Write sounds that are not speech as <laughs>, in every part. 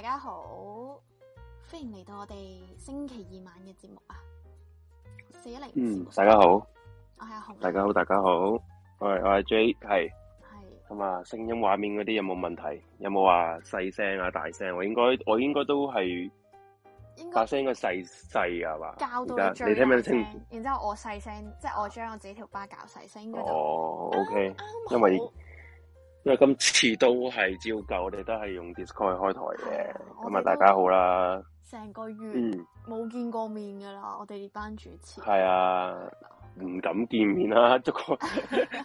大家好，歡迎嚟到我哋星期二晚嘅節目啊！四一零，嗯，大家好，我係阿紅，大家好，大家好，係我係 J 係，係，咁啊，聲音畫面嗰啲有冇問題？有冇話細聲啊？大聲？我應該，我應該都係，應該把聲應該細細啊？係嘛？而家你聽唔聽得清？然之後我細聲，即係我將我自己條巴搞細聲，應該哦，OK，啊，啊，因為。今次都係照舊，我哋都係用 Discord 去開台嘅。咁啊，大家好啦，成個月冇見過面噶啦、嗯，我哋班主持係啊，唔敢見面啦。即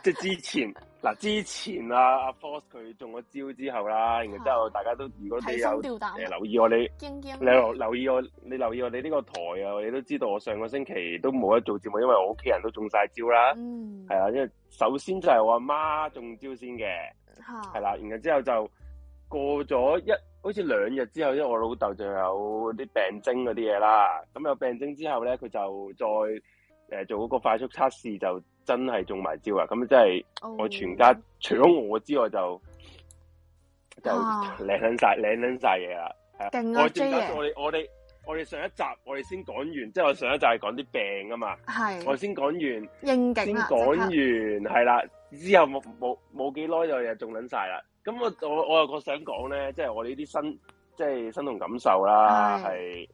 即係之前嗱、 <laughs> 啊，之前啊阿、 <laughs> 啊、Force 佢中咗招之後啦，然之後大家都如果你有留意我哋驚驚，你留留意我，你留意我哋呢個台啊，你都知道我上個星期都冇得做節目，因為我屋企人都中晒招啦。嗯，係啊，因為首先就係我阿媽，媽中招先嘅。係、啊、啦，然後之後就過咗一，好似兩日之後咧，我老豆就有啲病徵嗰啲嘢啦。咁有病徵之後咧，佢就再誒、呃、做嗰個快速測試，就真係中埋招啦。咁即係我全家、哦、除咗我之外就就領緊晒領緊晒嘢啦。係、啊啊、我記得我哋我哋我哋上一集我哋先講完，即、就、係、是、我上一集係講啲病啊嘛。係我先講完應景先講完係啦。之後冇冇冇幾耐就又仲捻晒啦，咁我我我又個想講咧、就是，即係我呢啲新即係新同感受啦，係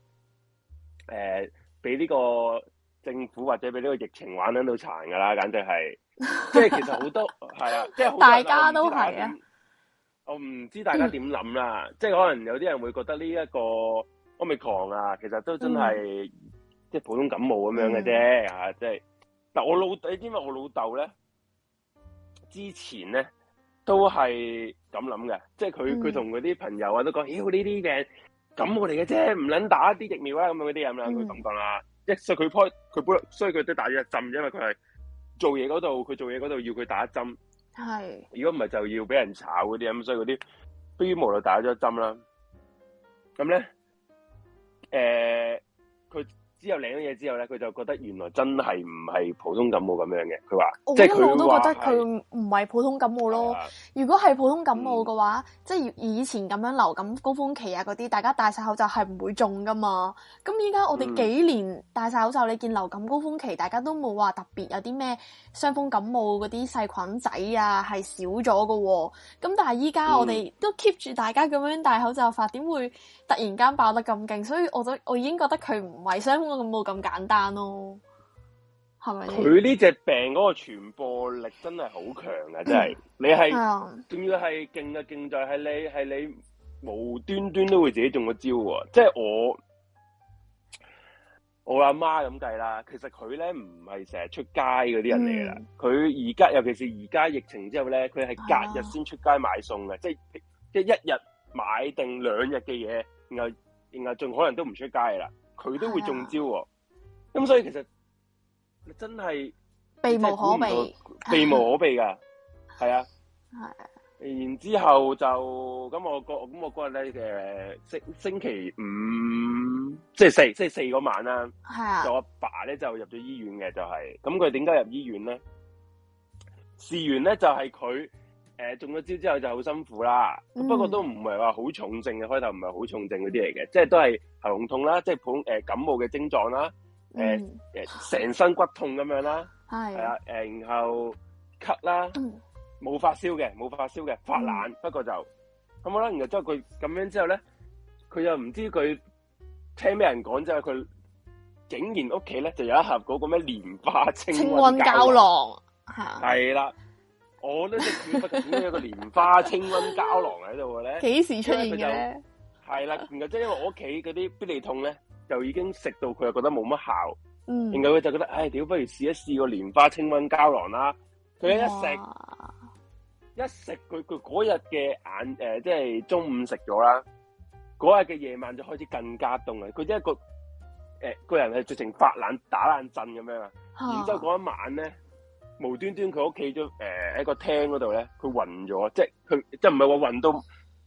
誒俾呢個政府或者俾呢個疫情玩捻到殘噶啦，簡直係，即係其實好多係啦， <laughs> 即係大家都係啊。我唔知大家點諗、嗯、啦，嗯、即係可能有啲人會覺得呢一個 Omicron 啊，其實都真係、嗯、即係普通感冒咁樣嘅啫吓，即係，但我老你知唔知我老豆咧？之前咧都係咁諗嘅，即係佢佢同佢啲朋友啊都講，妖呢啲嘅，感冒嚟嘅啫，唔撚打啲疫苗啊咁嗰啲咁啦，佢咁講啦，即係佢 point 佢本所以佢都打咗一針，因為佢係做嘢嗰度，佢做嘢嗰度要佢打一針。係如果唔係就要俾人炒嗰啲咁，所以嗰啲不如無奈打咗一針啦。咁咧，誒、呃、佢。之後領咗嘢，之後咧，佢就覺得原來真係唔係普通感冒咁樣嘅。佢話、即係嗯，我一路都覺得佢唔係普通感冒咯。啊、如果係普通感冒嘅話，嗯、即係以前咁樣流感高峰期啊嗰啲，大家戴晒口罩係唔會中噶嘛。咁依家我哋幾年戴晒口罩，嗯、你見流感高峰期大家都冇話特別有啲咩傷風感冒嗰啲細菌仔啊，係少咗噶。咁但係依家我哋都 keep 住大家咁樣戴口罩發，點、嗯、會突然間爆得咁勁？所以我都我已經覺得佢唔係傷風。咁冇咁簡單咯、哦，係咪？佢呢隻病嗰個傳播力真係好強啊！ <coughs> 真係， <coughs> 啊啊、你係仲要係勁啊勁在係你係你無端端都會自己中個招喎！即係我我阿媽咁計啦，其實佢咧唔係成日出街嗰啲人嚟噶，佢而家尤其是而家疫情之後咧，佢係隔日先出街買餸嘅，即係即係一日買定兩日嘅嘢，然後然後仲可能都唔出街啦。佢都會中招喎、哦，咁、啊嗯、所以其實真係避無可避，避無可避噶，係 <laughs> 啊，啊。然之後就咁，那我個咁我嗰日咧星星期五，即係四即係四個晚啦。啊。就阿爸咧就入咗醫院嘅，就係、是、咁。佢點解入醫院咧？事源咧就係、是、佢。誒、呃，中咗招之後就好辛苦啦，嗯，不過都唔係話好重症嘅，嗯，開頭唔係好重症嗰啲嚟嘅，即係都係喉嚨痛啦，即係普通誒、呃、感冒嘅症狀啦，誒誒成身骨痛咁樣啦，係，嗯，係、呃、然後咳，咳啦，冇、嗯、發燒嘅，冇發燒嘅，發冷，不過就咁好啦，然後之後佢咁樣之後咧，佢又唔知佢聽咩人講之後，佢竟然屋企咧就有一盒嗰個咩蓮花清清瘟膠囊，係啦。嗯 <laughs> 我都食住，不過點解有一個蓮花清瘟膠囊喺度嘅咧？幾時出現嘅？係啦，然後即係因為我屋企嗰啲必理痛咧，就已經食到佢又覺得冇乜效。嗯，然後佢就覺得唉，屌、哎，不如試一試個蓮花清瘟膠囊啦。佢一食一食，佢佢嗰日嘅眼誒、呃，即係中午食咗啦。嗰日嘅夜晚就開始更加凍嘅，佢即係個誒個、呃、人係直情發冷打冷震咁樣啊。然之後嗰一晚咧。無端端佢屋企咗，誒喺、呃、個廳嗰度咧，佢暈咗，即係佢即係唔係話暈到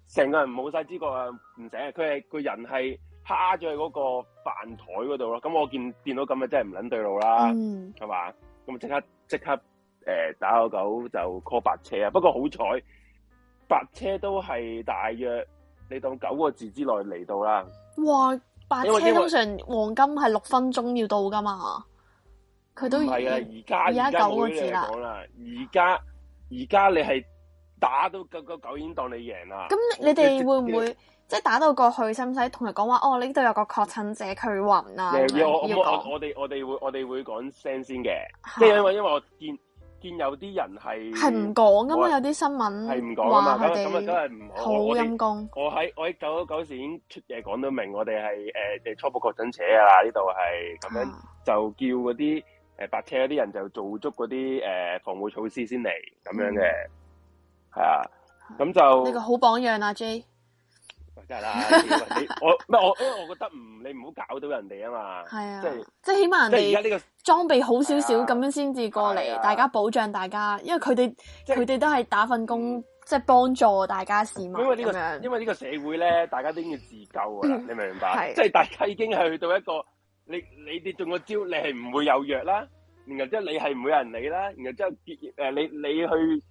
成個人冇晒知覺啊？唔醒呀？佢係個人係趴咗喺嗰個飯台嗰度咯。咁我見見到咁咪真係唔撚對路啦，係、嗯、嘛？咁即刻即刻誒、呃、打個九就 call 白車啊！不過好彩白車都係大約你當九個字之內嚟到啦。哇！白車通常黃金係六分鐘要到噶嘛？佢都係啊！而家而家九個字嘢講啦。而家而家你係打到九九，已經當你贏啦。咁你哋會唔會 <laughs> 即係打到過去，使唔使同佢講話？哦，呢度有個確診者佢暈啦。我哋我哋會我哋會講聲先嘅， <laughs> 即係因為因為我見見有啲人係係唔講噶嘛，有啲新聞係唔講噶嘛，咁啊真係唔好，好陰功。我喺我喺九九時已經出嘢講到明，我哋係誒初步確診者啊，呢度係咁樣 <laughs> 就叫嗰啲。白車嗰啲人就做足嗰啲誒防護措施先嚟，咁樣嘅，係、嗯、啊，咁就呢、呢個好榜樣啊 J，真係啦，我唔係我，因為我覺得唔，你唔好搞到人哋啊嘛，係、 <laughs> 就是、啊，即係即係起碼人哋而家呢個裝備好少少咁樣先至過嚟、啊啊，大家保障大家，因為佢哋佢哋都係打份工，即係幫助大家市民因、這個這，因為呢個因為呢個社會咧，大家都要自救噶啦，你明唔明白？即 <laughs> 係、就是、大家已經係去到一個。你你哋中個招，你係唔會有藥啦，然後即係你係唔會有人理啦，然後即係誒你你去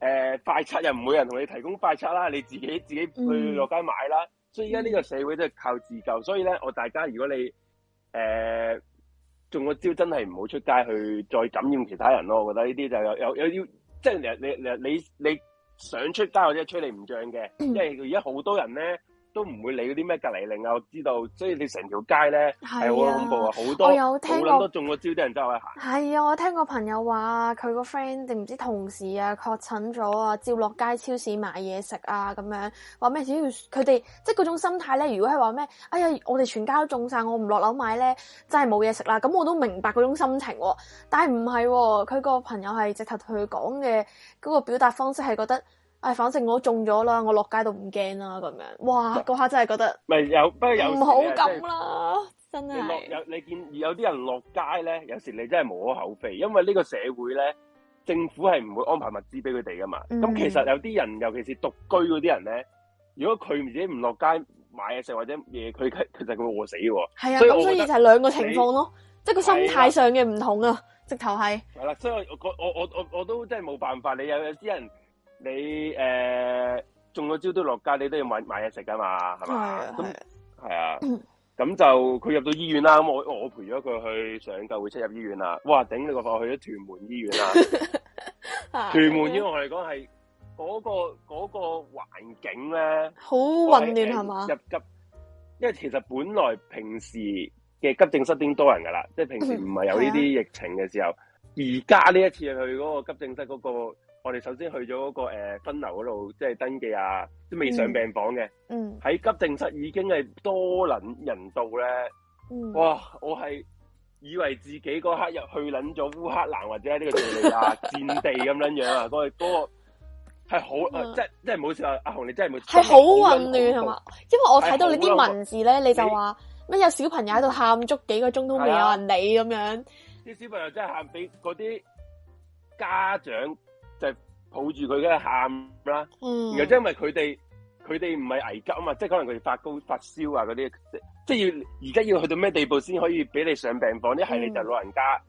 誒快測又唔會有人同你提供快測啦，你自己自己去落街買啦。所以依家呢個社會都係靠自救，所以咧我大家如果你誒、呃、中個招，真係唔好出街去再感染其他人咯。我覺得呢啲就有又又啲即係你你你你想出街，或者吹你唔脹嘅，即係而家好多人咧。都唔會理嗰啲咩隔離令啊，我知道，所以你成條街咧係好恐怖啊，好多好撚多中咗招啲人走去行，係啊，我聽個朋友話，佢個 friend 定唔知同事啊確診咗啊，照落街超市買嘢食啊咁樣，話咩只要佢哋即係嗰種心態咧，如果係話咩，哎呀，我哋全家都中晒，我唔落樓買咧，真係冇嘢食啦。咁我都明白嗰種心情喎、啊，但係唔係喎，佢個朋友係直頭同佢講嘅嗰個表達方式係覺得。唉、哎，反正我中咗啦，我落街都唔驚啦，咁樣，哇，嗰刻真係覺得唔好咁啦，真係。你有你見有啲人落街咧，有時你真係無可厚非，因為呢個社會咧，政府係唔會安排物資俾佢哋噶嘛。咁、嗯、其實有啲人，尤其是獨居嗰啲人咧，如果佢唔自己唔落街買嘢食或者嘢，佢佢就會餓死喎。係啊，咁所以，所以就係兩個情況咯，即係個心態上嘅唔同啊，係直頭係。係啦，所以我我我我都真係冇辦法，你有有啲人。你誒中咗招都落街，你都要買買嘢食噶嘛，係嘛？咁 <music> 係啊，咁 <music> 就佢入到醫院啦。咁我我陪咗佢去上救會出入醫院啦。哇！頂你個肺，去咗屯門醫院啦。 <laughs> 屯門醫院我嚟講係嗰個嗰、嗰個、環境咧，好混亂係嘛？入急，因為其實本來平時嘅急症室已經多人噶啦，即係 <music> 平時唔係有呢啲疫情嘅時候，而家呢一次去嗰個急症室嗰、嗰個。我哋首先去咗嗰個誒分流嗰度，即係登記啊，都未上病房嘅。嗯，喺、嗯、急症室已經係多撚人度咧、嗯。哇！我係以為自己嗰刻入去撚咗烏克蘭或者呢個敘利亞戰地咁樣樣、 <laughs> 嗯、啊！嗰個嗰個係好誒，即係即係唔好意思阿阿紅，你真係冇係好混亂係嘛？因為我睇到你啲文字咧，你就話乜有小朋友喺度喊足幾個鐘都未有人理咁、啊、樣。啲小朋友真係喊俾嗰啲家長。抱住佢，佢梗係喊啦。嗯，然後因為佢哋佢哋唔係危急啊嘛，即係可能佢哋發高發燒啊嗰啲，即係要而家要去到咩地步先可以俾你上病房？一、嗯、係你就老人家，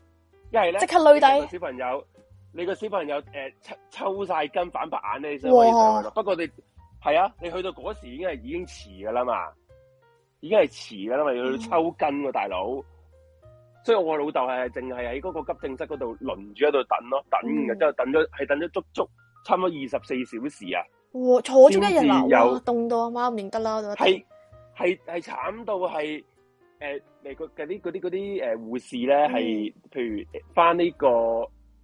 一係咧即刻累底小朋友，你個小朋友誒、呃、抽抽晒筋反白眼咧，所以上不過你係啊，你去到嗰時已經係已經遲噶啦嘛，已經係遲噶啦嘛，要抽筋個、嗯、大佬。所以我老豆係淨係喺嗰個急症室嗰度輪住喺度等咯、嗯，等，然之後等咗係等咗足足差唔多二十四小時、哦、啊！坐咗一日樓啊，凍到媽唔認得啦！係係係慘到係誒，嚟個嗰啲嗰啲嗰啲誒護士咧係，譬如翻呢個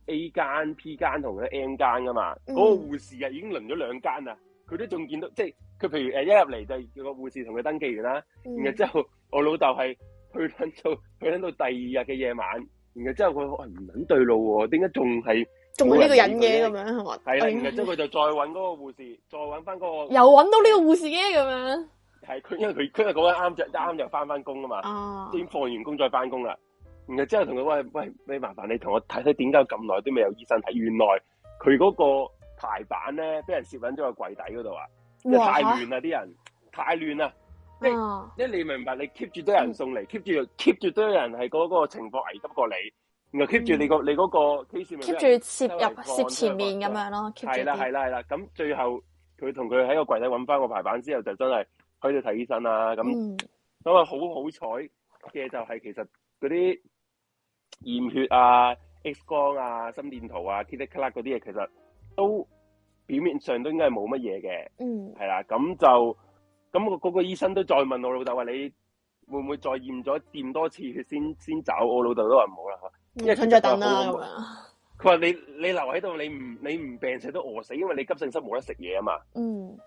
A 間、P 間同佢 N 間噶嘛，嗰個護士啊已經輪咗兩間啦，佢都仲見到，即係佢譬如誒、呃、一入嚟就叫個護士同佢登記完啦、嗯，然後之後我老豆係。佢諗到佢諗到第二日嘅夜晚，然後之後佢唔肯對路喎、啊，點解仲係仲係呢個人嘅咁樣係啊，啦、哎那個哦，然後之後佢就再搵嗰個護士，再搵翻個又搵到呢個護士嘅咁樣。係佢因為佢佢係嗰日啱啱就翻翻工啊嘛，先放完工再翻工啦。然後之後同佢喂喂，你麻煩你同我睇睇點解咁耐都未有醫生睇？原來佢嗰個排版咧，俾人攝揾咗個櫃底嗰度啊！哇，太亂啦，啲人太亂啦。因為你明白，你 keep 住都有人送嚟，keep 住 keep 住都有人係嗰個情況危急過你，然後 keep 住你、嗰個、嗯、你嗰個 case，keep 住攝入攝前面咁樣咯。係啦，係啦，係啦，咁最後佢同佢喺個櫃底揾返個排版之後，就真係去到睇醫生啦。咁咁啊，好好彩嘅就係其實嗰啲驗血啊、X 光啊、心電圖啊、Kita k l a 嗰啲嘢，其實都表面上都應該係冇乜嘢嘅。嗯，係啦，咁就。咁我嗰個醫生都再問我老豆話，你會唔會再驗咗掂多次血先先走？找我老豆都話唔好啦，因為困咗等啦。佢話你你留喺度，你唔你唔病死都餓死，因為你急性失冇得食嘢啊嘛。嗯。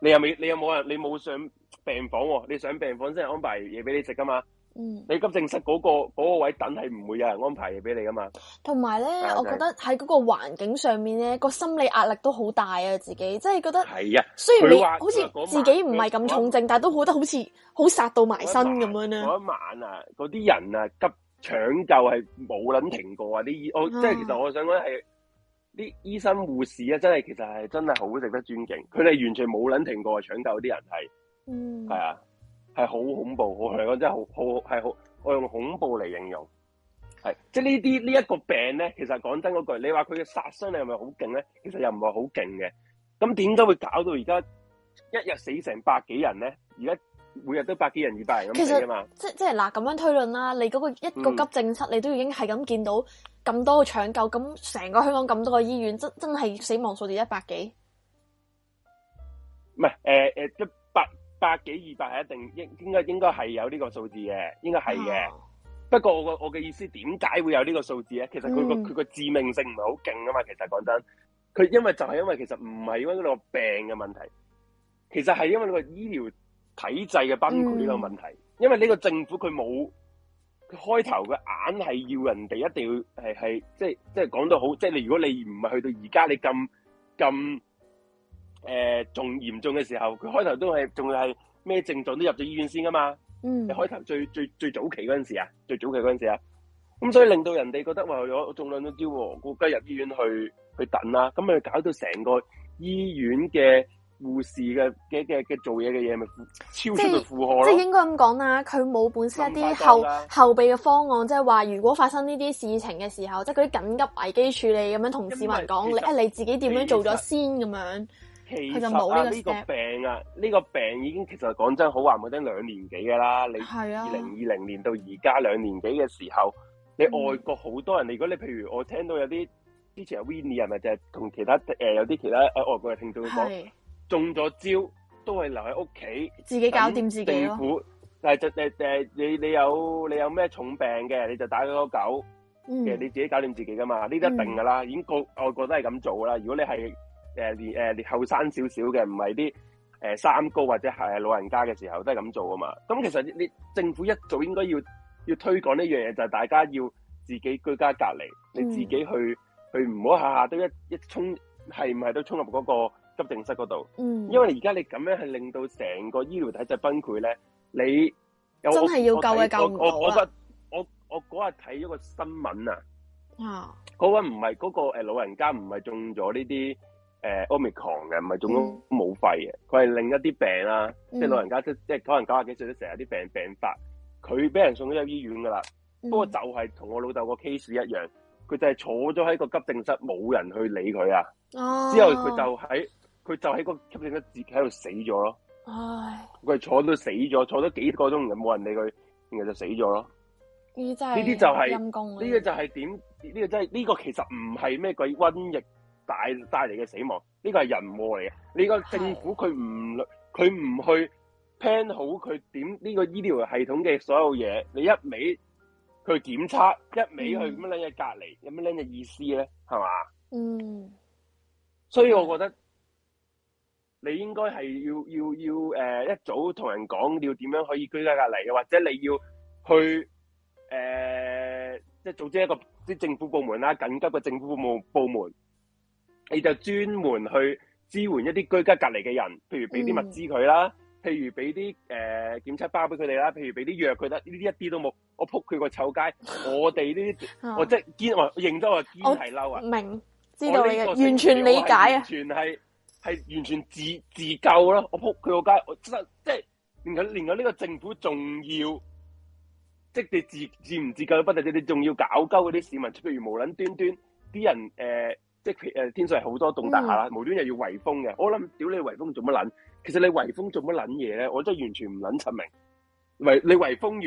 你又未？你又冇人？你冇上病房喎，哦？你上病房先係安排嘢俾你食噶嘛。嗯，你急症室嗰、嗰個、嗰個位等係唔會有人安排嘅俾你噶嘛？同埋咧，我覺得喺嗰個環境上面咧，個心理壓力都好大啊！自己即係覺得係啊。雖然你好似自己唔係咁重症，但係都好得、嗰個、好似好殺到埋身咁樣咧。嗰、嗰個、一晚啊，嗰啲人啊急搶救係冇捻停過啊！啲醫、啊、我即係其實我想講係啲醫生護士啊，真係其實係真係好值得尊敬。佢哋完全冇捻停過搶、啊、救啲人係，嗯，係啊。係好恐怖，好嚟講真係好好係好，我用恐怖嚟形容，係即係呢啲呢一個病咧，其實講真嗰句，你話佢嘅殺傷力係咪好勁咧？其實又唔係好勁嘅，咁點解會搞到而家一日死成百幾人咧？而家每日都百幾人、二百人咁死啊嘛！即即係嗱咁樣推論啦、啊，你嗰個一個急症室，嗯、你都已經係咁見到咁多個搶救，咁成個香港咁多個醫院，真真係死亡數字一百幾？唔係誒誒一。呃呃百幾二百係一定應應該應該係有呢個數字嘅，應該係嘅。是這是啊、不過我個我嘅意思，點解會有個數呢個數字咧？其實佢個佢個致命性唔係好勁啊嘛。其實講真，佢因為就係因為其實唔係因為呢個病嘅問題，其實係因為呢個醫療體制嘅崩潰呢個問題。嗯、因為呢個政府佢冇，佢開頭嘅硬係要人哋一定要係係，即係即係講到好，即係你如果你唔係去到而家你咁咁。誒、呃，仲嚴重嘅時候，佢開頭都係仲係咩症狀都入咗醫院先噶嘛？嗯，開頭最最最早期嗰陣時啊，最早期嗰陣時啊，咁所以令到人哋覺得話我仲量都啲喎，我梗係入醫院去去等啦，咁咪搞到成個醫院嘅護士嘅嘅嘅嘅做嘢嘅嘢咪超出嘅負荷咯。即係應該咁講啦，佢冇本身一啲後後備嘅方案，即係話如果發生呢啲事情嘅時候，即係佢啲緊急危機處理咁樣同市民講，你你自己點樣做咗先咁樣。其實啊，呢個，啊這個病啊，呢、這個病已經其實講真好話，冇得兩年幾噶啦。你二零二零年到而家兩年幾嘅時候，啊嗯、你外國好多人，如果你譬如我聽到有啲之前阿 Vinny 係咪就係同其他誒、呃、有啲其他誒、呃、外國嘅聽眾講中咗招，都係留喺屋企自己搞掂自己咯。但係就誒誒，你你有你有咩重病嘅，你就打嗰個狗，嗯、其實你自己搞掂自己噶嘛。呢啲一定噶啦，嗯、已經個外國都係咁做噶啦。如果你係。誒，年誒、後生少少嘅，唔係啲誒三高或者係老人家嘅時候都係咁做啊嘛。咁其實你政府一早應該要要推廣呢樣嘢，就係、是、大家要自己居家隔離，嗯、你自己去去唔好下下都一一衝係唔係都衝入嗰個急症室嗰度。嗯，因為而家你咁樣係令到成個醫療體制崩潰咧，你真係要救嘅救唔到啊！我我嗰日睇咗個新聞啊，嗰、嗰個唔係嗰個誒老人家唔係中咗呢啲。誒、呃、Omicron 嘅，唔係中咗武肺嘅，佢、嗯、係另一啲病啦、啊，嗯、即係老人家即即係可能九廿幾歲都成日有啲病病發，佢俾人送咗入醫院㗎啦，嗯、不過就係同我老豆個 case 一樣，佢就係坐咗喺個急症室冇人去理佢啊，之後佢就喺佢就喺個急症室自己喺度死咗咯，佢係坐到死咗，坐咗幾個鐘又冇人理佢，然後就死咗咯，呢啲就係陰公，呢個就係點呢個真係呢、呢個其實唔係咩鬼瘟疫。帶帶嚟嘅死亡，呢個係人禍嚟嘅。你、這個政府佢唔佢唔去 plan 好佢點呢個醫療系統嘅所有嘢，你一味去檢測，一味去咁樣拎嘅隔離，嗯、有咩拎嘅意思咧？係嘛？嗯。所以我覺得你應該係要要要誒、呃，一早同人講要點樣可以居家隔離，或者你要去誒，即、呃、係、就是、組織一個啲政府部門啦，緊急嘅政府部門。你就專門去支援一啲居家隔離嘅人，譬如俾啲物資佢啦，嗯，譬如俾啲誒檢測包俾佢哋啦，譬如俾啲藥佢得，呢啲一啲都冇。我撲佢個臭街！ <laughs> 我哋呢啲我即係堅，我認得我堅係嬲啊！明知道你嘅完全理解啊！係完全係完全自自救啦！我撲佢個街，我真即係連緊呢個政府要，仲要即係自自唔自救不得你仲要搞鳩嗰啲市民，譬如無撚端端啲人誒。呃即係誒，天數係好多動盪下啦，無端又要圍封嘅。我諗，屌你圍封做乜撚？其實你圍封做乜撚嘢咧？我真係完全唔撚尋明。圍你圍封完，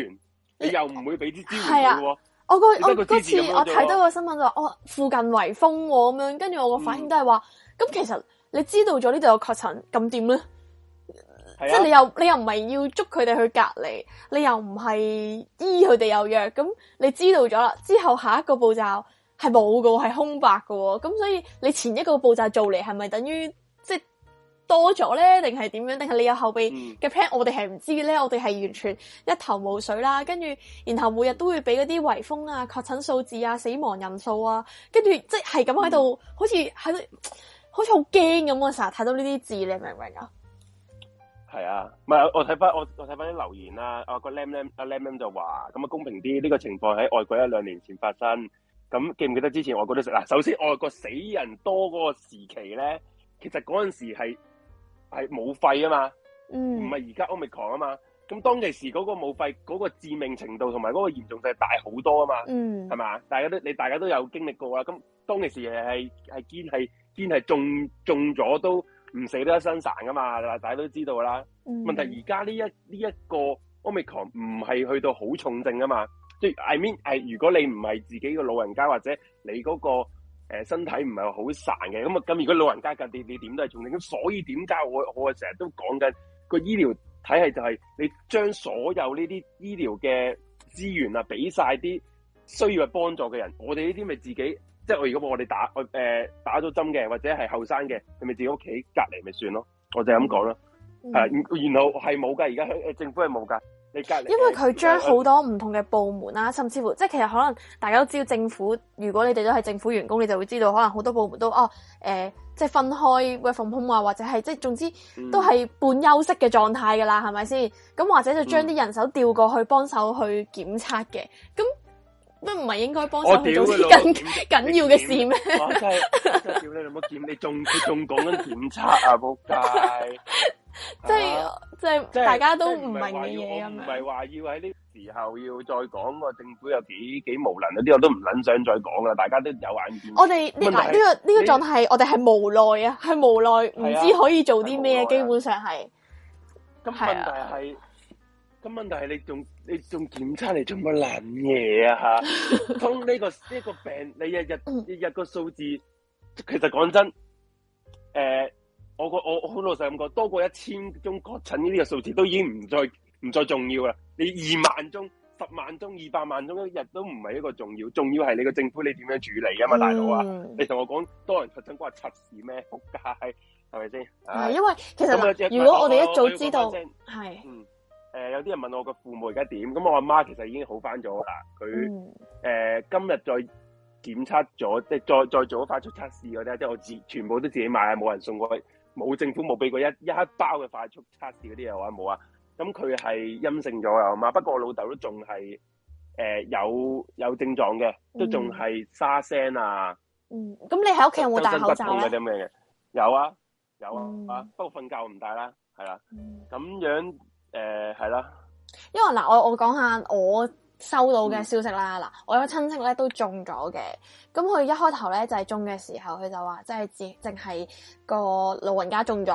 你又唔會俾啲支、支援嘅喎，欸啊。我我嗰次我睇到，我到個新聞就話，我、哦、附近圍封喎咁樣，跟住我個反應都係話，咁、嗯、其實你知道咗呢度有確診，咁點咧？即、就、係、是、你又你又唔係要捉佢哋去隔離，你又唔係醫佢哋有藥，咁你知道咗啦之後下一個步驟。係冇噶，係空白噶，咁所以你前一個步驟做嚟，係咪等於即係多咗咧？定係點樣？定係你有後備嘅 plan？我哋係唔知嘅咧，我哋係完全一頭霧水啦。跟住，然後每日都會俾嗰啲圍封啊、確診數字啊、死亡人數啊，跟住即係咁喺度，好似喺度，好似好驚咁，我成日睇到呢啲字，你明唔明啊？係啊，唔係我睇翻，我我睇翻啲留言啦。哦，個 lem m 阿 m m 就話咁啊，公平啲呢個情況喺外國一兩年前發生。咁記唔記得之前外國都食啊？首先外國死人多嗰個時期咧，其實嗰陣時係係冇肺啊嘛，唔係而家 Omicron 啊嘛。咁當其時嗰個冇肺嗰、嗰個致命程度同埋嗰個嚴重性大好多啊嘛，嗯係嘛？大家都你大家都有經歷過啊。咁當其時係係堅係堅係中中咗都唔死得一身殘噶嘛，大家都知道啦。嗯、問題而家呢一呢一、呢個 Omicron 唔係去到好重症啊嘛。即係 I mean 係如果你唔係自己個老人家或者你嗰、個、呃、身體唔係好散嘅咁啊咁，如果老人家隔離你點都係重你。咁，所以點解我我係成日都講緊、個醫療體系，就係你將所有呢啲醫療嘅資源啊俾晒啲需要幫助嘅人，我哋呢啲咪自己即係我如果我哋打我、呃、打咗針嘅或者係後生嘅，你咪自己屋企隔離咪算咯？我就咁講咯。誒、嗯，然後係冇㗎，而家政府係冇㗎。因為佢將好多唔同嘅部門啦、啊，甚至乎即係其實可能大家都知道，政府如果你哋都係政府員工，你就會知道可能好多部門都哦誒、呃，即係分開 work 啊、嗯，或者係即係總之都係半休息嘅狀態噶啦，係咪先？咁或者就將啲人手調過去幫手去檢測嘅，咁乜唔係應該幫手做啲緊緊要嘅事咩？我真，我真叫你老母，檢你仲仲講緊檢測啊仆街！即係、啊、即係，大家都唔明嘅嘢啊唔係話要喺呢時候要再講個政府有幾幾無能嗰啲，我都唔捻想再講啦。大家都有眼見。我哋呢？呢、這個呢、這個狀態我哋係無，無，、啊、無奈啊，係無奈，唔知可以做啲咩，基本上係。咁問題係，咁、啊、問題係你仲你仲檢測嚟做乜撚嘢啊？吓、 <laughs> 這個，通呢個呢個病，你日日日日個數字，其實講真，誒、呃。我個我好老實咁講，多過一千宗確診呢啲嘅數字都已經唔再唔再重要啦。你二萬宗、十萬宗、二百萬宗一日都唔係一個重要，重要係你個政府你點樣處理啊嘛，大佬啊！你同我講多人確診關測試咩？仆街係咪先？係因為其實，如果我哋一早知道，係、哦、誒、嗯呃，有啲人問我個父母而家點？咁、嗯呃、我阿媽其實已經好翻咗啦。佢、嗯、誒、呃、今日再檢測咗，即係再再做快速測試嗰啲，即係我自全部都自己買啊，冇人送過去。冇政府冇俾過一一包嘅快速測試嗰啲嘢喎，冇啊！咁佢係陰性咗啦嘛，不過我老豆都仲係誒有有症狀嘅，都仲係沙聲啊。嗯，咁、嗯、你喺屋企有冇戴口罩？有啊，有啊，嗯、啊！不過瞓覺唔戴啦，係啦、啊。咁樣誒，係、呃、啦、啊。因為嗱、呃，我我講下我。收到嘅消息啦，嗱、嗯，我有個親戚咧都中咗嘅，咁佢一開頭咧就係中嘅時候，佢就話即係只淨係個老人家中咗，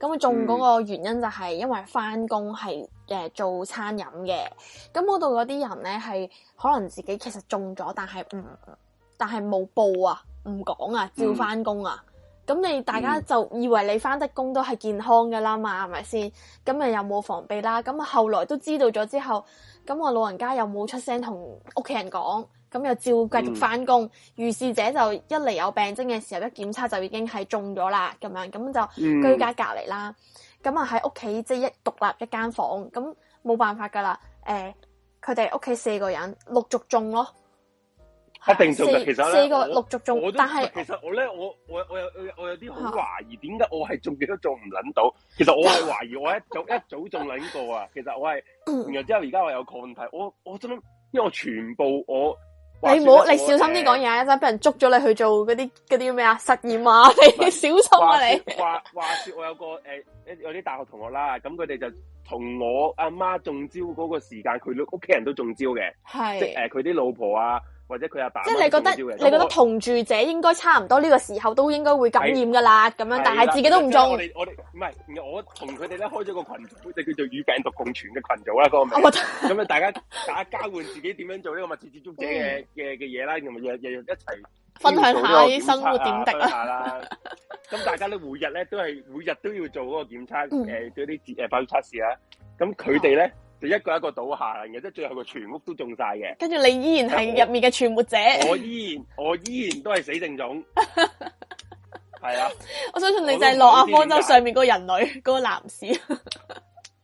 咁佢中嗰個原因就係因為翻工係誒做餐飲嘅，咁嗰度嗰啲人咧係可能自己其實中咗，但係唔、嗯、但係冇報啊，唔講啊，照翻工啊，咁、嗯、你、嗯、大家就以為你翻得工都係健康噶啦嘛，係咪先？咁啊，又冇防備啦、啊，咁啊後來都知道咗之後。咁我老人家又冇出聲同屋企人講，咁又照繼續返工。如、嗯、事者就一嚟有病徵嘅時候，一檢測就已經係中咗啦，咁樣咁就居家隔離啦。咁啊喺屋企即係一獨立一間房，咁冇辦法噶啦。誒、欸，佢哋屋企四個人陸續中咯。一定做嘅，其實四個陸續做。但係其實我咧，我我我有我有啲好懷疑，點、啊、解我係中幾多做唔捻到？其實我係懷疑，我一早 <laughs> 一早仲捻過啊！其實我係，然後之後而家我有抗體，我我真，因為我全部我你唔好，你小心啲講嘢啊！一陣俾人捉咗你去做嗰啲嗰啲咩啊實驗啊！你小心啊！你話說 <laughs> 話，話說我有個誒、呃、有啲大學同學啦，咁佢哋就同我阿媽中招嗰個時間，佢屋企人都中招嘅，係即係誒佢啲老婆啊。或者佢阿爸，即係你覺得你覺得同住者應該差唔多呢個時候都應該會感染噶啦，咁樣，但係自己都唔中。我哋我哋唔係我同佢哋咧開咗個群組，就叫做與病毒共存嘅群組啦，嗰、那個名。咁啊，大家大家 <laughs> 交換自己點樣做呢個密切接觸者嘅嘅嘅嘢啦，同日日一齊分享下生活點滴啊。咁、啊、大家每都每日咧都係每日都要做嗰個檢測，誒、嗯，嗰啲檢誒化驗測試啦。咁佢哋咧。就一個一個倒下然即最後個全屋都中晒嘅。跟住你依然係入面嘅存活者。我依然，我依然都係死剩種。係 <laughs> 啊是的！ <laughs> 我相信你就係挪亞方舟上面嗰個人類，嗰、嗰個男士。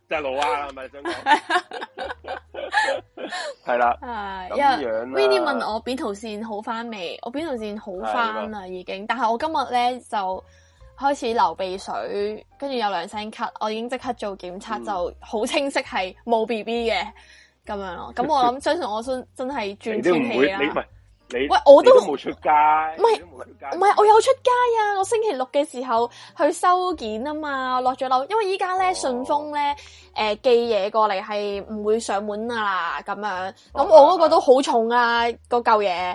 即係挪亞啦，係咪想講？係 <laughs> 啦 <laughs> <laughs> <laughs> <laughs> 係、uh, 咁樣。Winnie 問我扁桃腺好翻未？我扁桃腺好翻啦，已經。但係我今日咧就。開始流鼻水，跟住有兩聲咳，我已經即刻做檢測，嗯，就好清晰係冇 B B 嘅咁樣咯。咁我諗相信我信真係轉天氣啊！你不你，你喂我都冇出街，唔係唔係我有出街啊！我星期六嘅時候去收件啊嘛，落咗樓。因為依家咧順豐咧誒寄嘢過嚟係唔會上門啊啦咁樣。咁、哦、我嗰個都好重啊，個嚿嘢。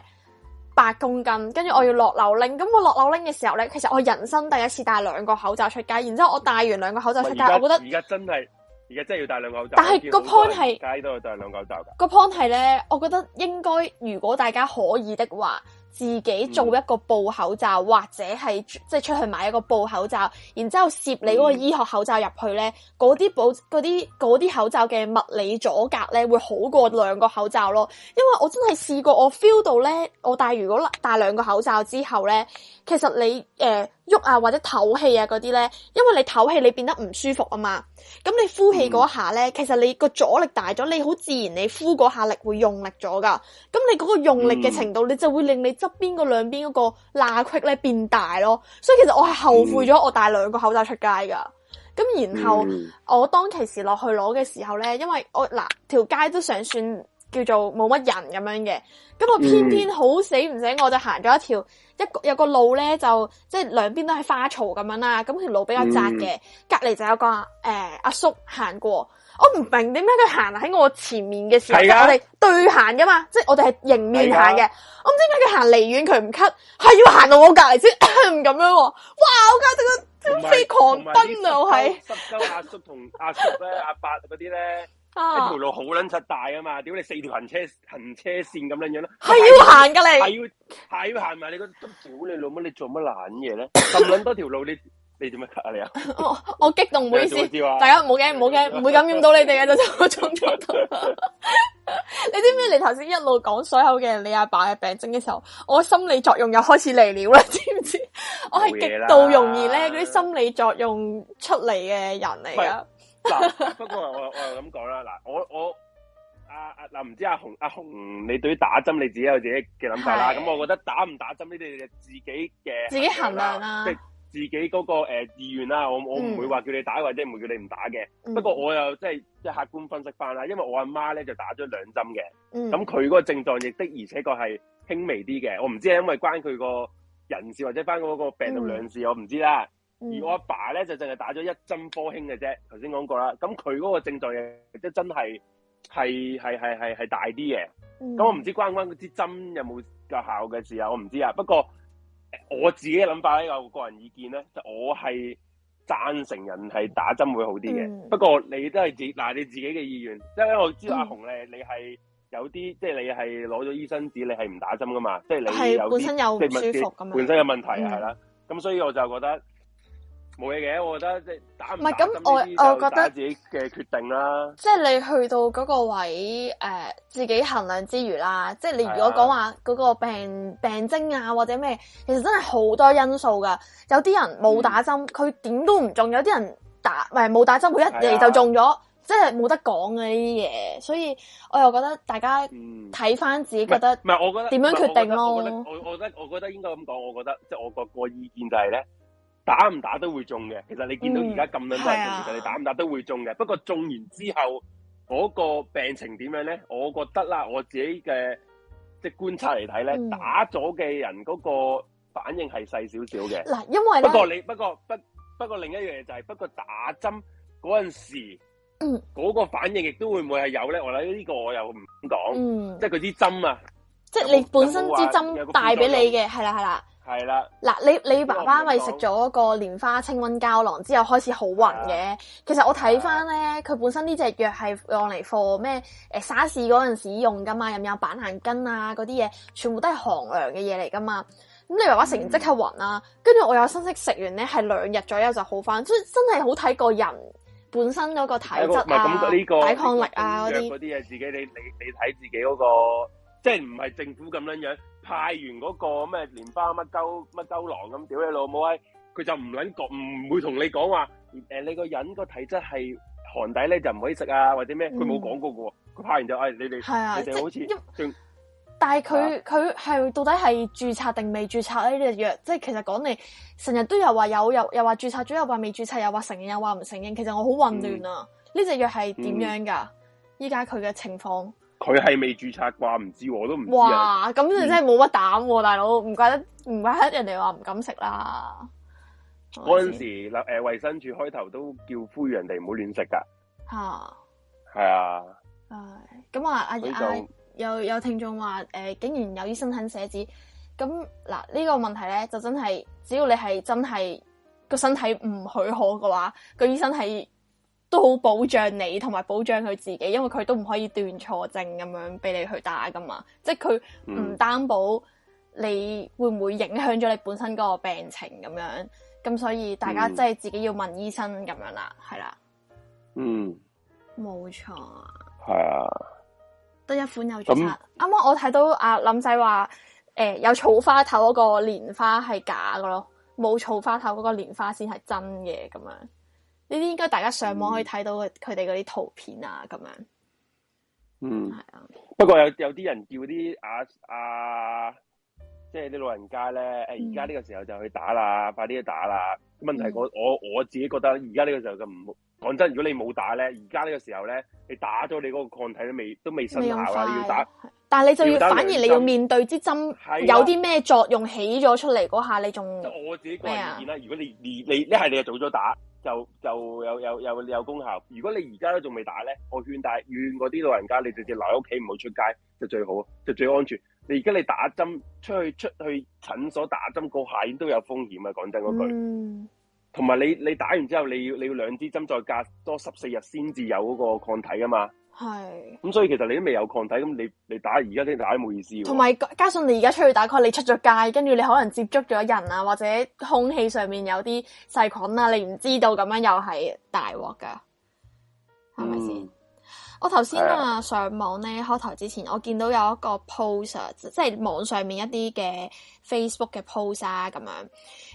八公斤，跟住我要落樓拎，咁我落樓拎嘅時候咧，其實我人生第一次戴兩個口罩出街，然之後我戴完兩個口罩出街，我覺得而家真係，而家真係要戴兩個口罩。但係個 point 係，街都要戴兩個口罩噶。個 point 係咧，我覺得應該如果大家可以的話。自己做一個布口罩，或者係即係出去買一個布口罩，然之後攝你嗰個醫學口罩入去咧，嗰啲布、嗰啲嗰啲口罩嘅物理阻隔咧，會好過兩個口罩咯。因為我真係試過，我 feel 到咧，我戴如果戴兩個口罩之後咧。其實你誒喐、呃、啊或者唞氣啊，嗰啲咧，因為你唞氣你變得唔舒服啊嘛，咁你呼氣嗰下咧，嗯、其實你個阻力大咗，你好自然你呼嗰下力會用力咗噶，咁你嗰個用力嘅程度，你就會令你側邊嗰兩邊嗰個罅隙咧變大咯，所以其實我係後悔咗我戴兩個口罩出街噶，咁然後、嗯、我當其時落去攞嘅時候咧，因為我嗱條街都尚算叫做冇乜人咁樣嘅，咁我偏偏好、嗯、死唔死，我就行咗一條。一有個路咧，就即係兩邊都係花槽咁樣啦，咁條路比較窄嘅，隔、嗯、籬就有個誒、呃、阿叔行過，我唔明點解佢行喺我前面嘅時候，就是、我哋對行噶嘛，即、就、係、是、我哋係迎面行嘅，我唔知點解佢行離遠佢唔咳，係要行到我隔籬先咁樣、啊，哇！我家啲、這個飛狂奔啊，啊，啊，我係十洲阿叔同阿叔咧、阿伯嗰啲咧。一、啊、條路好捻出大啊嘛，屌你四條行車行車線咁捻樣咯？係要行噶你，係要係要行埋你個，屌你老母，你做乜懶嘢咧？咁 <laughs> 捻多條路，你你做乜啊你啊 <laughs> 我？我激動，唔好意思， <laughs> 大家唔好驚唔好驚，唔 <laughs> 會感染到你哋嘅就我中咗。你知唔知你頭先一路講所有嘅你阿爸嘅病症嘅時候，我心理作用又開始嚟啦，知唔知？我係極度容易咧，嗰啲心理作用出嚟嘅人嚟噶。嗱， <laughs> 不過我我又咁講啦，嗱，我我阿阿嗱，唔、啊啊啊、知阿紅阿紅，你對於打針，你自己有自己嘅諗法啦。咁我覺得打唔打針，你哋自己嘅、啊、自己衡量啦，即自己嗰、那個誒意願啦。我我唔會話叫你打，嗯、或者唔會叫你唔打嘅、嗯。不過我又即係即係客觀分析翻啦，因為我阿媽咧就打咗兩針嘅。咁佢嗰個症狀亦的而且確係輕微啲嘅。我唔知係因為關佢個人事，或者翻嗰個病毒兩事，嗯、我唔知啦。而我阿爸咧就淨係打咗一針科興嘅啫。頭先講過啦，咁佢嗰個症狀亦都真係係係係係係大啲嘅。咁、嗯、我唔知關唔關嗰支針有冇個效嘅事啊？我唔知啊。不過我自己嘅諗法咧，個個人意見咧，就係、我係贊成人係打針會好啲嘅、嗯。不過你都係自嗱你自己嘅意願，因為我知道阿紅咧、嗯，你係有啲即係你係攞咗醫生紙，你係唔打針噶嘛？即係、就係、你有本身有唔舒服咁樣，本身有本身問題係啦。咁、嗯、所以我就覺得。冇嘢嘅，我覺得即係打唔打，甚至乎打自己嘅決定啦。即係你去到嗰個位，誒，自己衡量之餘啦。即係你如果講話嗰個病病徵啊，或者咩，其實真係好多因素噶。有啲人冇打針，佢、嗯、點都唔中；有啲人打唔係冇打針，佢一嚟就中咗，即係冇得講嘅呢啲嘢。所以我又覺得大家睇翻自己覺得、嗯，唔係我覺得點樣決定咯？我我覺得，我覺得，我覺得，我覺得應該咁講，我覺得即係我個個意見就係咧。打唔打都會中嘅，其實你見到而家咁樣都係、嗯啊，其實你打唔打都會中嘅。不過中完之後嗰個、那個病情點樣咧？我覺得啦，我自己嘅即係觀察嚟睇咧，打咗嘅人嗰個反應係細少少嘅。嗱，因為不過你不過不不，不過另一樣嘢就係、是，不過打針嗰陣時，嗯，嗰個、那個反應亦都會唔會係有咧？我諗呢個我又唔敢講，嗯，即係佢啲針啊，即係你本身支針帶俾你嘅，係啦係啦。係啦，嗱，你你爸爸咪食咗個蓮花清瘟膠囊之後開始好暈嘅。其實我睇翻咧，佢本身呢隻藥係用嚟放咩誒沙士嗰陣時用噶嘛，有冇板藍根啊嗰啲嘢，全部都係寒涼嘅嘢嚟噶嘛。咁你爸爸食完即刻暈啦，跟、嗯、住我有親戚食完咧係兩日左右就好翻，所以真係好睇個人本身嗰個體質啊，啊、這個，抵抗力啊嗰啲。嗰啲嘢自己你你你睇自己嗰、那個。即係唔係政府咁樣樣派完嗰個咩蓮花乜鳩乜鳩郎咁屌你老母閪，佢就唔撚講唔會同你講話，誒、呃、你個人個體質係寒底咧就唔可以食啊，或者咩，佢冇講過嘅喎，佢派完就誒你哋，你哋、啊、好似，但係佢佢係到底係註冊定未註冊呢隻藥、這個？即係其實講嚟，成日都又話有，有，又又話註冊咗，又話未註冊，又話承認，又話唔承認，其實我好混亂啊！呢隻藥係點樣噶？依家佢嘅情況。佢係未註冊啩，唔知我都唔知啊！哇，咁你真係冇乜膽喎、啊，大佬，唔怪得唔怪得人哋話唔敢食啦。嗰、那、陣、個、時、呃，衛生署開頭都叫呼籲別人哋唔好亂食噶吓？係啊。唉，咁啊，阿阿有有聽眾話、呃、竟然有醫生肯寫字，咁嗱呢個問題咧，就真係只要你係真係個身體唔許可嘅話，個醫生係。都好保障你，同埋保障佢自己，因為佢都唔可以斷錯症咁樣俾你去打噶嘛，即係佢唔擔保你會唔會影響咗你本身嗰個病情咁樣，咁所以大家即係自己要問醫生咁樣啦，係啦，嗯，冇錯，係、嗯、啊，得一款有註冊，啱、嗯、啱我睇到阿林仔話，誒、呃，有草花頭嗰個蓮花係假噶咯，冇草花頭嗰個蓮花先係真嘅咁樣。呢啲應該大家上網可以睇到佢哋嗰啲圖片啊，咁、嗯、樣。嗯，係啊。不過有有啲人叫啲阿阿，即係啲老人家咧，誒而家呢個時候就去打啦，快啲去打啦、嗯。問題是我我我自己覺得而家呢個時候就唔講真的，如果你冇打咧，而家呢個時候咧，你打咗你嗰個抗體都未都未生效啊。你要打，但係你就要，要反而你要面對支針、啊、有啲咩作用起咗出嚟嗰下你還，你仲我自己個人、啊、意見啦。如果你你你呢係你又早咗打。就就有有有有功效。如果你而家都仲未打咧，我勸大勸嗰啲老人家，你直接留喺屋企唔好出街就最好，就最安全。你而家你打針出去出去診所打針個下都有風險啊！講真嗰句，同埋你你打完之後，你要你要兩支針再隔多十四日先至有嗰個抗體噶嘛。係咁，嗯，所以其實你都未有抗體，咁你你打而家先打冇意思。同埋加上你而家出去打，可能你出咗街，跟住你可能接觸咗人啊，或者空氣上面有啲細菌啊，你唔知道咁樣又係大鑊噶，係咪先？我頭先啊，上網咧，開台之前，我見到有一個 post，即、啊、係、就是、網上面一啲嘅 Facebook 嘅 post 啊，咁樣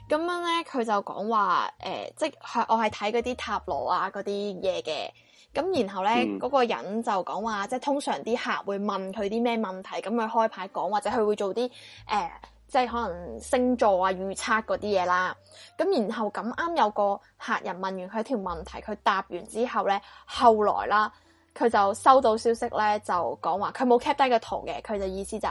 咁樣咧，佢就講話誒，即係我係睇嗰啲塔羅啊，嗰啲嘢嘅。咁然後咧，嗰、嗯嗰個人就講話，即係通常啲客會問佢啲咩問題，咁佢開牌講，或者佢會做啲誒、呃，即係可能星座啊、預測嗰啲嘢啦。咁然後咁啱有個客人問完佢條問題，佢答完之後咧，後來啦，佢就收到消息咧，就講話佢冇 cap 低個圖嘅，佢就意思就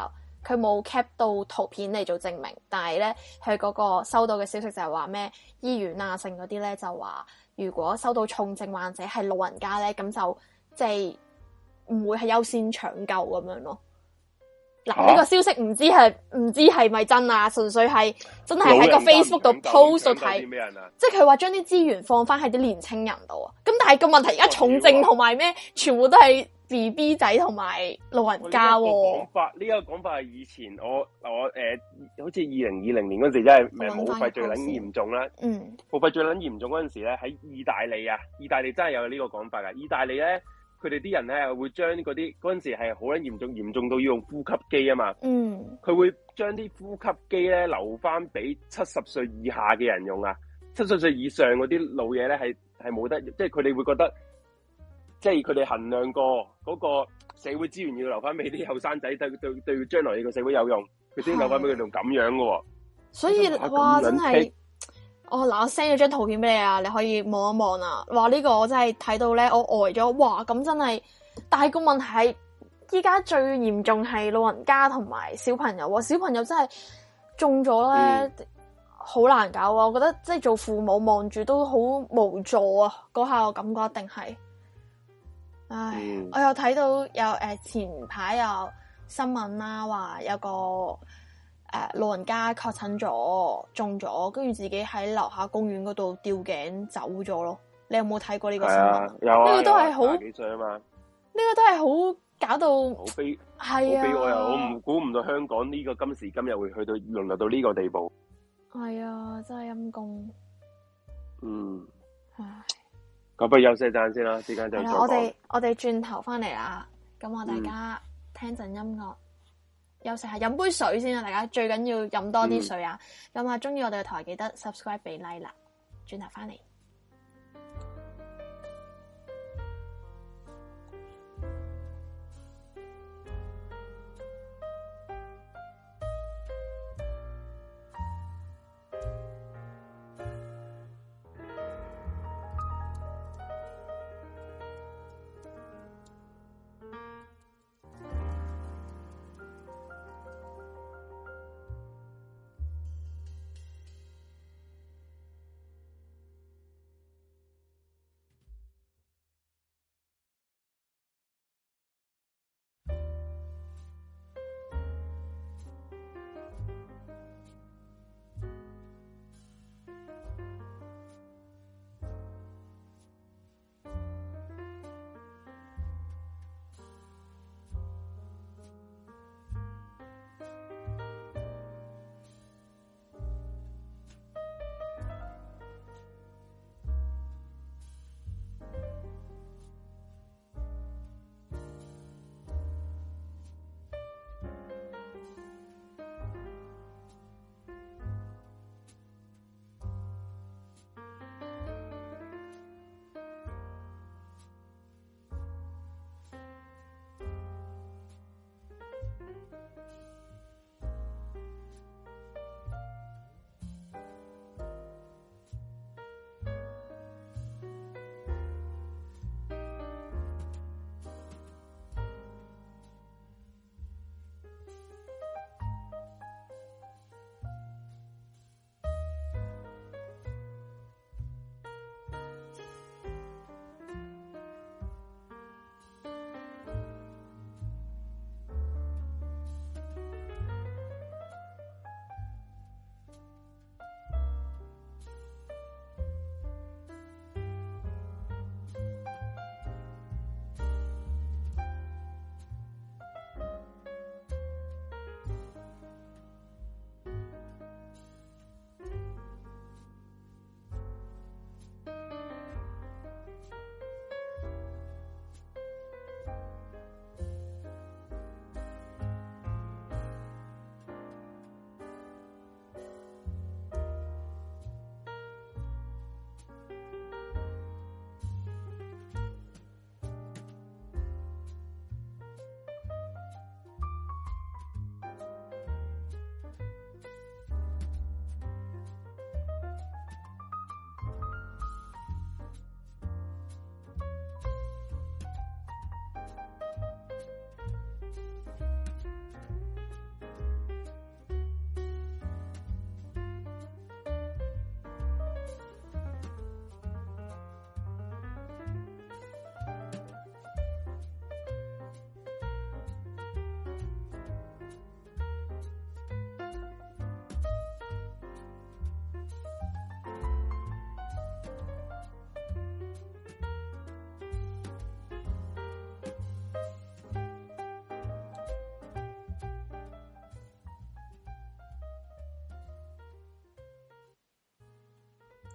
佢冇 cap 到圖片嚟做證明，但係咧，佢嗰個收到嘅消息就係話咩醫院啊，剩嗰啲咧就話。如果收到重症患者係老人家咧，咁就即係唔會係優先搶救咁樣咯。嗱、啊、呢、這個消息唔知係唔知係咪真啊？純粹係真係喺個 Facebook 度 post 睇，即係佢話將啲資源放翻喺啲年青人度啊。咁但係個問題而家重症同埋咩，全部都係。B B 仔同埋老人家，講、這個、法呢個講法係以前我我誒、呃，好似二零二零年嗰陣時候真係，咪武肺最捻嚴重啦。嗯，武肺最捻嚴重嗰陣時咧，喺意大利啊，意大利真係有呢個講法噶。意大利咧，佢哋啲人咧會將嗰啲嗰陣時係好捻嚴重，嚴重到要用呼吸機啊嘛。嗯，佢會將啲呼吸機咧留翻俾七十歲以下嘅人用啊，七十歲以上嗰啲老嘢咧係係冇得，即係佢哋會覺得。即係佢哋衡量過嗰個社會資源要留翻俾啲後生仔，對對對，將來個社會有用，佢先留翻俾佢。仲咁樣噶，所以哇，哇，真係、哦、我嗱我 send 咗張圖片俾你啊，你可以望一望啊。話呢、呢個我真係睇到咧，我呆咗。哇，咁真係，但係個問題係依家最嚴重係老人家同埋小朋友。小朋友真係中咗咧，好、嗯、難搞啊。我覺得即係做父母望住都好無助啊。嗰下我感覺一定係。唉，我又睇到有誒前排有新聞啦、啊，話有個誒、呃、老人家確診咗中咗，跟住自己喺樓下公園嗰度吊頸走咗咯。你有冇睇過呢個新聞、啊？有呢、啊這個都係好、啊啊這個、幾歲啊嘛，呢、這個都係好搞到，係啊，好悲我又我唔估唔到香港呢、這個今時今日會去到淪落到呢個地步。係啊，真係陰公。嗯，唉。咁不如休息陣先啦，時間就係我哋我哋轉頭翻嚟啦。咁我大家聽陣音樂，休息下飲杯水先啊。大家最緊要飲多啲水啊。咁、嗯、啊，中意我哋嘅台記得 subscribe 俾 like 啦。轉頭翻嚟。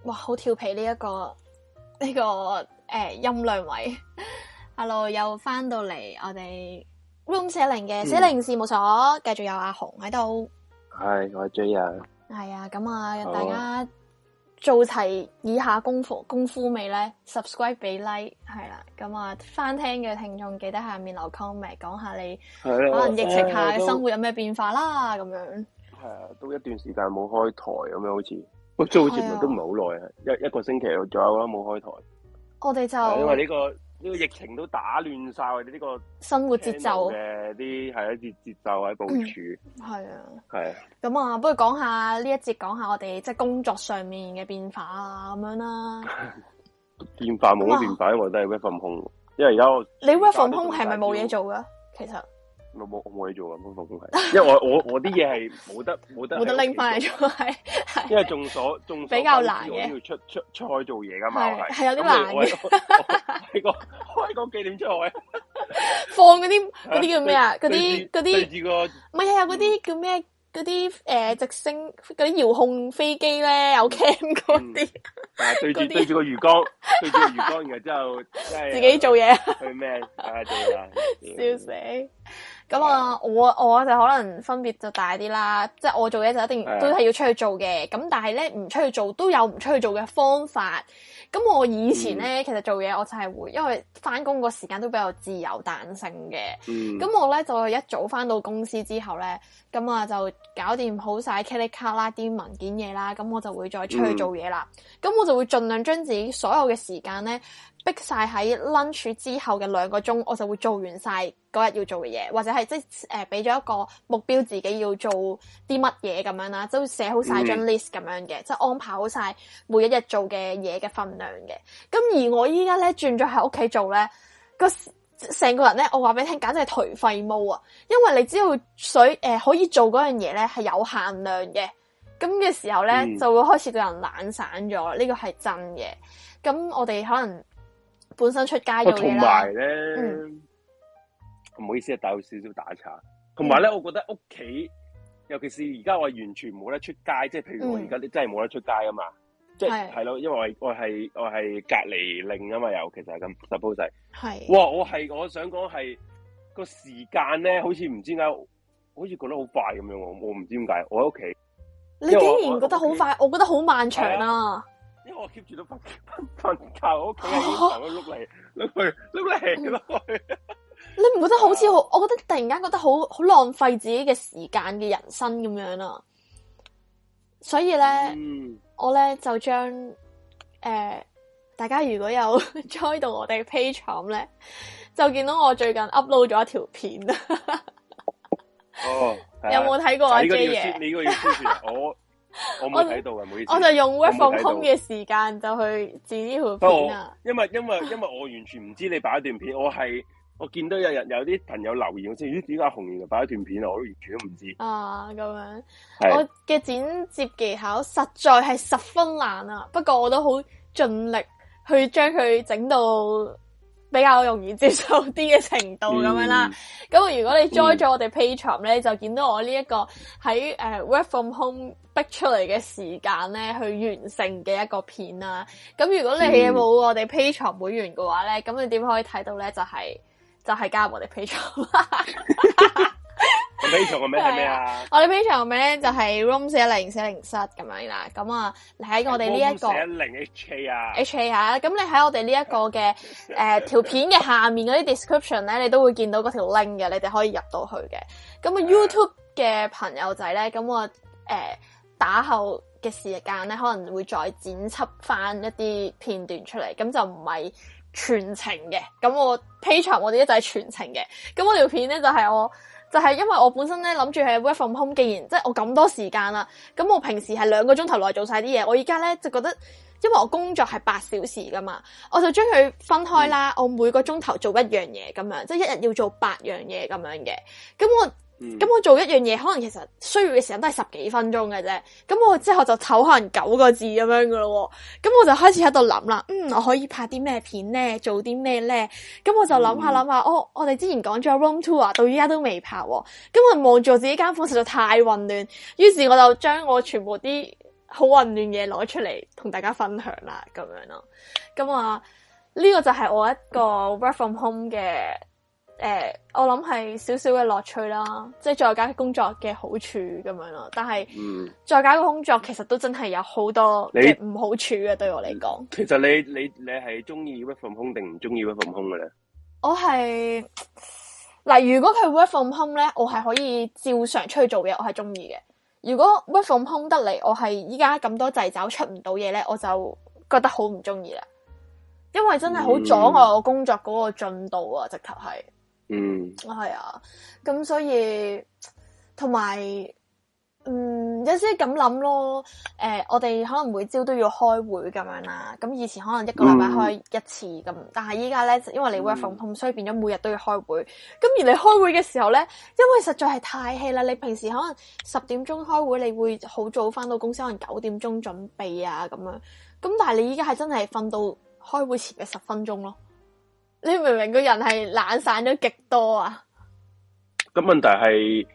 哇，好調皮呢一，這個呢，這個誒音量位 <laughs> ，hello 又翻到嚟我哋 room 寫靈嘅寫靈事務所，嗯，繼續有阿雄喺度，係我係 J 啊，係啊，咁啊，oh. 大家做齊以下功夫功夫未咧？subscribe 俾 like 係啦，啊，咁啊翻聽嘅聽眾記得下面留 comment 講下你，啊，可能疫情下嘅，哎，生活有咩變化啦，咁樣係啊，都一段時間冇開台咁樣好似。我、哦、做節目都唔係好耐啊，一一個星期左右啦，冇開台。我哋就因為呢個呢個疫情都打亂晒我哋呢個生活節奏嘅，啲係一節節奏喺部署。係、嗯、啊，係啊。咁啊，不如講下呢一節，講下我哋即係工作上面嘅變化啊咁樣啦。變化冇變化，我都係 work from home 因為而家你 work from home 係咪冇嘢做噶？其實。我冇我冇嘢做啊！我放工係，因為我我我啲嘢係冇得冇得，冇得拎翻嚟做係。因為眾所眾所比較難嘅，我都要出出海做嘢噶嘛，係係有啲難嘅。你個開個幾點出海？放嗰啲嗰啲叫咩啊？嗰啲嗰啲對住個，唔係啊！嗰啲叫咩？嗰啲誒，直升嗰啲遙控飛機咧，有 cam 嗰啲。對住對住個魚缸，對住個魚缸，然之後即係自己做嘢。去咩？睇下做啦！笑死。咁啊，yeah. 我我就可能分別就大啲啦，即、就、係、是、我做嘢就一定都係要出去做嘅。咁、yeah. 但係咧唔出去做都有唔出去做嘅方法。咁我以前咧，mm. 其實做嘢我就係會，因為返工個時間都比較自由彈性嘅。咁、mm. 我咧就一早返到公司之後咧，咁啊就搞掂好晒 c a 卡啦啲文件嘢啦，咁我就會再出去做嘢啦。咁、mm. 我就會盡量將自己所有嘅時間咧。逼晒喺 lunch 之後嘅兩個鐘，我就會做完晒嗰日要做嘅嘢，或者係即係誒俾咗一個目標自己要做啲乜嘢咁樣啦，即都寫好晒張 list 咁、mm-hmm. 樣嘅，即係安排好晒每一日做嘅嘢嘅分量嘅。咁而我依家咧轉咗喺屋企做咧，個成個人咧，我話俾你聽，簡直係頹廢毛啊！因為你只要水誒可以做嗰樣嘢咧係有限量嘅，咁嘅時候咧、mm-hmm. 就會開始個人懶散咗，呢、這個係真嘅。咁我哋可能。本身出街、啊，同埋咧，唔、嗯、好意思啊，帶少少打岔。同埋咧，我覺得屋企，尤其是而家我完全冇得出街，即、嗯、係譬如我而家你真係冇得出街啊嘛，嗯、即係係咯，因為我係我係隔離令啊嘛，又其實係咁，就煲仔。係。哇！我係我想講係個時間咧、嗯，好似唔知點解，好似覺得好快咁樣，我唔知點解，我喺屋企。你竟然覺得好快？我覺得好漫長啊！因 <laughs> 我 keep 住都瞓瞓覺，我講下碌嚟碌去碌嚟碌去。啊、 <laughs> 你唔覺得好似好？ <laughs> 我覺得突然間覺得好好浪費自己嘅時間嘅人生咁樣啊。所以咧、嗯，我咧就將誒、呃、大家如果有 join 到我哋嘅 Patreon 咧，就見到我最近 upload 咗一條片。 <laughs> 哦，有冇睇過阿 J 嘢？你、啊、個要宣、這個這個、 <laughs> 我。我唔係睇到嘅，唔好意思。我就用 work 放空嘅時間就去剪呢條片啊。因為因為因為我完全唔知你擺一， <laughs> 一,一段片，我係我見到有人有啲朋友留言我先，咦點解紅原嚟擺一段片啊？我都完全都唔知啊咁樣。我嘅剪接技巧實在係十分難啊，不過我都好盡力去將佢整到。比較容易接受啲嘅程度咁樣啦，咁、嗯、如果你 join 咗我哋 Patreon 咧、嗯，就見到我這在、呃、 <music> 呢一個喺誒 work from home 逼出嚟嘅時間咧，去完成嘅一個影片啦、啊。咁如果你冇我哋 Patreon 會員嘅話咧，咁、嗯、你點可以睇到咧？就係、是、就係、是、加入我哋 Patreon。 <laughs> <laughs> 我 Patreon 個名係咩啊？我哋 Patreon 個名就係 Room 四一零四零室咁樣啦。咁啊，你喺我哋呢一個四一零 HK 啊 HK。咁你喺我哋呢一個嘅誒條片嘅下面嗰啲 description 咧，你都會見到嗰條 link 嘅，你哋可以入到去嘅。咁啊 YouTube 嘅朋友仔咧，咁我誒、呃、打後嘅時間咧，可能會再剪輯翻一啲片段出嚟，咁就唔係全程嘅。咁我 Patreon 我哋一就係全程嘅。咁我條片咧就係我。就係、是、因為我本身咧諗住係 work from home，既然即係我咁多時間啦，咁我平時係兩個鐘頭內做晒啲嘢，我而家咧就覺得，因為我工作係八小時噶嘛，我就將佢分開啦、嗯，我每個鐘頭做一樣嘢咁樣，即係一日要做八樣嘢咁樣嘅，咁我。咁、嗯、我做一樣嘢，可能其實需要嘅時間都係十幾分鐘嘅啫。咁我之後就唞可能九個字咁樣喇咯。咁我就開始喺度諗啦，嗯，我可以拍啲咩片咧，做啲咩咧。咁我就諗下諗下，哦，我哋之前講咗 Room Tour 啊，到依家都未拍。咁我望住我自己間房實在太混亂，於是我就將我全部啲好混亂嘢攞出嚟同大家分享啦，咁樣咯。咁啊，呢、這個就係我一個 Work From Home 嘅。誒、uh，我諗係少少嘅樂趣啦，即、就、係、是、在家工作嘅好處咁樣咯。但係、嗯、在家嘅工作其實都真係有好多嘅唔好處嘅，對我嚟講。其實你你你係中意 work from home 定唔中意 work from home 嘅咧？我係嗱，如果佢 work from home 咧，我係可以照常出去做嘢，我係中意嘅。如果 work from home 得嚟，我係依家咁多掣肘出唔到嘢咧，我就覺得好唔中意啦。因為真係好阻礙我工作嗰個進度啊、嗯，直頭係。嗯，係啊，咁所以同埋，嗯，有啲咁諗咯。誒、呃，我哋可能每朝都要開會咁樣啦。咁以前可能一個禮拜開一次咁，嗯，但係依家咧，因爲你 work from home，所以變咗每日都要開會。咁、嗯、而你開會嘅時候咧，因爲實在係太氣啦。你平時可能十點鐘開會，你會好早翻到公司，可能九點鐘準備啊咁樣。咁但係你依家係真係瞓到開會前嘅十分鐘咯。你明唔明？個人係懶散咗極多啊！咁問題係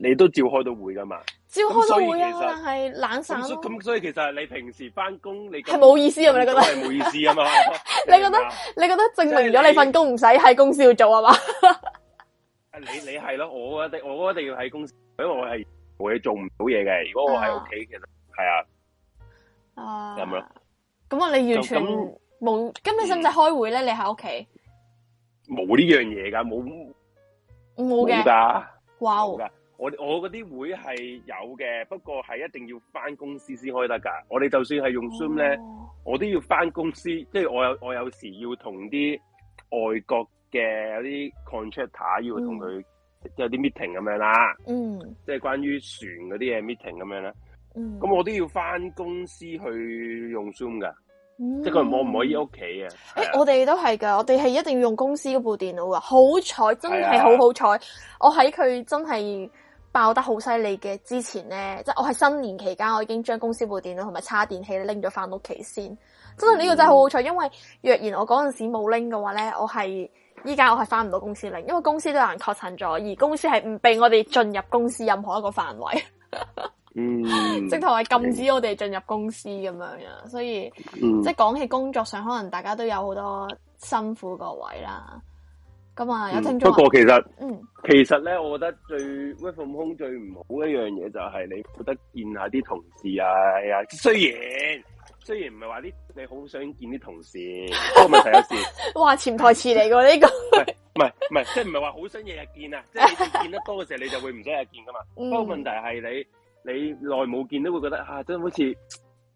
你都照開到會噶嘛？照開到會啊，但係懶散。咁所以其實你平時翻工你係冇意思啊？思嘛？ <laughs> 你覺得係冇意思啊嘛？你覺得你覺得證明咗你份工唔使喺公司度做啊嘛？你你係咯，我一定我一定要喺公司，因為我係我做唔到嘢嘅。如果我喺屋企，其實係啊。咁咯，咁啊，樣啊你完全。冇，咁你使唔使開會咧？你喺屋企冇呢樣嘢噶，冇冇嘅，哇、wow！我我嗰啲會係有嘅，不過係一定要翻公司先開得噶。我哋就算係用 Zoom 咧，oh. 我都要翻公司，即、就、係、是、我有我有時要同啲外國嘅、mm-hmm. 有啲 contractor 要同佢有啲 meeting 咁樣啦。嗯、mm-hmm.，即係關於船嗰啲嘢 meeting 咁樣啦。咁我都要翻公司去用 Zoom 噶。嗯、即係佢可唔可以屋企啊？誒、欸，我哋都係噶，我哋係一定要用公司嗰部電腦啊！好彩，真係好好彩！我喺佢真係爆得好犀利嘅之前咧，即、就、係、是、我喺新年期間，我已經將公司部電腦同埋叉電器拎咗翻屋企先。真係呢個真係好好彩、嗯，因為若然我嗰陣時冇拎嘅話咧，我係依家我係翻唔到公司拎，因為公司都有人確診咗，而公司係唔俾我哋進入公司任何一個範圍。 <laughs> 直頭係禁止我哋進入公司咁樣，所以、嗯、即係講起工作上，可能大家都有好多辛苦個位啦。咁啊，有慶祝、嗯。不過其實，嗯，其實咧，我覺得最 work from home 最唔好的一樣嘢就係你覺得見下啲同事啊，哎、呀，雖然雖然唔係話啲你好想見啲同事， <laughs> 不過問題係，哇，潛台詞嚟過，呢個，唔係唔係，即係唔係話好想日日見啊，即 <laughs> 係見得多嘅時候，你就會唔想日見噶嘛。不 <laughs> 過問題係你。你耐冇見都會覺得啊，真係好似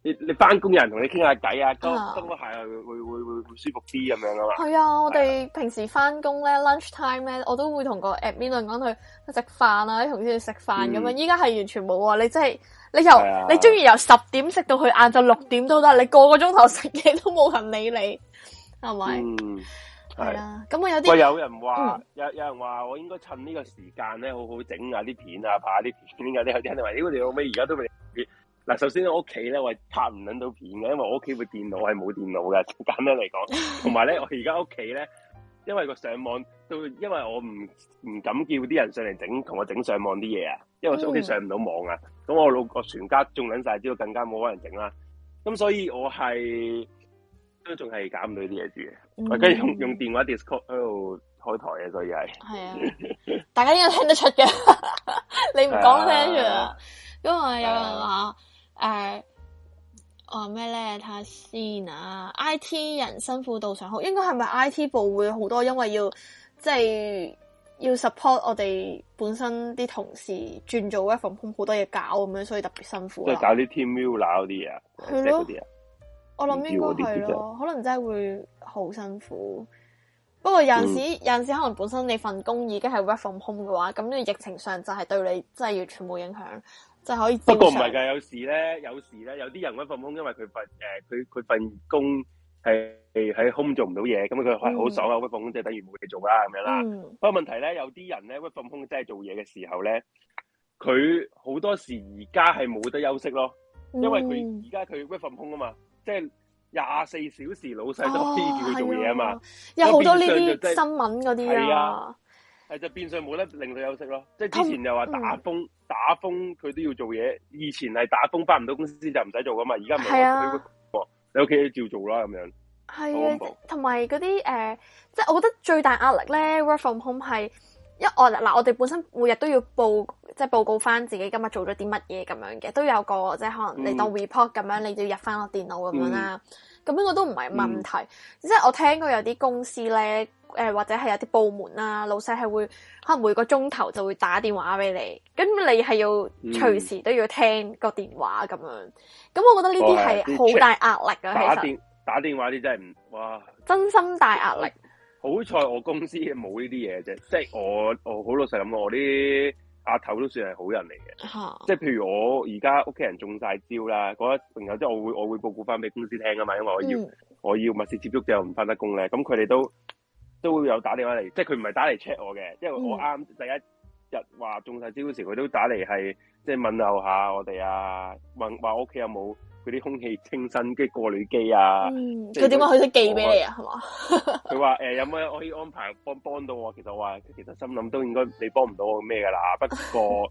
你你翻工有人同你傾下偈啊，高高個啊，會會會會舒服啲咁、啊、樣噶係啊，我哋平時翻工咧、啊、，lunch time 咧，我都會同個 at meeting 講去食飯啊，啲同事食飯咁樣。依家係完全冇、就是、啊！你真係你由你中意由十點食到去晏晝六點都得，你個個鐘頭食嘢都冇人理你，係咪？嗯係啊，咁我有啲，有人話有有人話我應該趁呢個時間咧，好好整下啲片啊，拍下啲片啊啲。有啲人話，屌、欸、你老尾，而家都未。嗱，首先我屋企咧，我，我係拍唔捻到片嘅，因為我屋企部電腦係冇電腦嘅，簡單嚟講。同埋咧，我而家屋企咧，因為個上網都，因為我唔唔敢叫啲人上嚟整，同我整上網啲嘢啊，因為屋企上唔到網啊。咁我老我全家仲捻晒，之後更加冇可能整啦。咁所以我係。都仲係搞唔到啲嘢住嘅，我跟住用用電話 Discord 喺度開台嘅。所以係係啊， <laughs> 大家應該聽得出嘅， <laughs> 你唔講都聽住啦。咁啊，我有人話誒，話咩咧？睇、啊、下先啊！IT 人辛苦到上好，應該係咪 IT 部會好多，因為要即係、就是、要 support 我哋本身啲同事轉做 web from 好多嘢搞咁樣，所以特別辛苦即係搞啲 team building 嗰啲啊，我諗應該係咯，可能真係會好辛苦。不過有陣時，有陣時可能本身你份工已經係 work from home 嘅話，咁你疫情上就係對你真係完全冇影響，即係可以。不過唔係噶，有時咧，有時咧，有啲人 work from home，因為佢份誒，佢佢份工係喺 home 做唔到嘢，咁佢係好爽啊！嗯。work from home 即係等於冇嘢做啦，咁樣啦。不過問題咧，有啲人咧 work from home 即係做嘢嘅時候咧，佢好多時而家係冇得休息咯，因為佢而家佢 work from home 啊嘛。即係廿四小時老細都可以叫佢做嘢啊嘛，有好多呢啲新聞嗰啲啊，係、啊就是啊、就變相冇得令佢休息咯。即、就、係、是、之前又話打風、嗯、打風佢都要做嘢，以前係打風翻唔到公司先就唔使做噶嘛，而家唔係啊，你屋企都照做啦咁樣。係啊，同埋嗰啲誒，即係、呃就是、我覺得最大壓力咧，work from home 係。一我嗱，我哋本身每日都要報即係、就是、報告翻自己今日做咗啲乜嘢咁樣嘅，都有一個即係可能你當 report 咁樣、嗯，你就要入翻個電腦咁樣啦。咁呢個都唔係問題。嗯、即係我聽過有啲公司咧，誒或者係有啲部門啦，老細係會可能每個鐘頭就會打電話俾你，咁你係要、嗯、隨時都要聽個電話咁樣。咁我覺得呢啲係好大壓力啊！其實打電話啲真係唔哇，真心大壓力。好彩我公司冇呢啲嘢啫，即係我我好老實諗，我啲阿頭都算係好人嚟嘅、啊，即係譬如我而家屋企人中晒招啦，嗰、那、一、個、朋友即係我會我會報告翻俾公司聽啊嘛，因為我要、嗯、我要密切接觸就唔翻得工咧，咁佢哋都都會有打電話嚟，即係佢唔係打嚟 check 我嘅，即係我啱第一日話中晒招時時，佢都打嚟係即係問候下我哋啊，問話我屋企有冇。佢啲空氣清新機，過濾機啊，佢點解佢都寄俾你啊？係嘛？佢話誒，有冇可以安排幫幫到我？其實我話，其實心諗都應該你幫唔到我咩噶啦。不過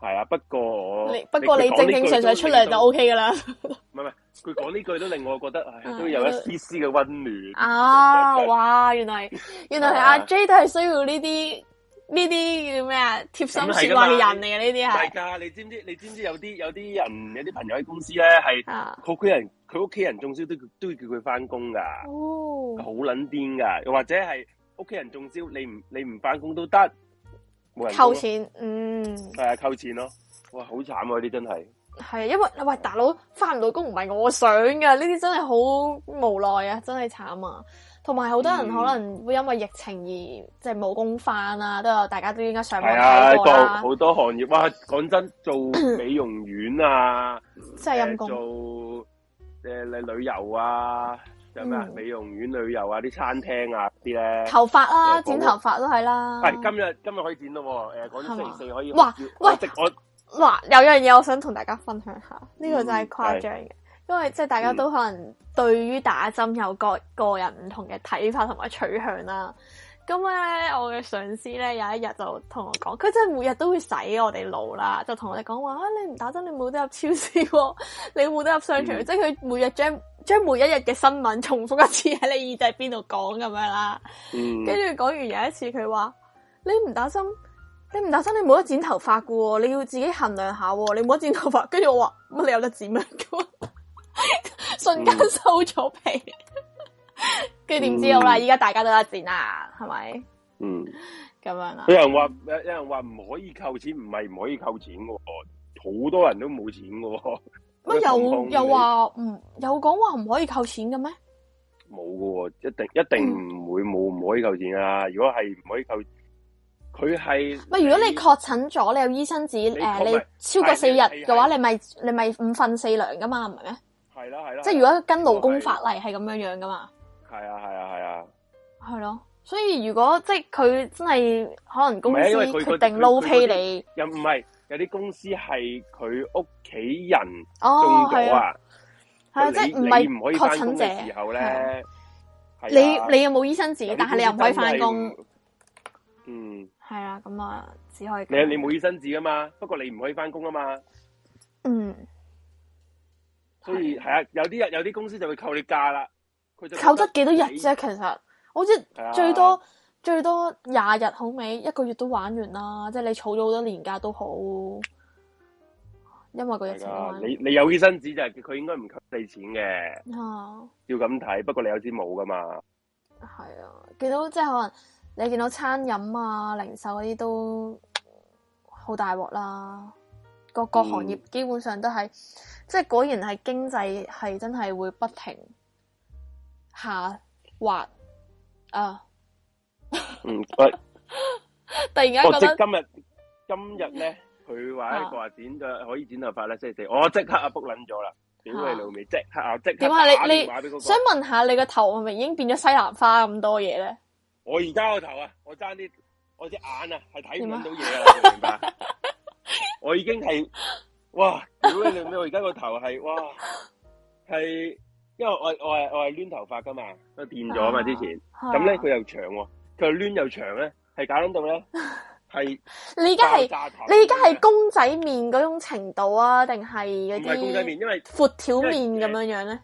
係 <laughs> 啊，不過你不過你正正常常，常出糧就 O K 噶啦。唔係唔係，佢講呢句都令我覺得，唉、哎，都有一絲絲嘅溫暖 <laughs> 啊。啊，哇！原來原來係阿 J 都係需要呢啲。呢啲叫咩啊？貼心說話嘅人嚟嘅呢啲係。係㗎，你知唔知？你知唔知有啲有啲人有啲朋友喺公司咧，係佢屋企人佢屋企人中招都都叫佢翻工噶。哦，好撚癲噶，又或者係屋企人中招，你唔你唔翻工都得。冇人扣錢，嗯。係啊，扣錢咯！哇，好慘啊！呢啲真係。係啊，因為喂，大佬翻唔到工，唔係我想噶，呢啲真係好無奈啊，真係慘啊。同埋好多人可能會因為疫情而即係冇工返啊，都、嗯、有大家都應該上班睇過啦、嗯。好多行業哇，講真，做美容院啊，即係陰功。做誒你、呃、旅遊啊，有咩啊？美容院旅遊啊，啲餐廳啊啲咧、啊，頭髮啦、啊呃，剪頭髮都係啦。係今日今日可以剪咯，誒、呃，講星期四,四可以。哇！喂，哇我哇，有一樣嘢我想同大家分享一下，呢、嗯呢個真係誇張嘅。因為即係大家都可能對於打針有各個、嗯、個個人唔同嘅睇法同埋取向啦。咁咧，我嘅上司咧有一日就同我講，佢真係每日都會洗我哋腦啦，就同我哋講話啊，你唔打針你冇得入超市喎，你冇得入商場，嗯、即係佢每日將將每一日嘅新聞重複一次喺你耳仔邊度講咁樣啦。跟住講完有一次佢話你唔打針，你唔打針你冇得剪頭髮噶喎，你要自己衡量下喎，你冇得剪頭髮。跟住我話乜你有得剪咩？ <laughs> <laughs> 瞬間收咗皮，佢住點知好啦？依、嗯、家大家都得戰啦，係咪？嗯，咁樣啦，有人話，有人話唔可以扣錢，唔係唔可以扣錢喎、哦。好多人都冇錢嘅、哦。乜又又話唔有講話唔可以扣錢嘅咩？冇喎，一定一定唔會冇唔可以扣錢啊、嗯！如果係唔可以扣，佢係咪？如果你確診咗，你有醫生紙誒、呃，你超過四日嘅話，你咪你咪五分四糧噶嘛，係咪？咩？係啦，係 <noise> 啦樂，即係如果跟勞工法例係咁樣樣噶嘛，係啊，係啊，係啊，係啊，係咯，所以如果即係佢真係可能公司決定 low pay 屁你，又唔係有啲公司係佢屋企人哦，係啊，係即係唔係確診者時候咧，你你，你，有冇醫生紙，你又冇醫生紙，但係你又唔可以翻工，嗯，係啊，咁啊，只可以你你冇醫生紙噶嘛，不過你唔可以翻工啊嘛，嗯。所以係啊，有啲有有啲公司就會扣你假啦。佢扣得幾多日啫、啊？其實好似、啊，最多最多廿日好未，一個月都玩完啦。即係你儲咗好多年假都好，因為那個疫情、啊。你你有啲醫生紙就佢應該唔扣你錢嘅、啊。要咁睇。不過你有啲冇噶嘛？係啊，見到即係可能你見到餐飲啊、零售嗰啲都好大鑊啦。各個行業基本上都係、嗯，即係果然係經濟係真係會不停下滑啊！嗯，我、啊、 <laughs> 突然間覺得今日今日咧，佢話一個話剪咗、啊、可以剪頭髮咧，即係我即刻啊卜捻咗啦，屌你老味？即刻啊，即點解你你想問下你個頭係咪已經變咗西蘭花咁多嘢咧？我而家個頭啊，我爭啲，我隻眼啊係睇唔到嘢啦，啊、你明白？ <laughs> <laughs> 我已經係哇，屌你你我而家個頭係哇，係因為我我係我係攣頭髮噶嘛，都電咗嘛之前嘛，咁咧佢又長喎，佢又攣又長咧，係搞卵到咧，係你而家係你而家係公仔麵嗰種程度啊，定係嗰啲？唔係公仔麵，因為闊條麵咁樣樣咧。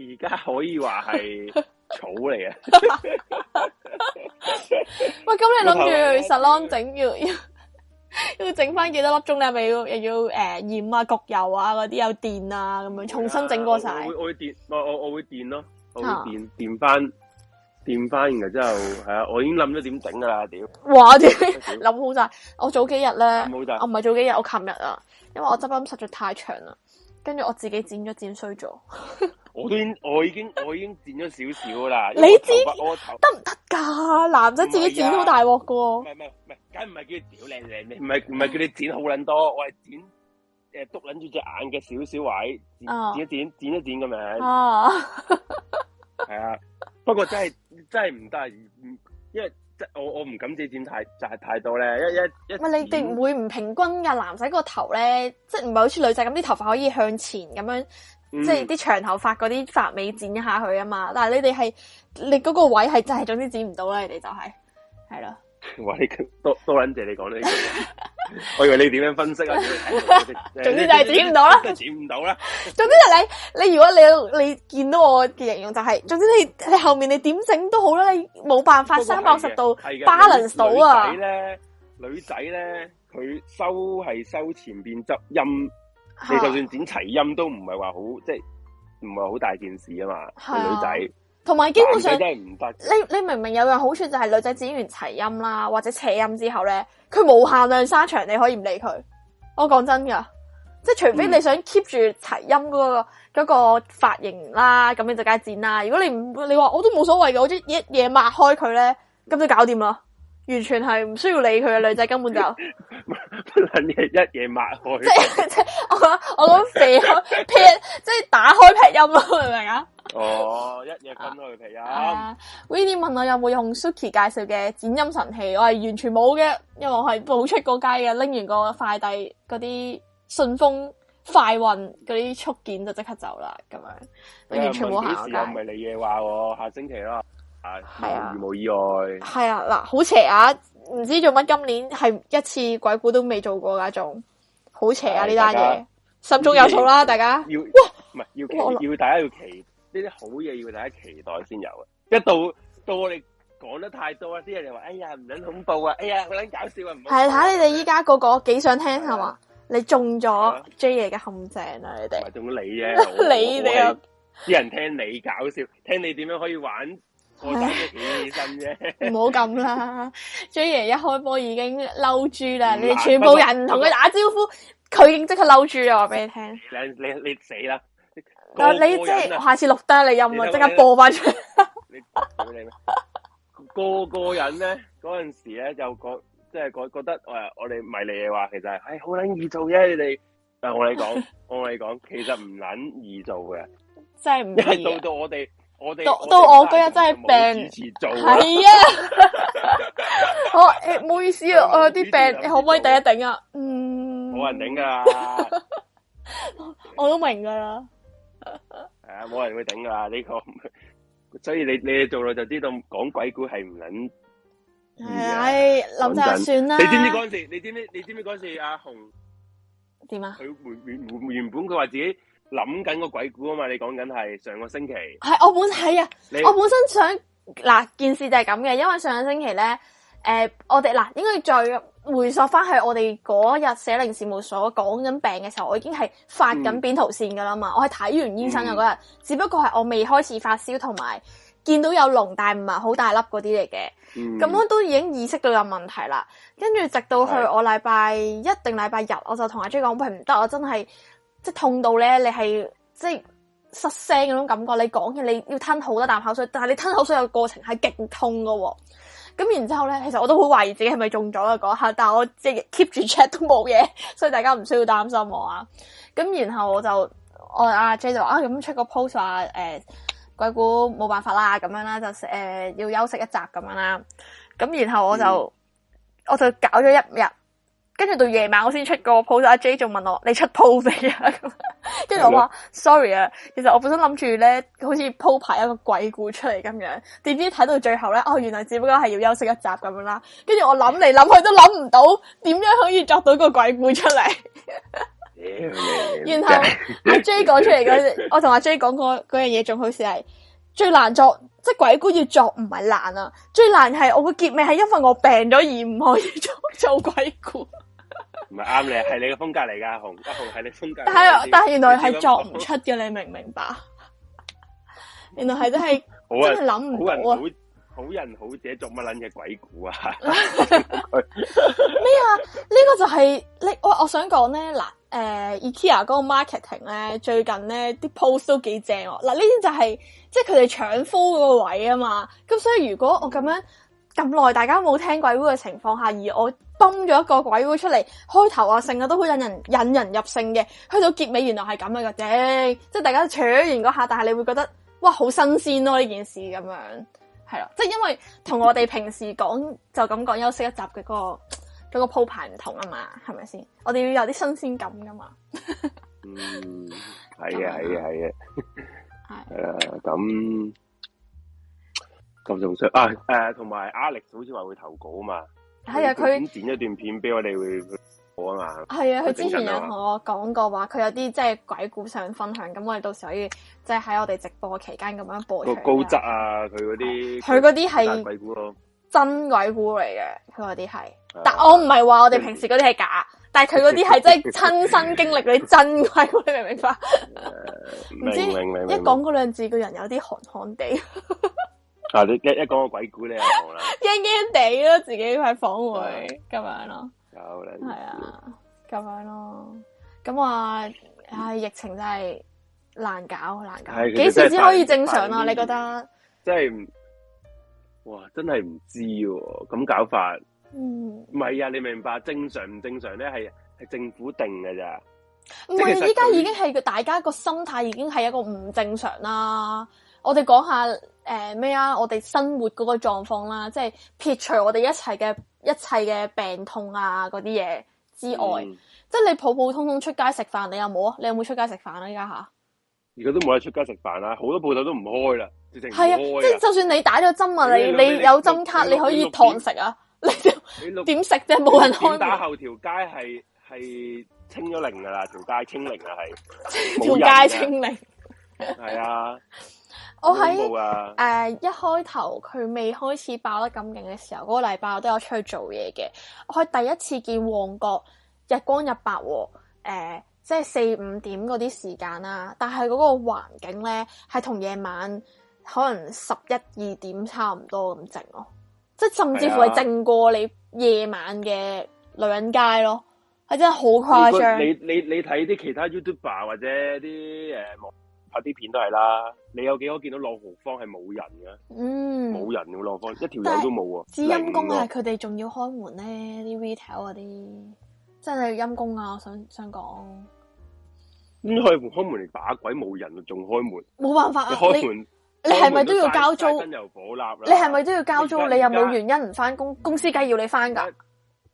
而家可以話係草嚟啊 <laughs> <laughs> <laughs> <laughs> <laughs> 喂，咁你諗住去 salon 整要？ <laughs> 要整翻幾多粒鐘？你係咪要又要誒、染、啊焗油啊嗰啲又電啊咁樣重新整過晒、yeah,？我會會電，我我我會電咯，我會電我會電翻、oh.，電翻之後係啊， <laughs> 我已經諗咗點整噶啦屌！哇，啲 <laughs> 諗要 <laughs> 好晒，我早幾日咧，我唔係早幾日，我琴日啊，因為我執針實在太長啦。跟住我自己剪咗剪衰咗，我都已我已經我已經，我已經剪咗少少啦。你剪得唔得噶？男仔自己剪都好大鑊噶。唔係唔係唔係，梗唔係叫你屌靚靚靚，唔係唔係叫你剪好捻多， <laughs> 我係剪誒、呃、督捻住隻眼嘅少少位，剪一剪剪一剪咁樣。係、uh. <laughs> 啊，不過真係真係唔得，因為。即我我唔敢剪剪太就係太，太多咧，一一一你哋唔會唔平均噶。男仔個頭咧，即係唔係好似女仔咁啲頭髮可以向前咁樣，嗯、即係啲長頭髮嗰啲髮尾剪一下去啊嘛。但係你哋係你嗰個位係真係，總之剪唔到啦。你哋就係係咯。我你多多謝你講呢句嘢， <laughs> 我以為你點樣分析啊？總之就係剪唔到啦，剪唔到啦。總之就係你，你如果你你見到我嘅形容就係、是，總之你你後面你點整都好啦，你冇辦法三百六十度 balance 到啊。女仔咧，女仔咧，佢收係收前邊執音，你就算剪齊音都唔係話好，即係唔係好大件事啊嘛。 <laughs> 女仔。同埋基本上，你你明明有樣好處就係女仔剪完齊音啦，或者斜音之後咧，佢無限量生長，你可以唔理佢。我講真噶，即係除非你想 keep 住齊音嗰個嗰個髮型啦，咁你就梗剪啦。如果你唔你話我都冇所謂嘅，我即一,一夜抹開佢咧，咁就搞掂啦。完全係唔需要理佢嘅女仔， <laughs> 根本就。 <laughs> 不能日一夜抹佢，即係 <laughs> 即我我講肥開劈， <laughs> 即係打開劈音咯，明唔明啊？哦，一夜滾去皮啊 Vivi 問我有冇用 Suki 介紹嘅剪音神器，我係完全冇嘅，因為我係冇出過街嘅，拎完個快遞嗰啲順豐快運嗰啲速件就即刻走啦，咁樣、嗯、完全冇。平我唔咪你夜話我下星期咯。係啊，冇意外。係啊，嗱，好邪啊！唔、啊、知做乜，今年係一次鬼故都未做過噶，仲好邪啊！呢單嘢心中有數啦大，大家要唔係要期，要大家要期呢啲好嘢，要大家期待先有啊。一到到你講得太多啊，啲人就話：哎呀，唔捻恐怖啊！哎呀，好捻搞笑啊！唔係吓，啊、你哋依家個個幾想聽係嘛、啊？你中咗 J 爺嘅陷阱啊！你哋中咗你啫， <laughs> 你哋、啊、啲人聽你搞笑，聽你點樣可以玩。我真係啫！唔好咁啦，J 爺一開波已經嬲住啦！你全部人唔同佢打招呼，佢已經即刻嬲住啊！話俾你聽。你你你死啦！嗱，你即係下次錄低你又唔，即刻播翻出。你你咩？個個人咧嗰陣時咧就覺即係覺覺得誒、哎，我哋唔係你嘅話，其實係，好、哎、捻易做啫！你哋，但我哋講，講，我哋講，講，其實唔捻易做嘅，真係唔易、啊。到到我哋。我到到我嗰日真係病，係啊，好誒，唔好意思啊，我有啲病，你可唔可以頂一頂啊？嗯，冇人頂噶啦，我都明噶啦，係啊，冇人會頂噶啦呢個，所以你你做到就知道講鬼故係唔捻係啊，諗就算啦。你知唔知嗰陣時？你知唔知？你知唔知嗰陣時？阿紅點啊？佢原原原本佢話自己。諗緊個鬼故啊嘛，你講緊係上個星期，係，我本係啊，我本身想嗱件事就係咁嘅，因為上個星期咧，誒、呃、我哋嗱應該再回溯翻去我哋嗰日寫靈事務所講緊病嘅時候，我已經係發緊扁桃腺噶啦嘛，嗯、我係睇完醫生嗰日、嗯，只不過係我未開始發燒同埋見到有膿，但係唔係好大粒嗰啲嚟嘅，咁、嗯、我都已經意識到有問題啦。跟住直到去我禮拜一定禮拜日，我就同阿 J 講，喂，唔得，我真係。即係痛到咧，你係即係失聲種感覺，你講嘅你要吞好多啖口水，但係你吞口水嘅過程係極痛噶咁然之後咧，其實我都好懷疑自己係咪中咗啊嗰下，但係我即係 keep 住 check 都冇嘢，所以大家唔需要擔心我啊。咁然後我就我阿，啊、J 就啊咁出個 post 話誒、呃、鬼故冇辦法啦咁樣啦，就誒、是呃、要休息一集咁樣啦。咁然後我就，嗯、我就搞咗一日。跟住到夜晚，我先出個鋪 o 阿 J 仲問我，你出鋪 o s t 啊？跟 <laughs> 住我話 sorry 啊，其實我本身諗住咧，好似鋪排一個鬼故出嚟，咁樣，點知睇到最後咧，哦，原來只不過係要休息一集咁樣啦。跟住我諗嚟諗去都諗唔到點樣可以作到個鬼故出嚟。 <laughs> 然後阿 J 講出嚟嗰，我同阿 J 講嗰嗰樣嘢，仲好似係最難作，即係鬼故要作唔係難啊，最難係我嘅結尾係因為我病咗而唔可以做做鬼故。唔係啱你，係你嘅風格嚟噶，阿、啊、紅，阿、啊、紅係你風格來的。但係但係，原來係作唔出嘅，你明唔明白？ <laughs> 原來係是 <laughs> 真係好難諗唔到啊！好人好者做乜撚嘢鬼故啊？咩 <laughs> <laughs> <laughs> 啊？呢、這個就係、是、你我我想講咧嗱，誒、呃、，IKEA 嗰個 marketing 咧，最近咧啲 post 都幾正哦。嗱，呢啲就係、是、即係佢哋搶夫嗰個位啊嘛。咁所以如果我咁樣咁耐，大家冇聽鬼故嘅情況下，而我。崩咗一個鬼會出嚟，開頭啊，成日都好引人引人入勝嘅，去到結尾原來係咁嘅嘅啫，即、欸、係大家搶完嗰下，但係你會覺得哇好新鮮咯呢件事咁樣，係啦，即係因為同我哋平時講就咁講休息一集嘅嗰個嗰、嗰個鋪排唔同啊嘛，係咪先？我哋要有啲新鮮感噶嘛。嗯，係啊係啊係啊，係啊咁咁仲想？啊！誒、啊，同埋阿力好似話會投稿啊嘛。係 <music> 啊，佢剪咗段片俾我哋會講啊。係啊，佢之前說有同我講過話，佢有啲即係鬼故想分享，咁我哋到時可以即係喺我哋直播期間咁樣播。個高質啊，佢嗰啲，佢嗰啲係鬼故咯，真鬼故嚟嘅，佢嗰啲係。但我唔係話我哋平時嗰啲係假，但係佢嗰啲係真親身經歷嗰啲真鬼故，真真鬼故，你明唔明白？唔 <laughs> 知。明，明一講嗰兩字，個人有啲寒寒地。啊！你一一講個鬼故咧，又講啦，驚驚哋咯，自己喺房會，咁樣咯，係啊，咁樣咯，咁話唉，疫情真係難搞，難搞，幾時先可以正常啊？你覺得？即係，哇！真係唔知喎、啊，咁搞法，唔、嗯、係啊！你明白正常唔正常咧？係係政府定噶咋？即係依家已經係大家個心態，已經係一個唔正常啦。我哋講下誒咩啊？我哋生活嗰個狀況啦，即係撇除我哋一切嘅一切嘅病痛啊嗰啲嘢之外，嗯、即係你普普通通出街食飯，你有冇啊？你有冇出街食飯啊？依家吓，而家都冇得出街食飯啦，好多鋪頭都唔開啦，係啊，即係就算你打咗針啊，你你，你，你，你有針卡你，你可以堂食啊，你點食啫？冇 <laughs> 人開。打後條街係係清咗零噶啦，條街清零 <laughs> 是啊，係條街清零，係啊。我喺、呃、一開頭佢未開始爆得咁勁嘅時候，嗰、那個禮拜我都有出去做嘢嘅。我係第一次見旺角日光日白喎、哦呃，即係四五點嗰啲時間啦。但係嗰個環境咧係同夜晚可能十一二點差唔多咁靜咯、啊，即甚至乎係靜過你夜晚嘅女人街咯，係真係好誇張。你你你睇啲其他 YouTuber 或者啲誒，呃拍啲片都係啦，你有幾多見到朗豪坊係冇人嘅？嗯，冇人嘅朗豪坊一條友都冇喎。知陰公啊，佢哋仲要開門咧，啲 retail 嗰啲真係陰公啊！我想想講，咁佢開門嚟打鬼冇人，仲開門，冇辦法啊！你開門，你係咪都要交租？你係咪都要交租？你又冇原因唔翻工，公司梗係要你翻噶。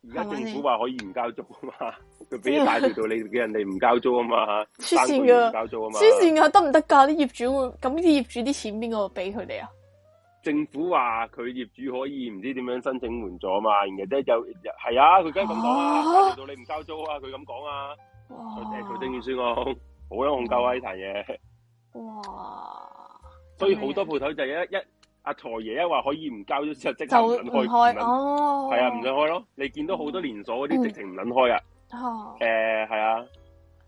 而家政府話可以唔交租啊嘛，佢俾啲大條道理你，叫人哋唔交租，嘛 <laughs> 交租嘛行行啊嘛黐線噶，黐線噶，得唔得噶？啲業主會咁啲業主啲錢邊個俾佢哋啊？政府話佢業主可以唔知點樣申請援助嘛，然後咧就係啊，佢梗係咁講啊，叫你唔交租啊，佢咁講啊，佢正，佢正要宣洩，好想戇交啊呢壇嘢。哇！很啊、哇所以好多鋪頭就一一。一阿財爺一話可以唔交咗，就即唔肯開。開哦，係啊，唔想開咯。你見到好多連鎖嗰啲直情唔撚開、嗯 uh，啊。吓，誒，係啊。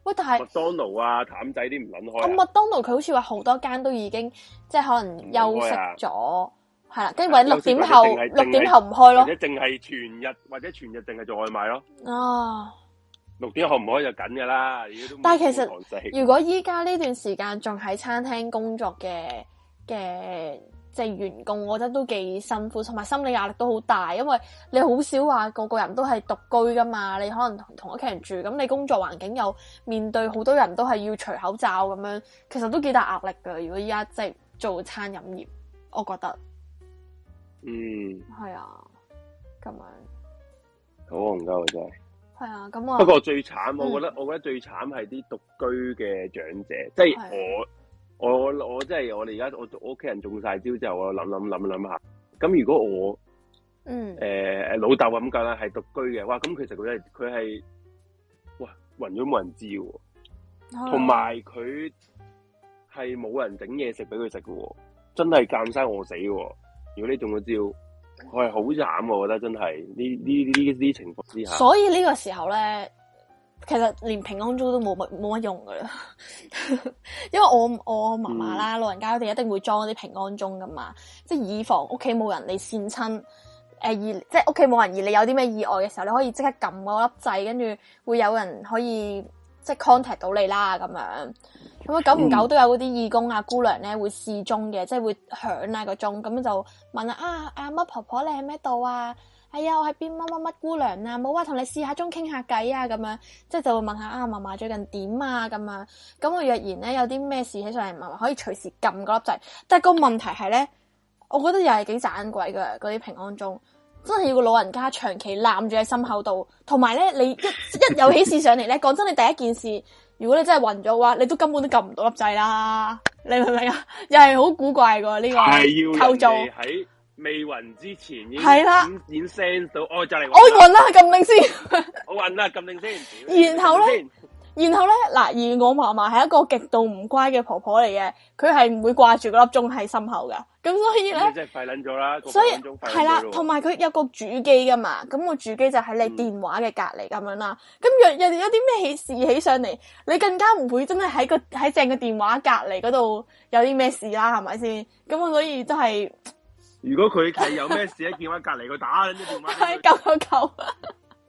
喂，但係麥當勞啊、譚仔啲唔撚開。麥當勞佢好似話好多間都已經即係可能休息咗，係啦、啊。跟住咪六點後六點後唔開咯，或者淨係全日或者全日淨係做外賣咯。哦，六點後唔開就緊噶啦。但係其實如果依家呢段時間仲喺餐廳工作嘅嘅。即係員工，我覺得都幾辛苦，同埋心理壓力都好大，因為你好少話個個人都係獨居噶嘛，你可能同同屋企人住，咁你工作環境又面對好多人都係要除口罩咁樣，其實都幾大壓力噶。如果依家即係做餐飲業，我覺得，嗯，係啊，咁樣好唔鳩嘅真係，係啊，咁我、啊、不過最慘，我覺得，嗯、我覺得最慘係啲獨居嘅長者，即係我。我我真係我哋而家我我屋企人中曬招之後，我諗諗諗諗下，咁如果我嗯、呃、老豆咁講啦，係獨居嘅，哇！咁其實佢係佢係哇暈咗冇人知喎，同埋佢係冇人整嘢食俾佢食嘅喎，真係鑑生餓死喎！如果你中咗招，佢係好慘，我覺得真係呢呢呢啲情況之下，所以呢個時候咧。其實連平安鐘都冇乜冇乜用噶啦，因為我我嫲嫲啦老人家，佢哋一定會裝啲平安鐘噶嘛，即係以防屋企冇人你跣親，誒、呃、而即係屋企冇人而你有啲咩意外嘅時候，你可以即刻撳嗰粒掣，跟住會有人可以即係 contact 到你啦咁樣，咁、mm. 啊久唔久都有嗰啲義工啊姑娘咧會試鐘嘅，即係會響啦個鐘，咁樣就問啊啊阿乜、啊、婆婆你喺咩度啊？哎啊，我喺邊乜乜乜姑娘啊，冇啊，同你試下鐘傾下偈啊，咁樣即係就會問下啊嫲嫲最近點啊咁啊，咁我若然咧有啲咩事起上嚟，嫲嫲可以隨時撳嗰粒掣。但係個問題係咧，我覺得又係幾盞鬼噶，嗰啲平安鐘真係要個老人家長期攬住喺心口度。同埋咧，你一一有喜事上嚟咧，講 <laughs> 真，你第一件事，如果你真係暈咗話，你都根本都撳唔到粒掣啦。你明唔明啊？ <laughs> 又係好古怪噶呢、這個構造。喺。未暈之前已經五點 send 到，哦、我就嚟我暈啦！撳定先暈了，好暈啦！撳定先，了先，了先了。然後咧，然後咧嗱，而我嫲嫲係一個極度唔乖嘅婆婆嚟嘅，佢係唔會掛住嗰粒鐘喺心口噶。咁所以咧，真係快捻咗啦。所以係啦，同埋佢有，有個主機噶嘛，咁個主機就喺你電話嘅隔籬咁樣啦。咁若人有啲咩喜事起上嚟，你更加唔會真係喺個喺正嘅電話隔籬嗰度有啲咩事啦，係咪先？咁所以都、就、係、是。如果佢係有咩事，一見話隔籬佢打，點知點啊？係救一救了，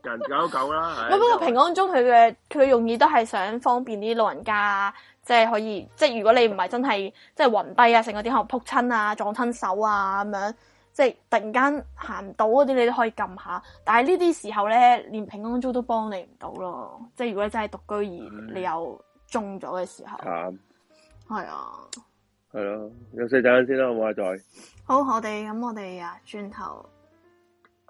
人狗一救啦。不過平安鐘佢嘅佢用意都係想方便啲老人家即係、就是、可以，即、就、係、是、如果你唔係真係即係暈低啊，成、就是、個啲可能扑親啊，撞親手啊咁樣，即、就、係、是、突然間行唔到嗰啲，你都可以撳下。但係呢啲時候咧，連平安鐘都幫你唔到咯。即、就、係、是、如果你真係獨居而你又中咗嘅時候，係、嗯嗯、啊。係咯，有四仔先啦，冇啊仔。好，我哋咁，我哋啊，轉頭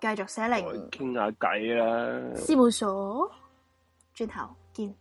繼續寫零，傾下偈啦。事務所，轉頭見。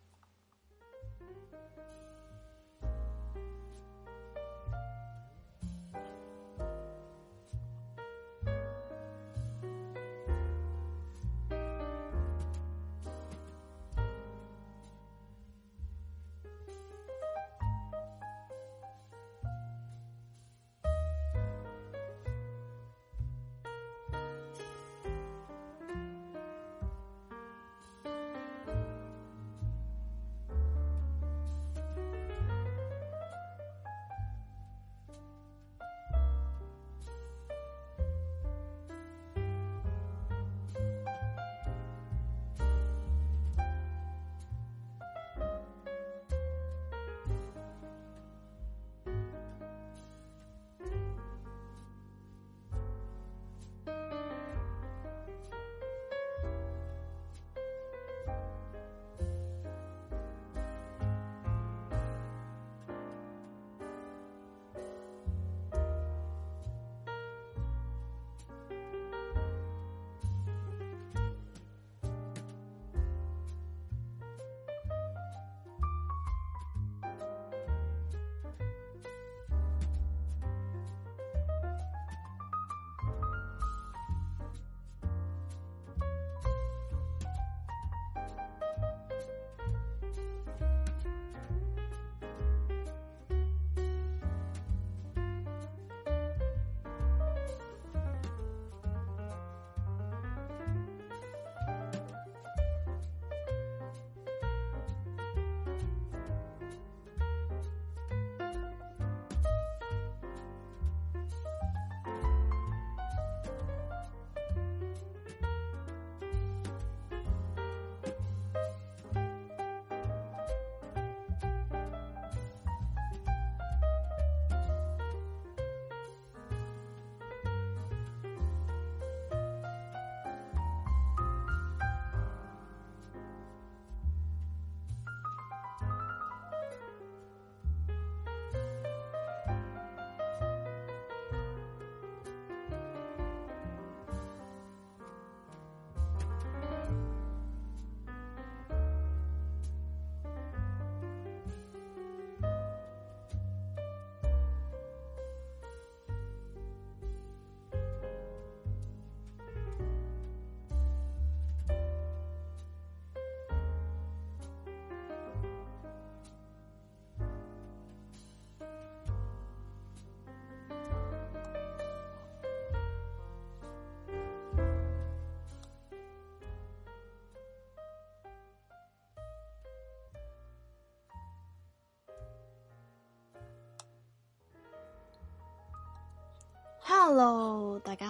Hello，大家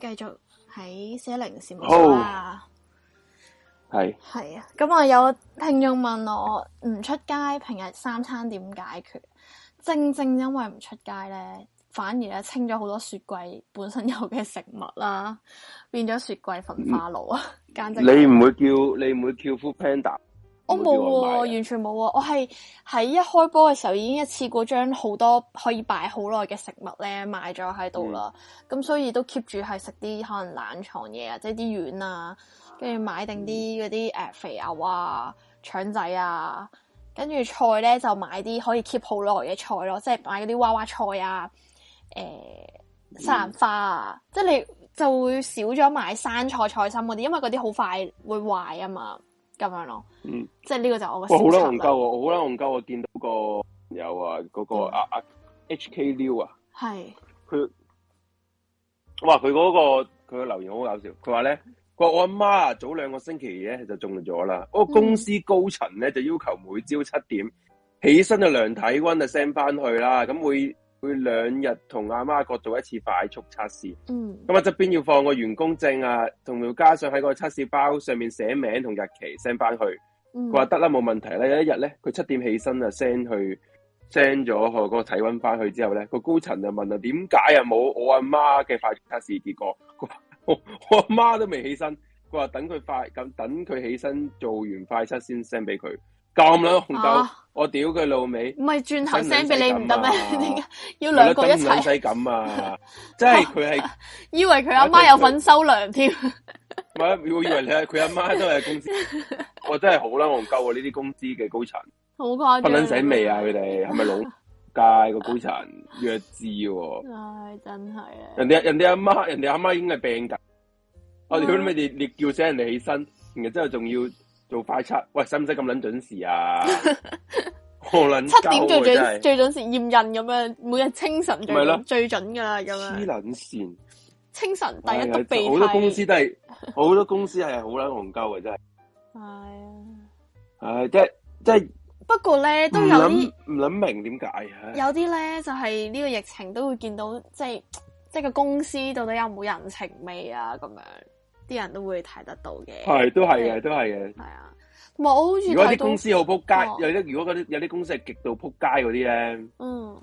繼續喺四一零視目啦，係、oh, 係啊，咁啊那我有聽眾問我唔出街，平日三餐點解決？正正因為唔出街咧，反而咧清咗好多雪櫃本身有嘅食物啦，變咗雪櫃焚化爐啊、嗯，簡直、就是、你唔會叫你唔會叫 Food Panda。哦、有冇我冇喎、哦，完全冇喎。我係喺一開波嘅時候已經一次過將好多可以擺好耐嘅食物咧買咗喺度啦。咁、嗯、所以都 keep 住係食啲可能冷藏嘢啊，即係啲丸啊，跟住買定啲嗰啲誒肥牛啊、腸仔啊，跟住菜咧就買啲可以 keep 好耐嘅菜咯，即係買嗰啲娃娃菜啊、誒西蘭花啊。即、嗯、係、就是、你就會少咗買生菜、菜心嗰啲，因為嗰啲好快會壞啊嘛。咁樣咯、啊嗯，即係呢個就是我個。哇，好難唔夠我，好難唔夠我見到個朋友啊，嗰、那個阿阿 H K Liu 啊，係、嗯、佢、啊啊，哇！佢嗰、那個佢個留言好搞笑，佢話咧，我我阿媽啊，早兩個星期咧就中咗啦，我、那個、公司高層咧就要求每朝七點起身就量體溫就 send 翻去啦，咁會。佢兩日同阿媽各做一次快速測試。嗯，咁啊，側邊要放個員工證啊，同加上喺個測試包上面寫名同日期 send 翻去。佢，嗯，話得啦，冇問題啦。有一日咧，佢七點起身啊，send 去 send 咗佢嗰個體溫翻去之後咧，個高層就問啊，點解又冇我阿媽嘅快速測試結果？我我阿媽都未起身，佢話等佢快咁等佢起身做完快測先 send 俾佢。咁啦，憨鳩！我屌佢老味！唔係轉頭 send 俾你唔得咩？要兩個一齊。咁唔撚使咁啊！真係佢係以為佢阿媽有份收糧添。唔係，要以為你係佢阿媽都係公司。我真係好撚憨鳩啊！呢啲公司嘅高層。好誇張。瞓醒未啊？佢哋係咪老街老界個高層？弱智喎！唉，真係啊！人哋人哋阿媽，人哋阿媽已經係病嘅。我屌你咪你！你叫醒人哋起身，然之後仲要。做快測，喂，使唔使咁捻準時啊？好捻七點最準最準時驗孕咁樣，每日清晨最準最準噶啦咁樣。黐捻綫，清晨第一滴鼻涕。好、哎、多公司都係，好 <laughs> 多公司係好捻戇鳩嘅真係。係啊，係即係，不過咧都有啲唔諗明點解啊。 <laughs> 有啲咧就係、是、呢個疫情都會見到，即係即係個公司到底有冇人情味啊咁樣。啲人都會睇得到嘅，係都係嘅，都係嘅。係啊，冇。如果啲公司好仆街，有啲如果啲有啲公司係極度仆街嗰啲咧，嗯，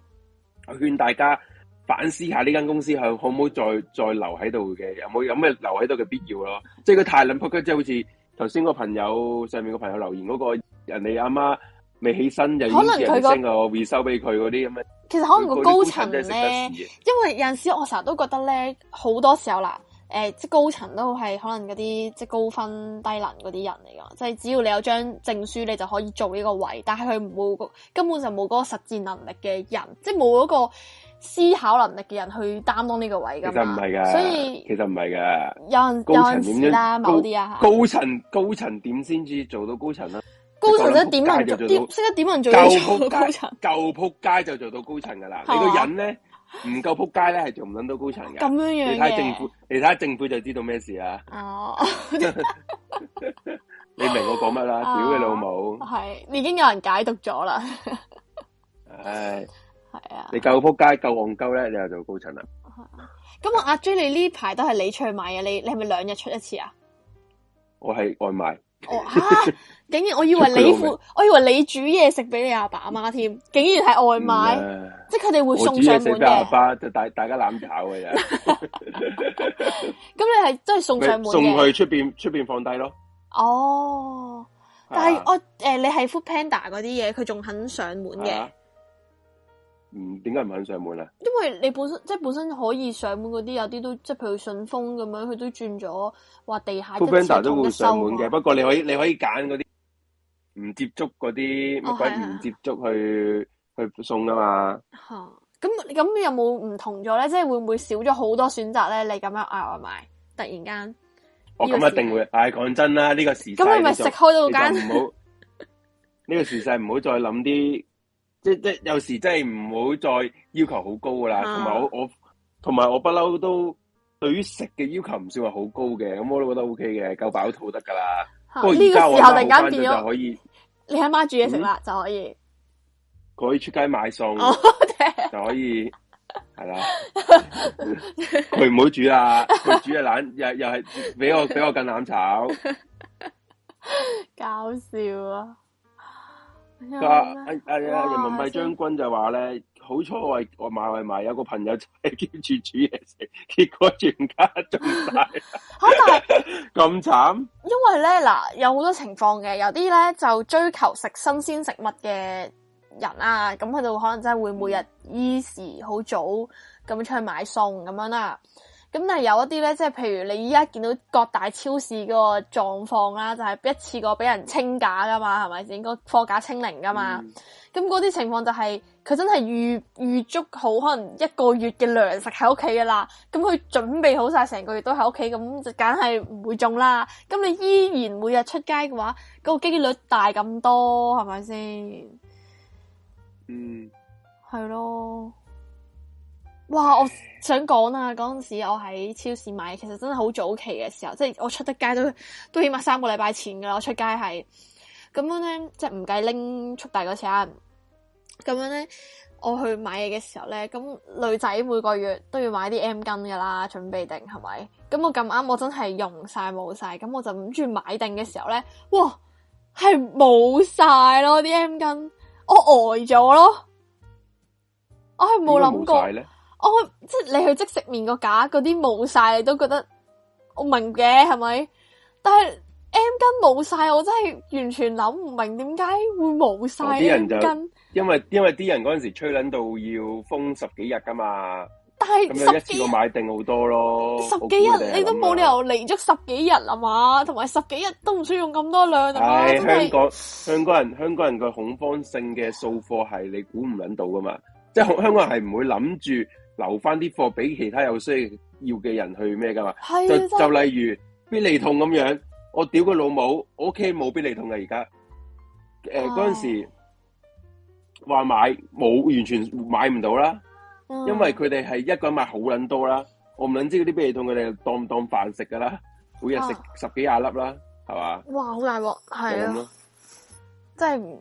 我勸大家反思下呢間公司係可唔可以再、嗯、再留喺度嘅，有冇有咩留喺度嘅必要咯？即係佢太撚仆街，即係好似頭先個朋友上面個朋友留言嗰、嗰個人哋阿媽未起身就要應聲啊，我回收俾佢嗰啲咁樣。其實可能個高層咧，因為有陣時我成日都覺得咧，好多時候啦。誒，即高層都係可能嗰啲即高分低能嗰啲人嚟噶，即係只要你有一張證書，你就可以做呢個位置，但係佢冇根本就冇嗰個實戰能力嘅人，即冇嗰個思考能力嘅人去擔當呢個位噶嘛。其實唔係噶，所以其實唔係噶。有陣時高層點樣？某啲啊。高層樣高，高，高層點先至做到高層啦？高層識得點人做啲，識得點人做啲高層舊仆街，街就做到高層噶啦，你個人咧。唔夠扑街咧，係做唔到到高層嘅。咁樣樣，你睇政府，你睇下政府就知道咩事啊？哦， <laughs> <laughs> 你明我講乜啦？屌你老母！係你已經有人解讀咗啦。唉，係啊。你夠扑街，夠戇鳩咧，你就做高層啦。咁、嗯、我阿 J，你呢排都係你出去買啊？你你係咪兩日出一次啊？我係外賣。 <laughs> 哦，吓、啊！竟然我以為你煮， <laughs> 我以為你煮嘢食俾你阿爸阿媽添，竟然係外賣，嗯、即係佢哋會送上門嘅。嘢阿爸，爸，就大大家攬炒嘅人。咁 <laughs> <laughs> 你係真係送上門嘅？送去出邊，出邊放低咯。哦，但係我誒、呃，你係 Foodpanda 嗰啲嘢，佢仲肯上門嘅。 <laughs> 嗯，點解唔肯上門啊？因為你本身即係、就是、本身可以上門嗰啲，有啲都即係譬如順豐咁樣，佢都轉咗話地下門。都會上門嘅、啊，不過你可以你可以揀嗰啲唔接觸嗰啲乜鬼唔接觸去、哦啊、去送㗎嘛。吓、嗯，咁你咁有冇唔同咗咧？即係會唔會少咗好多選擇咧？你咁樣嗌外賣，突然間我咁一定會。嗌講真啦，呢、這個時咁你咪食開到間，唔好呢個時勢唔好再諗啲。即即有時真係唔好再要求好高噶啦，同、啊、埋我我同埋我不嬲都對於食嘅要求唔算話好高嘅，咁我都覺得 O K 嘅，夠飽肚得噶啦。不過呢個時候突然間變咗，你阿媽煮嘢食啦就可以，佢可以出街買餸就可以，係啦。佢唔好煮啊，佢煮係懶又又係俾我俾我更懶炒，搞笑啊！啊！係啊！人民幣將軍就話咧，好彩我我買買買，有個朋友就係堅住煮嘢食，結果全家仲大。 <laughs> <laughs> 可」嚇！但係咁慘？因為咧嗱，有好多情況嘅，有啲咧就追求食新鮮食物嘅人啊，咁佢就可能真係會每日依時好早咁、嗯、出去買餸咁樣啦、啊。咁但係有一啲咧，即係譬如你依家見到各大超市嗰個狀況啦，就係、是、一次過俾人清價噶嘛，係咪先？個貨架清零噶嘛，咁嗰啲情況就係佢真係預預足好可能一個月嘅糧食喺屋企噶啦，咁佢準備好晒成個月都喺屋企，咁就梗係唔會中啦。咁你依然每日出街嘅話，那個個幾率大咁多，係咪先？嗯，係咯。哇！我想講啊，嗰陣時我喺超市買，其實真係好早期嘅時候，即係我出得街都都起碼三個禮拜前噶啦。我出街係咁樣咧，即係唔計拎出大嗰次啊。咁樣咧，我去買嘢嘅時候咧，咁女仔每個月都要買啲 M 巾噶啦，準備定係咪？咁我咁啱，我真係用晒冇晒，咁我就諗住買定嘅時候咧，哇，係冇晒咯，啲 M 巾，我呆咗咯，我係冇諗過。我即係你去即食麵個架嗰啲冇晒，你都覺得我明嘅，係咪？但係 M 巾冇晒，我真係完全諗唔明點解會冇晒 M 巾。因為因為啲人嗰陣時吹捻，到要封十幾日噶嘛，但係十幾日我買定好多咯，十幾日你都冇理由嚟足十幾日啊嘛，同埋十幾日都唔需要用咁多量啊。香港香港人香港人嘅恐慌性嘅掃貨係你估唔捻到噶嘛，即係香港人係唔會諗住。留翻啲貨俾其他有需要嘅人去咩噶嘛就？就就例如必利痛咁樣，我屌個老母，我屋企冇必利痛啦而家。誒、呃，嗰陣時話買冇，完全買唔到啦。嗯、因為佢哋係一個人買好捻多啦。我唔捻知嗰啲必利痛佢哋當唔當飯食噶啦？每日食十幾廿粒啦，係、啊、嘛？哇，好大鑊，係咯，即係。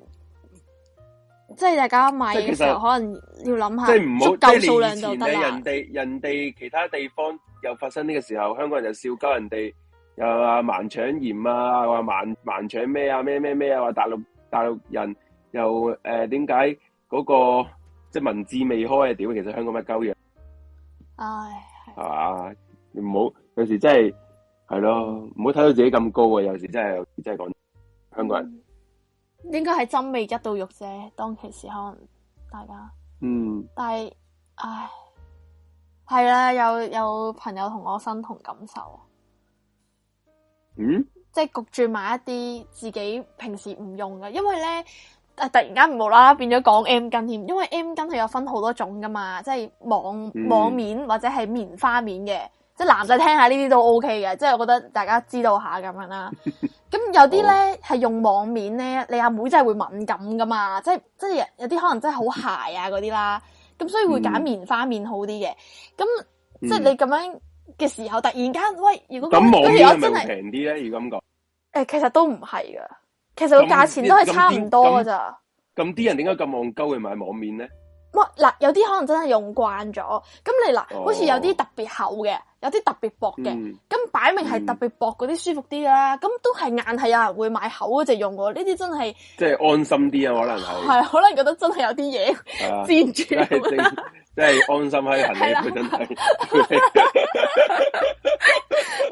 即係大家買嘅時候，可能要諗下即係唔好夠數量就得啦。但係人哋人哋其他地方又發生呢個時候，香港人就笑鳩人哋，又話盲腸炎啊，話盲盲腸咩啊，咩咩咩啊，話大陸大陸人又誒點解嗰個即係、就是、文字未開啊？屌，其實香港咩鳩嘢？唉，係嘛、啊，你唔好有時真係係咯，唔好睇到自己咁高啊！有時真係真係講香港人。嗯應該係針未入到肉啫，當其時可能大家嗯，但係唉，係啦，有有朋友同我身同感受，嗯，即係焗住買一啲自己平時唔用嘅。因為咧誒、啊、突然間無啦啦變咗講 M 巾添，因為 M 巾佢有分好多種噶嘛，即係網、嗯、網面或者係棉花面嘅。即係男仔聽下呢啲都 OK 嘅，即係我覺得大家知道下咁樣啦。咁有啲咧係用網面咧，你阿妹，妹真係會敏感噶嘛？即係即係有啲可能真係好鞋啊嗰啲啦，咁所以會揀棉花面好啲嘅。咁、嗯、即係你咁樣嘅時候，突然間喂，如果咁網面係咪平啲咧？如咁講，誒，其實都唔係噶，其實個價錢都係差唔多噶咋。咁啲人點解咁戇鳩去買網面咧？嗱、哦，有啲可能真係用慣咗，咁你嗱、哦，好似有啲特別厚嘅，有啲特別薄嘅，咁、嗯、擺明係特別薄嗰啲舒服啲啦。咁、嗯、都係硬係有人會買厚嗰隻用喎，呢啲真係即係安心啲啊，可能係可能覺得真係有啲嘢煎住真係安心喺行李佢真係，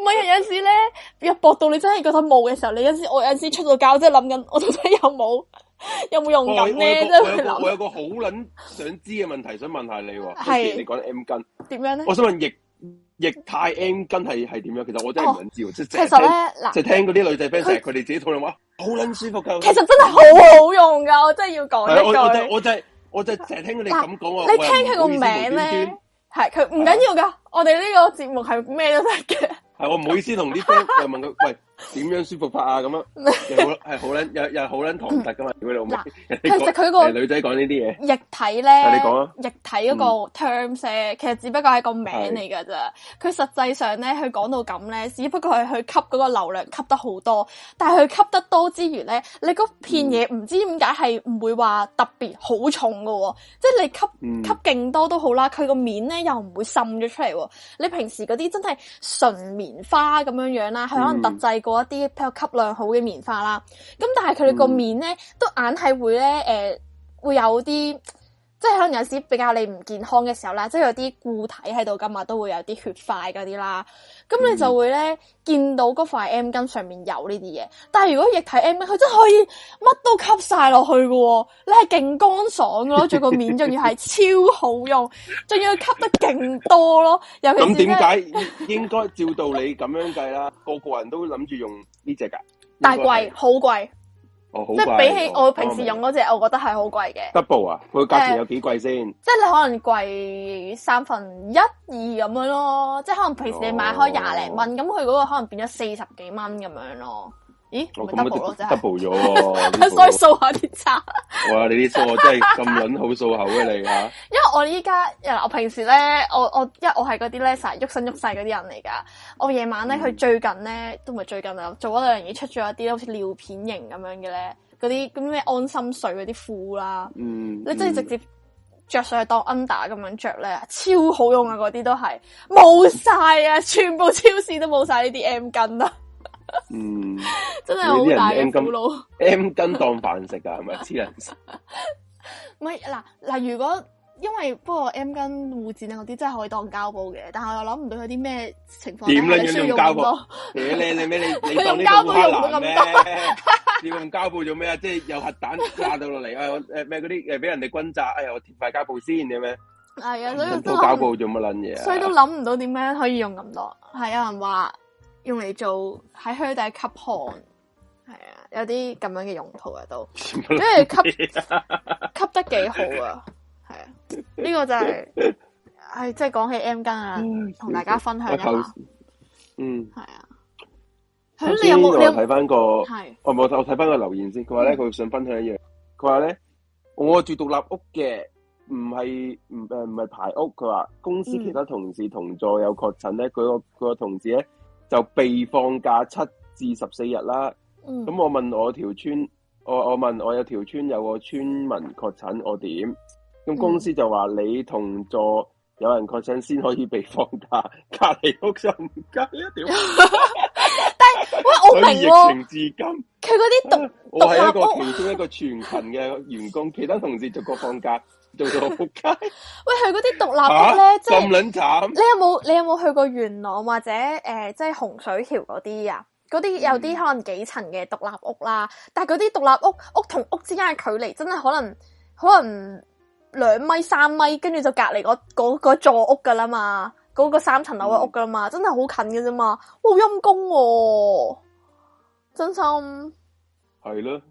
每 <laughs> 日 <laughs> 有陣時咧入搏到你真係覺得冇嘅時候，你有陣時我有陣時出到教，即係、真係諗緊我到底有冇，有冇用緊咧？我有個好撚 <laughs> 想知嘅問題，想問下你。係 <laughs> 你講 M 根點樣咧？我想問液液態 M 根係係點樣？其實我真係唔想知、哦。即係其實咧，就聽嗰啲女仔 fans 佢哋自己討論話好撚舒服噶。其實真係好好用噶， <laughs> 我真係要講一我就成日聽佢哋咁講我，你聽佢個名咧，名呢無端端啊啊、係佢唔緊要㗎。我哋呢個節目係咩都得嘅。係、啊， <laughs> 我唔好意思同啲朋友問佢。 <laughs> 喂點樣舒服法啊咁樣？係好係好捻又又係好捻唐突噶嘛。其實佢個女仔講呢啲嘢，液體咧，你講吖,液體嗰個 terms 其實只不過係個名嚟噶咋，佢實際上咧，佢講到咁咧，只不過係佢吸嗰個流量吸得好多，但係佢吸得多之餘咧，你嗰片嘢唔知點解係唔會話特別好重噶，即係你吸吸勁多都好啦，佢個面咧又唔會滲咗出嚟，你平時嗰啲真係純棉花咁樣樣啦，佢可能特製過一啲比較吸量好嘅棉花啦，咁但係佢哋個面咧都硬係會咧誒、呃，會有啲。即係可能有時比較你唔健康嘅時候啦，即係有啲固體喺度，今日都會有啲血塊嗰啲啦。咁、嗯、你就會咧見到嗰塊 M 巾上面有呢啲嘢。但係如果液體 M 巾，佢真係可以乜都吸曬落去㗎喎。你係勁乾爽咯，仲個面仲要係超好用，仲 <laughs> 要吸得勁多咯。咁點解應該照道理咁樣計啦？ <laughs> 個個人都諗住用呢隻㗎，但係貴，好貴。哦、即係比起我平時用嗰隻，哦，我覺得係好貴嘅。double 啊，佢價錢有幾貴先？即係你可能貴三分一二咁樣咯，即係可能平時你買開廿零蚊，咁佢嗰個可能變咗四十幾蚊咁樣咯。咦？我、哦、double 咗，再掃下啲渣。哇！你啲掃真係咁撚好掃口嘅你啊！因為我依家，嗱，我平時咧，我我，因為我係嗰啲咧成日喐身喐晒嗰啲人嚟噶。我夜晚咧，佢最近咧，都唔係最近啊，做嗰兩樣嘢出咗一啲好似尿片型咁樣嘅咧，嗰啲咁咩安心睡嗰啲褲啦，嗯，你真係直接着上去當 under 咁樣着咧，超好用啊！嗰啲都係冇晒啊，全部超市都冇晒呢啲 M 巾啊！嗯，真係好大腦，M 巾當飯食㗎係咪黐人線？唔係嗱嗱，如果因為不過 M 巾護墊啊嗰啲真係可以當膠布嘅，但係我諗唔到有啲咩情況，點咧要用膠布？點咧？你咩？你你用膠布用唔到咁多咩？你用膠布做咩啊？即係有核彈炸到落嚟啊！誒咩嗰啲誒俾人哋轟炸？哎呀，我貼塊膠布先咁樣。係啊，所以都膠布做乜撚嘢？所以都諗唔到點樣可以用咁多。係有人話。用嚟做喺靴底吸汗，係啊，有啲咁樣嘅用途啊，都因為吸 <laughs> 吸得幾好啊，係啊，呢、這個就係係即係講起 M 巾啊，同、嗯、大家分享一下，嗯，係啊，咁你有冇睇翻個係？我冇，我睇翻個留言先。佢話咧，佢、嗯、想分享一樣。佢話咧，我住獨立屋嘅，唔係唔誒唔係排屋。佢話公司其他同事同座有確診咧，佢個佢個同事咧。就被放假七至十四日啦。咁、嗯、我問我條村，我我問我有條村有個村民確診，我點？咁公司就話你同座有人確診先可以被放假，隔籬屋就唔隔一點？ <laughs> <laughs> 但係我明、啊、疫情至今，佢嗰啲毒， <laughs> 我係一個其 <laughs> 中一個全勤嘅員工， <laughs> 其他同事逐個放假。 <laughs> 喂，去嗰啲獨立屋咧，咁、啊、卵慘！你有冇你有冇去過元朗或者誒、呃，即係洪水橋嗰啲啊？嗰啲有啲可能幾層嘅獨立屋啦，但係嗰啲獨立屋屋同屋之間嘅距離真係可能可能兩米三米，跟住就隔籬嗰、那個、座屋噶啦嘛，嗰、那個三層樓嘅屋噶啦嘛，嗯、真係好近嘅啫嘛，好，陰功，真心係咯。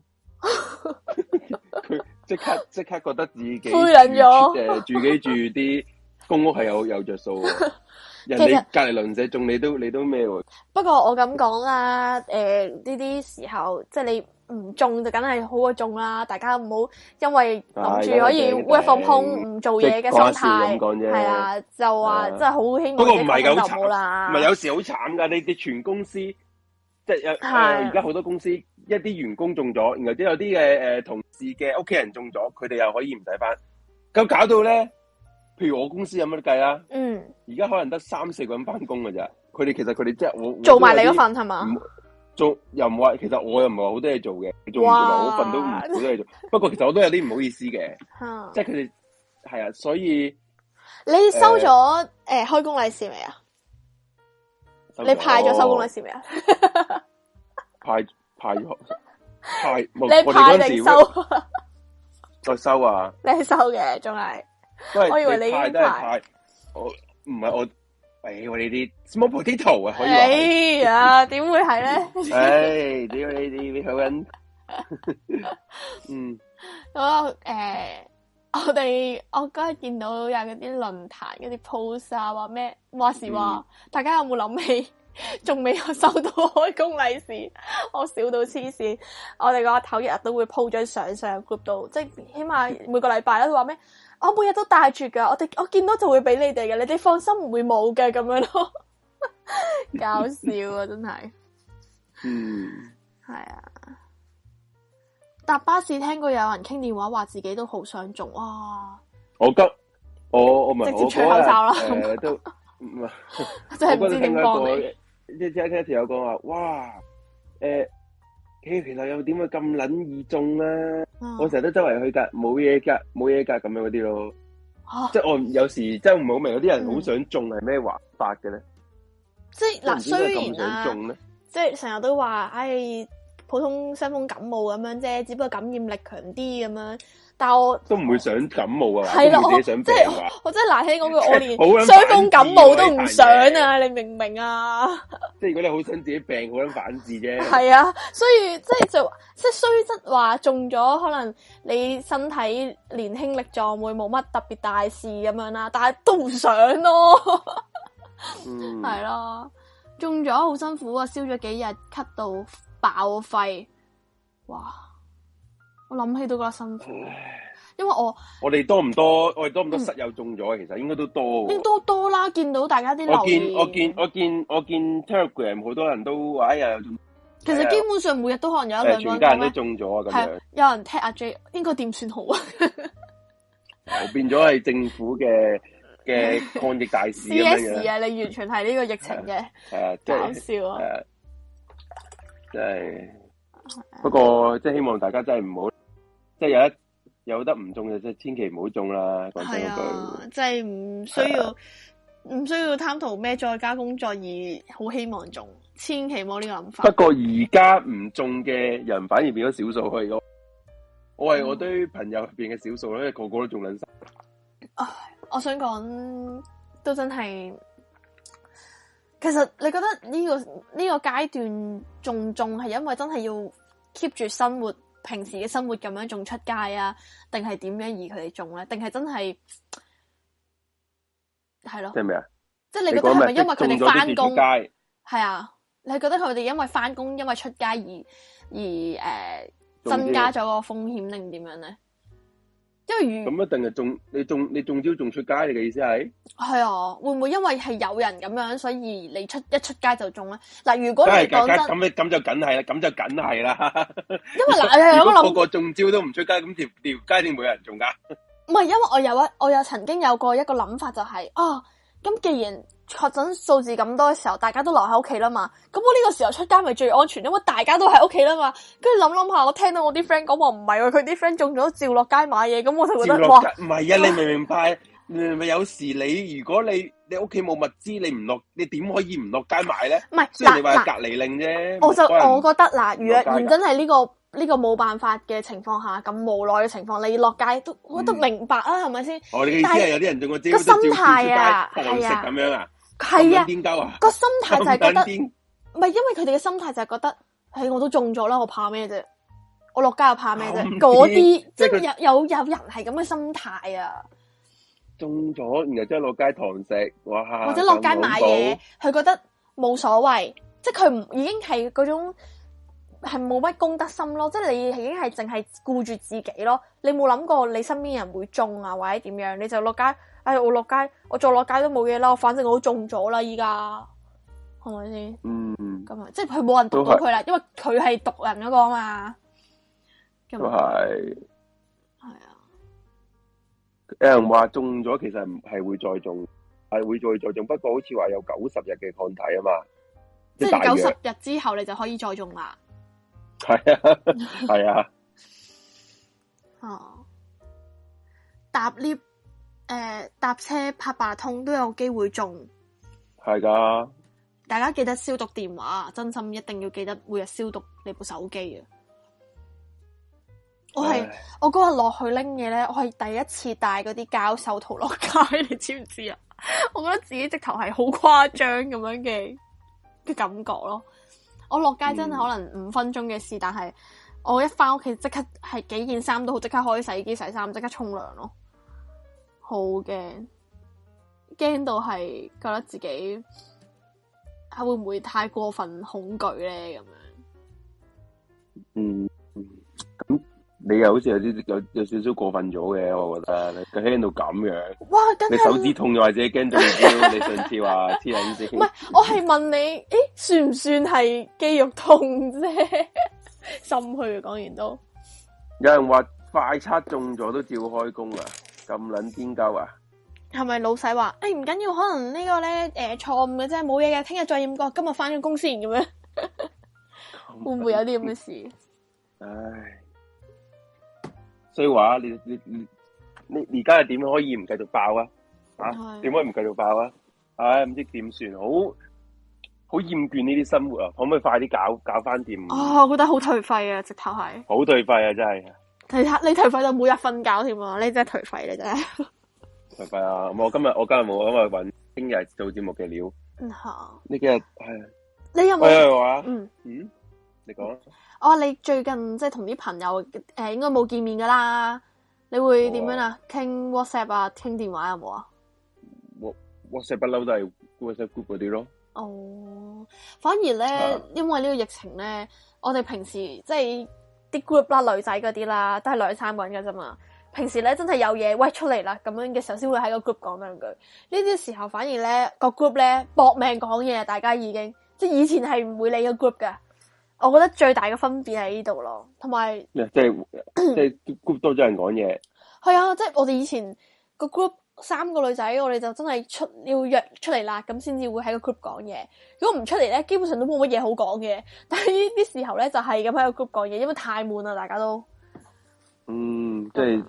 即刻即刻覺得自己，誒，住幾住啲公屋係有有着數，人哋隔籬鄰舍中，你都你都咩喎？不過我咁講啦，誒，呢啲時候即係你唔中就梗係好過中啦，大家唔好因為諗住可以 work from home 唔做嘢嘅心態，係啊，就話真係好輕。不過唔係噶，好慘，唔係有時好慘噶，你你全公司，即係有而家好多公司。一啲員工中咗，然後即有啲嘅誒同事嘅屋企人中咗，佢哋又可以唔使翻。咁搞到咧，譬如我公司有乜計啊？嗯，而家可能得三四個人翻工㗎咋，佢哋其實佢哋即係我做埋你嗰份係嘛？做，是是做又唔話，其實我又唔係好多嘢做嘅，做埋我份都唔好多嘢做。 <laughs> 不過其實我都有啲唔好意思嘅， <laughs> 即係佢哋係啊。所以你收咗誒、呃、開工利是未啊？你派咗收工利是未啊？ <laughs> 派。派學派，你派定收？再收啊！你收嘅，仲係。我以為你都係派，我唔係我，誒、哎，我呢啲什麼 small potato 啊？可以啊？點、哎、會係咧？唉、哎，你你你香港嗯， <laughs> 好個誒、呃，我哋我嗰日見到有啲論壇嗰啲 post 啊，話咩話時話，大家有冇諗起？仲未有收到開工利是，我少到黐線。我哋個阿頭日日都會鋪張相上 group 度，即係起碼每個禮拜啦。佢話咩？我每日都戴住噶，我哋我見到就會俾你哋嘅，你哋放心唔會冇嘅咁樣咯。搞笑啊，真係。嗯，係啊。搭巴士聽過有人傾電話話自己都好想做啊，我急，我我唔係我 <laughs> 我係誒都唔係， <laughs> 真係唔知點幫你。即係聽一條友講話，哇！誒、欸，佢其實又點會咁捻易中咧？我成日都周圍去噶，冇嘢噶，冇嘢噶，咁樣嗰啲咯。即係我有時真係唔好明，有啲人好想中係咩玩法嘅咧，嗯？即係嗱、啊，雖然想中啊，即係成日都話，唉，普通傷風感冒咁樣啫，只不過感染力強啲咁樣。但我都唔會想感冒啊，自己想病啊、即係。我真係難聽講句，我連傷風感冒都唔想啊！你明唔明啊？即係如果你好想自己病，好想反治啫。係啊，所以即係就即、是、係、就是、雖則話中咗，可能你身體年輕力壯會冇乜特別大事咁樣啦，但係都唔想咯、啊。係 <laughs> 咯、嗯，中咗好辛苦啊！燒咗幾日，咳到爆肺，哇！我諗起都覺得辛苦，因為我我哋多唔多？我哋多唔多實有中咗、嗯？其實應該都多，應該都多啦。見到大家啲留言，我見我見我見我見，我見 Telegram 好多人都話哎呀有，其實基本上每日都可能有一兩個咁樣。全家人都中咗，咁有人踢阿、啊、J，應該點算好啊？ <laughs> 變咗係政府嘅嘅抗疫大使咁 <laughs> s CS 啊！ <laughs> 你完全係呢個疫情嘅，係啊，搞笑啊，即、哎、係、就是哎就是哎、不過即係、就是、希望大家真係唔好。即係有得有得唔中嘅，即係千祈唔好中啦！講真嗰句，即係唔需要唔需要貪圖咩再加工作而好希望中，千祈冇呢個諗法。不過而家唔中嘅人反而變咗少數，去我我係我對朋友入邊嘅少數啦，因為個個都中卵散，嗯啊。我想講都真係，其實你覺得呢，這個呢，這個階段仲中係因為真係要 keep 住生活。平時嘅生活咁樣仲出街啊？定係點樣而佢哋仲咧？定係真係係咯？即係咩啊？即係你覺得係咪因為佢哋翻工？係啊，你係覺得佢哋因為翻工，因為出街而而誒、呃、增加咗個風險定點樣咧？咁一定係中，你中你中，你中招中出街你嘅意思係？係啊，會唔會因為係有人咁樣，所以你出一出街就中咧？嗱，如果你真係咁咁，就梗係啦，咁就梗係啦。因為嗱，如果個個中招都唔出街，咁條條街點會有人中噶？唔係，因為我有啊，我有曾經有過一個諗法，就係，就係啊，咁既然。確診數字咁多嘅時候，大家都留喺屋企啦嘛，咁我呢個時候出街咪最安全，因為大家都喺屋企啦嘛。跟住諗諗下，我聽到我啲 friend 講話唔係喎，佢啲 friend 中咗照落街買嘢，咁我就覺得哇，唔係啊，你明唔明白？唔 <laughs> 係有時你如果你你屋企冇物資，你唔落，你點可以唔落街買咧？唔係，你話隔離令啫。啊、我就我覺得嗱，若然真係呢、這個呢、這個冇辦法嘅情況下，咁無奈嘅情況，你落街都我都明白、嗯是是哦都這個、啊，係咪先？我哋意思係有啲人仲個知。」都照落街，逛食咁樣啊？係啊，個心態就係覺得，唔係因為佢哋嘅心態就係覺得，唉，我都中咗啦，我怕咩啫？我落街又怕咩啫？嗰啲即係、就係、有有有人係咁嘅心態啊！中咗然後即係落街堂食，哇！或者落街買嘢，佢覺得冇所謂，即係佢唔已經係嗰種係冇乜公德心咯，即係你已經係淨係顧住自己咯，你冇諗過你身邊人會中啊或者點樣，你就落街。哎，我落街，我再落街都冇嘢啦。反正我都中咗啦，依家係咪先？嗯，咁啊，即係佢冇人毒到佢啦，因為佢係毒人嗰個嘛。都係，係啊。有人話中咗，其實係會再中，係會再再中，不過好似話有九十日嘅抗體啊嘛。就是、即係九十日之後，你就可以再中啦。係啊，係啊。哦，搭 lift。誒、呃，搭車拍八通都有機會中，係噶，大家記得消毒電話，真心一定要記得每日消毒你部手機啊！我係我嗰日落去拎嘢咧，我係第一次帶嗰啲膠手套落街，你知唔知啊？ <laughs> 我覺得自己直頭係好誇張咁樣嘅嘅感覺咯。我落街真係可能五分鐘嘅事，嗯、但係我一返屋企即刻係幾件衫都好，即刻可以洗衣機洗衫，即刻沖涼咯。好驚驚到係覺得自己係會唔會太過分恐懼咧？咁樣嗯，咁你又好似有啲有有少少過分咗嘅，我覺得你驚到咁樣哇真！你手指痛又或者驚中招？你，你上次話 <laughs> 天眼、啊、症，唔係、啊啊啊、我係問你，誒、欸，算唔算係肌肉痛啫？心虛講完都有人話快測中咗都照開工啊！咁卵癲鳩啊！係咪老細話？誒、欸，唔緊要，可能個呢個咧誒錯誤嘅啫，冇嘢嘅，聽日再驗過，今日翻咗工先咁樣，會唔會有啲咁嘅事？唉，所以話你你你你而家係點可以唔繼續爆啊？啊，點可以唔繼續爆啊？唉、哎，唔知點算，好好厭倦呢啲生活啊！可唔可以快啲搞搞翻掂？啊、哦，我覺得好頹廢啊，直頭係好頹廢啊，真係。你黑，你頹廢到每日瞓覺添啊！你真係頹廢，你真係頹廢啊！我今日我今日冇，今日搵聽日做節目嘅料。嗯吓。呢幾日係。你有冇？嗯嗯，你講、嗯。哦，你最近即係同啲朋友誒，應該冇見面噶啦。你會點樣啊？傾、啊、WhatsApp 啊，傾電話有冇啊？WhatsApp 不嬲都係 WhatsApp group 嗰啲咯。哦，反而咧、啊，因為呢個疫情咧，我哋平時即係。啲 group 啦，女仔嗰啲啦，都係兩三個人嘅啫嘛。平時咧真係有嘢喂出嚟啦，咁樣嘅時候先會喺個 group 講兩句。呢啲時候反而咧個 group 咧搏命講嘢，大家已經即係以前係唔會理個 group 嘅。我覺得最大嘅分別喺呢度咯，同埋即係即係 group 多咗人講嘢。係啊， <coughs> 即係、嗯、我哋以前個 group。三個女仔，我哋就真係出要約出嚟啦，咁先至會喺個 group 講嘢。如果唔出嚟咧，基本上都冇乜嘢好講嘅。但係呢啲時候咧，就係咁喺個 group 講嘢，因為太悶啦，大家都。嗯，即係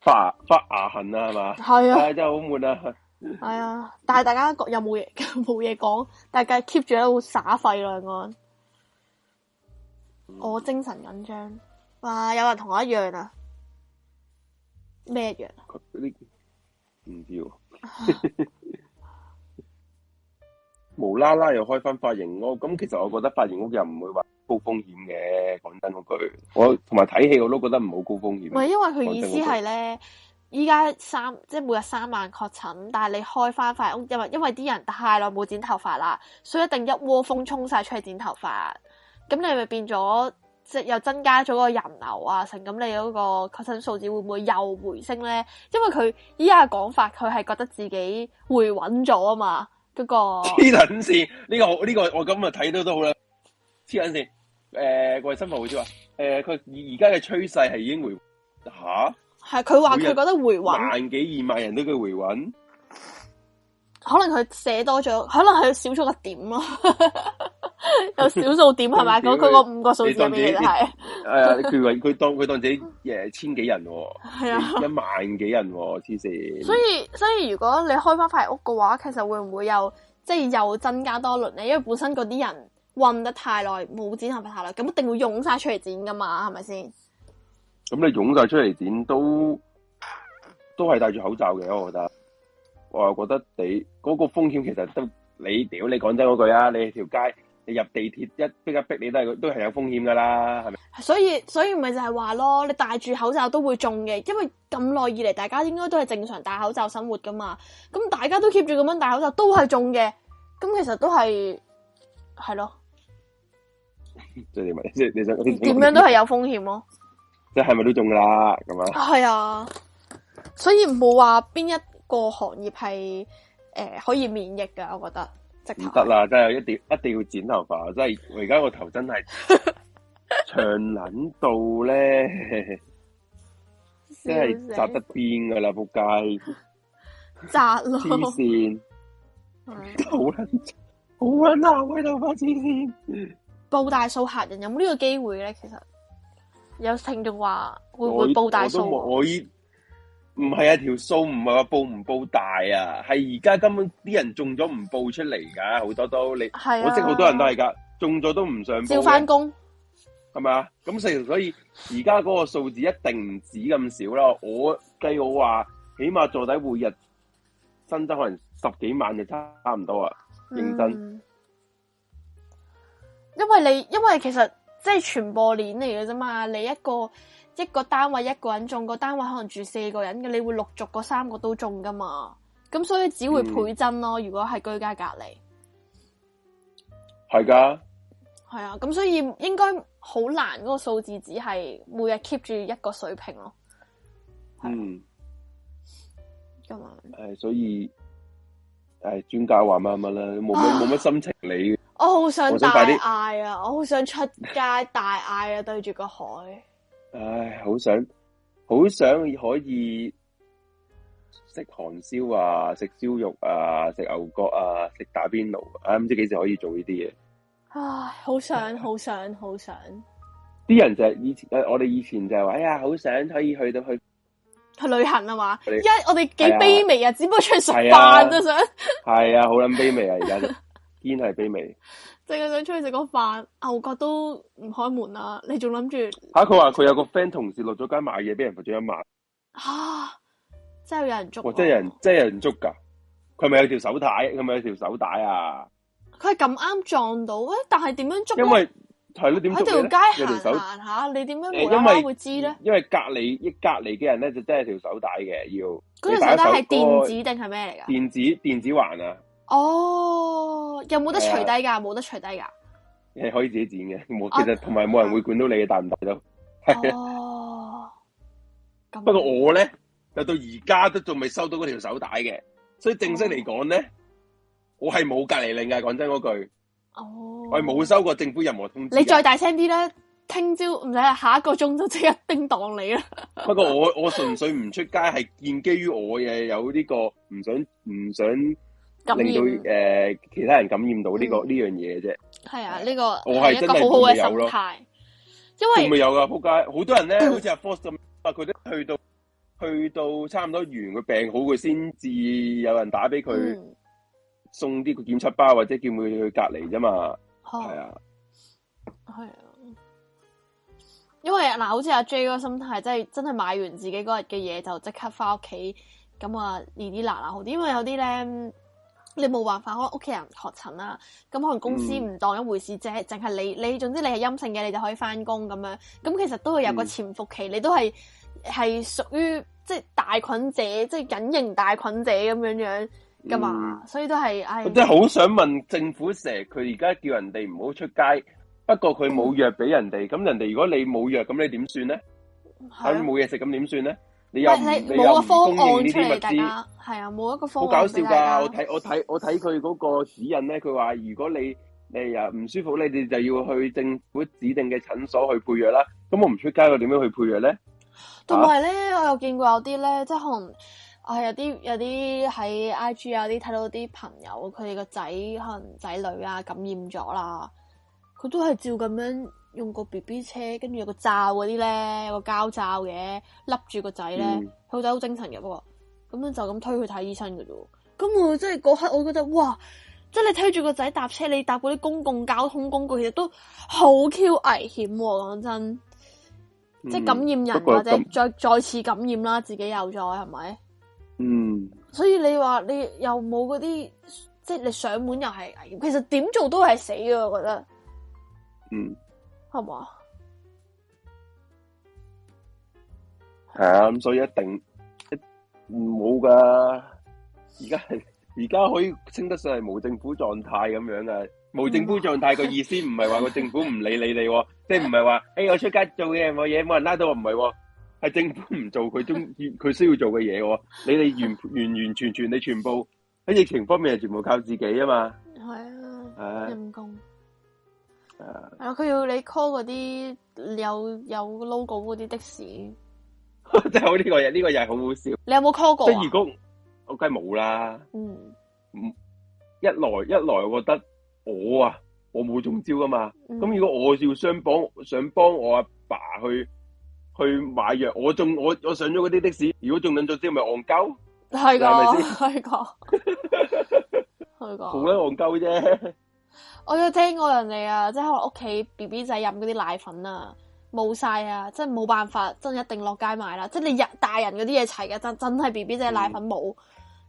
發發牙痕啦，係嘛？係啊，真係好悶啊。係啊，但係大家又冇嘢冇嘢講，大家 keep 住喺度耍廢咯。我我精神緊張，哇！有人同我一樣啊？咩一樣？唔知 <laughs> 無啦啦又開翻髮型屋。咁其實我覺得髮型屋又唔會話高風險嘅。講真嗰句，我同埋睇戲我都覺得唔好高風險。唔 <laughs> 係因為佢意思係咧，依家三即係每日三萬確診，但係你開翻髮屋，因為因為啲人太耐冇剪頭髮啦，所以一定一窩蜂沖晒出去剪頭髮。咁你咪變咗。即係又增加咗嗰個人流啊，成咁你嗰個確診數字會唔會又回升咧？因為佢依家嘅講法，佢係覺得自己回穩咗啊嘛，嗰、那個黐撚線。呢、這個呢、這個我今日睇到都好啦，黐撚線。誒、呃，各位新聞會話，誒、呃，佢而家嘅趨勢係已經回吓，係佢話佢覺得回穩萬幾二萬人都叫回穩，可能佢寫多咗，可能佢少咗個點咯、啊。 <laughs> <laughs> 有小數數點係咪？佢 <laughs> 個五個數字係係啊，佢話佢當佢當自己誒千幾人係啊，一，多哦、 <laughs> 一萬幾人，哦，黐線。所以所以，如果你開翻塊屋嘅話，其實會唔會又即係又增加多輪咧？因為本身嗰啲人韞得太耐，冇剪下排下輪，咁一定會湧晒出嚟剪噶嘛？係咪先？咁你湧晒出嚟剪都都係戴住口罩嘅，我覺得我又覺得你嗰、那個風險其實都你屌你講真嗰句啊，你條街。你入地鐵一逼一逼你，你都係都係有風險噶啦，係咪？所以所以咪就係話咯，你戴住口罩都會中嘅，因為咁耐以嚟，大家應該都係正常戴口罩生活噶嘛。咁大家都 keep 住咁樣戴口罩，都係中嘅。咁其實都係係咯。即係點即係你想點樣都係有風險咯。即係咪都中噶啦？咁啊？係啊。所以冇話邊一個行業係誒、呃、可以免疫噶，我覺得。唔得啦，真係一定一定要剪頭髮， <laughs> 真係我而家個頭真係長捻到咧，真係紮得邊噶啦仆街，扎亂黐線，好捻好捻啊！我頭髮線，報大數客人有冇呢個機會咧？其實有聽眾話會唔會報大數？我唔係啊，條數唔係話報唔報大啊，係而家根本啲人中咗唔報出嚟噶，好多都你、啊、我識好多人都係噶，中咗都唔上報。照翻工係咪啊？咁所以而家嗰個數字一定唔止咁少啦。我計我話起碼坐底每日，新增可能十幾萬就差唔多啊，認真。嗯、因為你因為其實即係傳播鏈嚟嘅啫嘛，你一個。一個單位一個人中，個單位可能住四個人嘅，你會陸續嗰三個都中噶嘛？咁所以只會倍增咯。嗯、如果係居家隔離，係噶，係啊。咁所以應該好難嗰、嗰個數字，只係每日 keep 住一個水平咯。嗯，咁、哎、啊，係所以係專家話乜乜啦，冇冇乜心情你。我好想大嗌啊！我好想，想出街大嗌啊！對住個海。 <laughs> 唉，好想好想可以食韓燒啊，食燒肉啊，食牛角啊，食打邊爐啊！唔、啊、知幾時可以做呢啲嘢。唉，好想好想好想！啲人就係以前誒，我哋以前就係、是、話，哎呀，好想可以去到去去旅行啊嘛！因為我哋幾卑微啊，啊，只不過出去食飯都想。係啊，好撚、啊、卑微啊，而家堅係卑微。最近想出去食個飯，牛角都唔開門啊。你仲諗住吓？佢話佢有個 friend 同事落咗街買嘢，俾人捉咗一晚。啊？真係有人捉，啊哦！真係有人真係有人捉噶！佢咪有條手帶？佢咪有條手帶啊？佢係咁啱撞到誒，欸，但係點樣捉？因為係咯，點喺條街行行下，你點樣無啦啦會知咧？因為隔籬隔籬嘅人咧，就真係條手帶嘅要。佢條手帶係電子定係咩嚟噶？電子電子環啊！哦，有冇得除低噶？冇、yeah. 得除低噶？你係可以自己剪嘅，冇、啊、其實同埋冇人會管到你嘅帶唔帶到。哦，不過我咧就到而家都仲未收到嗰條手帶嘅，所以正式嚟講咧，我係冇隔離令嘅。講真嗰句，哦，我係冇收過政府任何通知。你再大聲啲啦，聽朝唔使下一個鐘就即刻叮噹你啦。不過我我純粹唔出街係建基於我嘅有呢、呢個唔想唔想。令到誒、呃、其他人感染到呢、呢個呢、嗯、樣嘢嘅啫，係啊！呢、呢個我係一個好好嘅心態，因為會有噶？仆街， <coughs> 好多人咧，好似阿 Force 咁啊，佢都去到去到差唔多完，佢病好，佢先至有人打俾佢、嗯、送啲個檢測包，或者叫佢去隔離啫嘛。係啊，係啊，啊，因為嗱、啊，好似阿 J 嗰個心態，即係、真係真係買完自己嗰日嘅嘢就即刻翻屋企，咁啊呢啲嗱嗱好啲，因為有啲咧。你冇辦法幫屋企人確診啦，咁可能公司唔當一回事，淨係係你你，總之你係陰性嘅，你就可以翻工咁樣。咁其實都會有個潛伏期，嗯、你都係係屬於即係大菌者，即係隱形大菌者咁樣樣噶嘛。所以都係唉。真係好想問政府成，佢而家叫人哋唔好出街，不過佢冇藥俾人哋，咁人哋如果你冇藥，咁你點算咧？係冇嘢食，咁點算咧？你又你冇個方案出嚟，大家係啊，冇一個方案好搞笑噶！我睇我睇我睇佢嗰個指引咧，佢話如果你誒又唔舒服，你哋就要去政府指定嘅診所去配藥啦。咁我唔出街，我點樣去配藥咧？同埋咧，我又見過有啲咧，即係可能我係有啲有啲喺 I G 啊啲睇到啲朋友，佢哋個仔可能仔女啊感染咗啦，佢都係照咁樣。用個 B B 車，跟住有個罩嗰啲咧，有個膠罩嘅，笠住個仔咧，佢個仔好精神嘅喎。咁樣就咁推佢睇醫生嘅啫。咁我即係嗰刻，我覺得哇，即係你推住個仔搭車，你搭嗰啲公共交通工具，其實都好 Q 危險，啊。講真，嗯，即係感染人或者再再次感染啦，自己又咗係咪？嗯。所以你話你又冇嗰啲，即係你上門又係危險。其實點做都係死嘅，我覺得。嗯。係嘛？係啊，咁所以一定一冇噶，而家係而家可以稱得上係無政府狀態咁樣嘅，無政府狀態個意思唔係話個政府唔理你哋， <laughs> 即係唔係話， <laughs> 哎我出街做嘢冇嘢，冇人拉到我，唔係，係政府唔做佢中佢需要做嘅嘢， <laughs> 你哋完完完，完全全你全部喺疫情方面係全部靠自己啊嘛，係啊，陰、啊、功。係啊，佢要你 call 嗰啲有有 logo 嗰啲的士，即係好，呢個嘢，呢、呢個又係好好笑。你有冇 call 過、啊？即係如果我梗係冇啦。嗯，唔，一來一來，我覺得我啊，我冇中招噶嘛。咁、嗯、如果我要想幫想幫我阿爸，爸去去買藥，我仲我我上咗嗰啲的士，如果中撚咗招，咪戇鳩係咪先？係個係個，好鬼戇鳩啫。 <laughs> 我有聽過人哋啊，即係屋企 B B 仔飲嗰啲奶粉啊，冇晒啊，即係冇辦法，真一定落街買啦。即係你大人嗰啲嘢齊噶，真真係 B B 仔奶粉冇，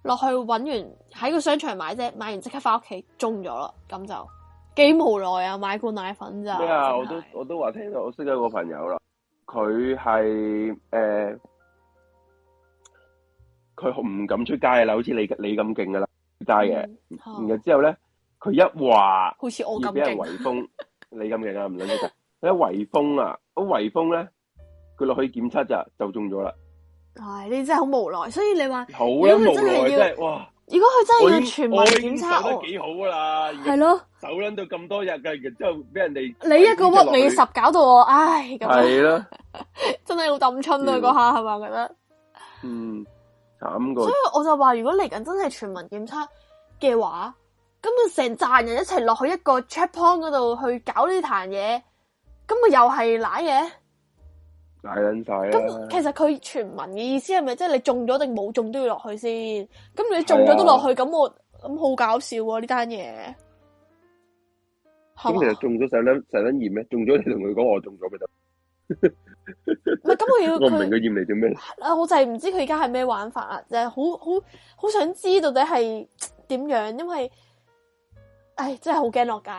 落，嗯、去搵完喺個商場買啫，買完即刻翻屋企中咗啦，咁就幾無奈啊，買罐奶粉咋？咩啊？我都我都話聽到，我識咗個朋友啦，佢係誒，佢、呃、唔敢出街啦，好似你你咁勁噶啦，出街嘅，然後之後咧。嗯佢一話，而俾人圍封， <laughs> 你咁勁啊！唔諗到一圍封啊，好圍封咧，佢落去檢測咋，就中咗啦！唉、哎，你真係好無奈，所以你話好無奈，真係哇！如果佢真係要全民檢測，我幾好噶啦，係、哦、咯，守捻到咁多日，跟住之後俾人哋你一個屈你十，搞到我唉，係咯， <laughs> 真係好抌春啊！嗰下係嘛？我覺得嗯，慘過。所以我就話，如果嚟緊真係全民檢測嘅話。咁啊，成扎人一齊落去一個 checkpoint 嗰度去搞呢壇嘢，咁我又係瀨嘢瀨緊晒啦。咁其實佢全民嘅意思係咪即係你中咗定冇中都要落去先？咁你中咗都落去，咁我咁好搞笑喎呢單嘢。咁其實中咗十粒十粒驗咩？中咗你同佢講我中咗咪得？唔係咁我要佢。我唔明佢驗嚟做咩？啊，我就係唔知佢而家係咩玩法啊，就係好好好想知到底係點樣，因為。唉、哎，真係好驚落街，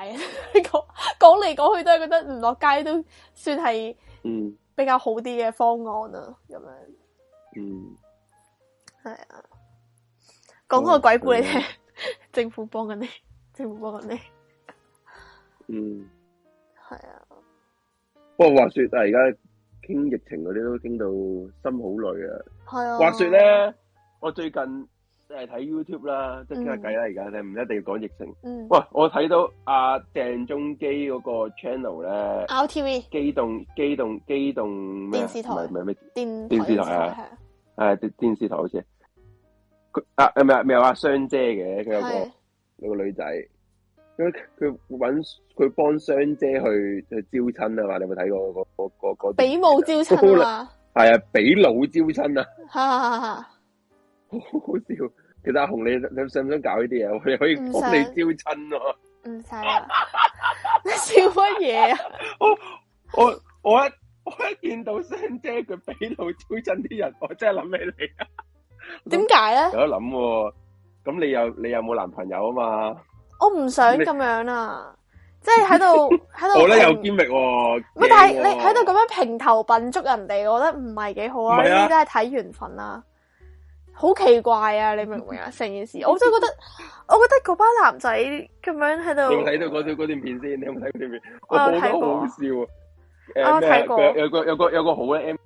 講講嚟講去都係覺得唔落街都算係嗯比較好啲嘅方案啦，咁、嗯、樣嗯係啊，講個鬼故、嗯、你聽，政府幫緊你，政府幫緊你，嗯係啊，不過話說啊，而家傾疫情嗰啲都傾到心好累啊，係啊，話說咧，我最近。即係睇 YouTube 啦，即係傾下偈啦，而家你唔一定要講疫情。嗯，嗯，喂，我睇到阿、啊、鄭中基嗰個 channel 咧，R T V 機動機動機動電視台唔係咩？電電視台係、啊、係電電視台好似啊。咪？咪咪唔係話雙姐嘅，佢有個有個女仔，佢佢搵佢幫雙姐去去招親啊嘛？你有冇睇過？個個比武招親啊？係啊，比老招親啊？哈哈。好 <laughs> 好笑，其實阿紅你你想唔想搞呢啲嘢？我哋可以幫你招親咯。唔使啊！啊 <laughs> 你笑乜嘢啊？ <laughs> 我我我一我一見到聲 <laughs> 姐，佢俾到招親啲人，我真係諗起你 <laughs> 為什麼呢 <laughs> 啊！點解咧？有得諗喎。咁你又你有冇男朋友啊嘛？我唔想咁樣啊！ <laughs> 即係喺度喺度。 <laughs> 我咧有堅力、啊，乜、啊？但係你喺度咁樣平頭笨足人哋，我覺得唔係幾好啊！呢啲都係睇緣分啊！好奇怪啊！你明唔明啊？成件事，我真係覺得，我覺得嗰班男仔咁樣喺度。你有冇睇到嗰段嗰段片先？你有冇睇嗰段片？啊，好好笑啊！誒，咩？有有有有個好嘅 M，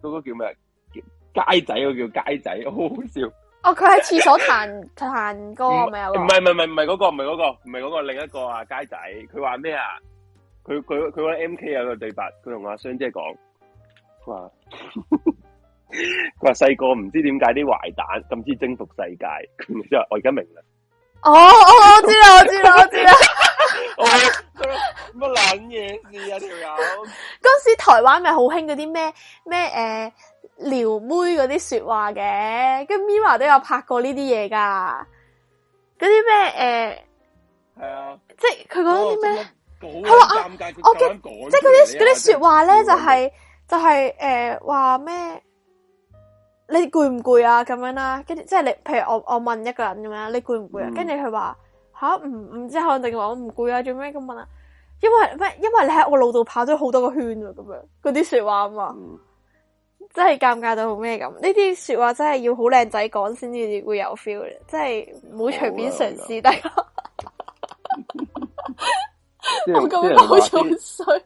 嗰個叫咩？街仔，個叫街仔，好好笑。哦，佢喺廁所彈彈歌，咪有咯。唔係唔係唔係嗰個，唔係嗰個，唔係嗰個，另一個阿街仔。佢話咩啊？佢佢佢喺 M K 有個對白，佢同阿雙姐講，話。佢話細個唔知點解啲壞蛋咁知征服世界，之後我而家明啦。哦，我知啦，我知啦，我知啦。乜撚嘢你啊條友？嗰時台灣咪好興嗰啲咩咩誒撩妹嗰啲說話嘅，跟 Mirror 都有拍過呢啲嘢噶。嗰啲咩誒係啊，即係佢講啲咩？係話啊，我嘅即係嗰啲嗰啲說話咧，就係就係誒話咩？你攰唔攰啊？咁樣啦，跟住即係你，譬如我我問一個人咁樣，你攰唔攰啊？跟住佢話吓唔唔知肯定話我唔攰啊？做咩咁問啊？因為咩？因為你喺我路度跑咗好多個圈啊！咁樣嗰啲說話啊嘛，嗯、真係尷尬到好咩咁？呢啲說話真係要好靚仔講先至會有 feel，嘅，真係唔好隨便嘗試，哦啊那個。大家 <laughs> <laughs> <laughs> 我咁老衰，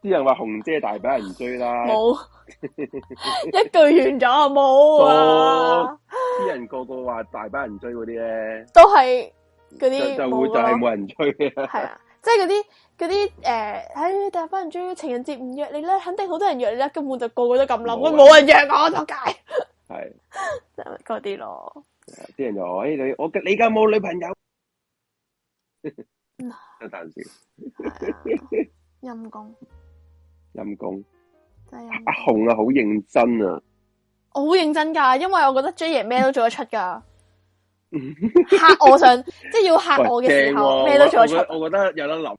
啲人話紅姐大把人追啦，冇。一句完咗啊！冇啊！啲人個個話大班人追嗰啲咧，都係嗰啲就會就係冇人追。係啊，即係嗰啲嗰啲誒，喺大班人追情人節唔約你咧，肯定好多人約你啦，根本就個個都咁諗，我冇人約我就計，係即係嗰啲咯。啲人就話啲女，我你而家冇女朋友，都淡笑陰公陰公。阿、yeah. 紅啊，好、啊、認真啊！我好認真噶，因為我覺得 J 爺咩都做得出噶。吓， <laughs> 嚇我想即係要吓我嘅時候，咩、啊、都做得出。我覺得，我覺得有得諗，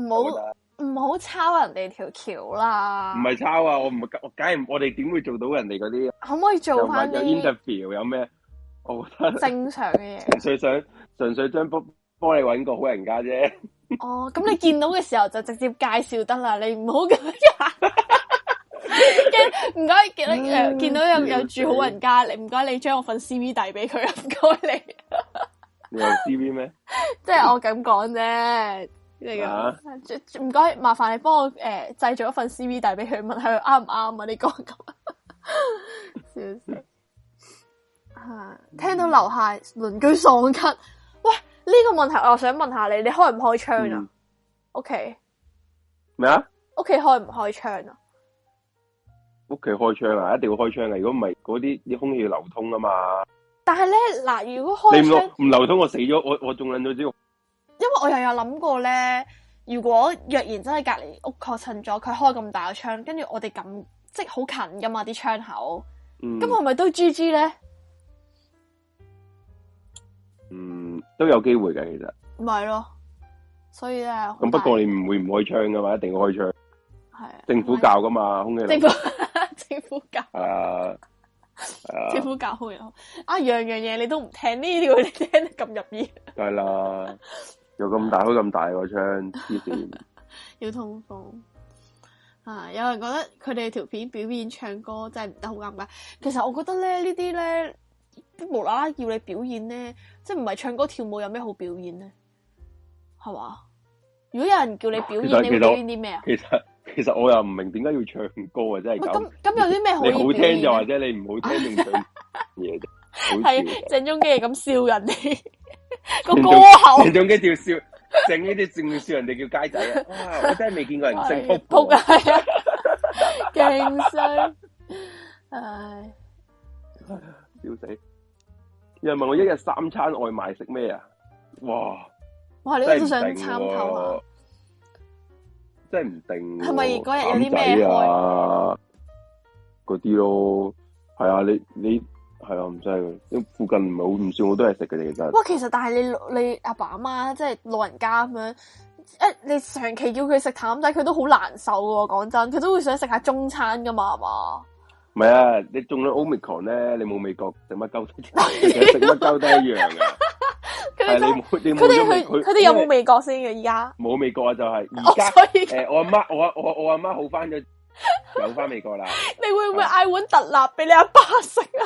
唔好唔好抄人哋條橋啦。唔係抄啊！我唔我解唔，我哋點會做到人哋嗰啲？可唔可以做翻有 interview 有咩？我覺得正常嘅嘢。純粹想純粹，將幫幫你揾個好人家啫。哦，咁你見到嘅時候就直接介紹得啦。你唔好咁樣跟唔該見到誒見到有有住好人家，你唔該你將我份 C V 遞俾佢，唔該你。 <laughs> 你有 C V 咩？即 <laughs> 係我咁講啫，咩噶？唔、uh. 該，麻煩你幫我誒製造一份 C V 遞俾佢，問下佢啱唔啱啊？你講咁。吓、嗯， <laughs> 聽到樓下鄰居喪咳，喂，呢、這個問題、呃、我想問下你，你開唔開窗啊？屋企咩啊？屋企開唔開窗啊？屋企開窗啊，一定要開窗噶。如果唔係，嗰啲啲空氣流通啊嘛。但係咧，嗱，如果開唔流通，我死咗，我我中捻咗之後，因為我又有諗過咧，如果若然真係隔籬屋確診咗，佢開咁大個窗，跟住我哋咁即係好近噶嘛啲窗口，咁係咪都 G G 咧？嗯，都有機會嘅其實。唔係咯，所以咧。咁不過你唔會唔開窗噶嘛？一定要開窗。係。政府教噶嘛，的空氣。教， <laughs> 教，會了 <laughs> 教會了 <laughs> 啊，教好又啊，樣樣嘢你都唔聽呢啲，條聽得咁入耳，係啦，又 <laughs> 咁麼大開咁 <laughs> 大個窗 <laughs> 要表現啊！要通風啊！有人覺得佢哋條片表演唱歌真係唔得好啱噶，其實我覺得咧呢啲咧，無啦啦要你表演咧，即係唔係唱歌跳舞有咩好表演咧？係嘛？如果有人叫你表演，你會表演啲咩啊？其實。其實我又唔明點解要唱歌啊，真係咁咁有啲咩好，好聽就或者你唔好聽仲唱嘢啫，係 <laughs> 鄭中基咁笑人哋個 <laughs> 歌喉，鄭中基叫笑整呢啲正笑人哋叫街仔 <laughs> 啊，我真係未見過人姓撲撲啊，係啊，勁衰，唉，笑死婆娘！有人問我一日三餐外賣食咩啊？哇哇，你個都想參透啊？即係唔定係咪嗰日有啲，淡仔啊，嗰啲咯，係啊，你你係啊，唔使，因為附近唔係好，唔算好多嘢食嘅，其實。哇，其實但係你你阿爸阿媽即係老人家咁樣，你長期叫佢食淡仔，佢都好難受噶喎。講真，佢都會想食下中餐噶嘛，係嘛？唔係啊，你中咗 omicron 咧，你冇味覺，食乜鳩都食乜鳩都一樣。 <laughs> <laughs> <laughs> 係你、就是，佢哋去佢哋有冇味覺先嘅？而家冇味覺啊，有有就係而家。誒，我阿媽、欸，我媽我我阿媽好翻咗，有翻味覺啦。你會唔會嗌碗特辣俾你阿爸食啊？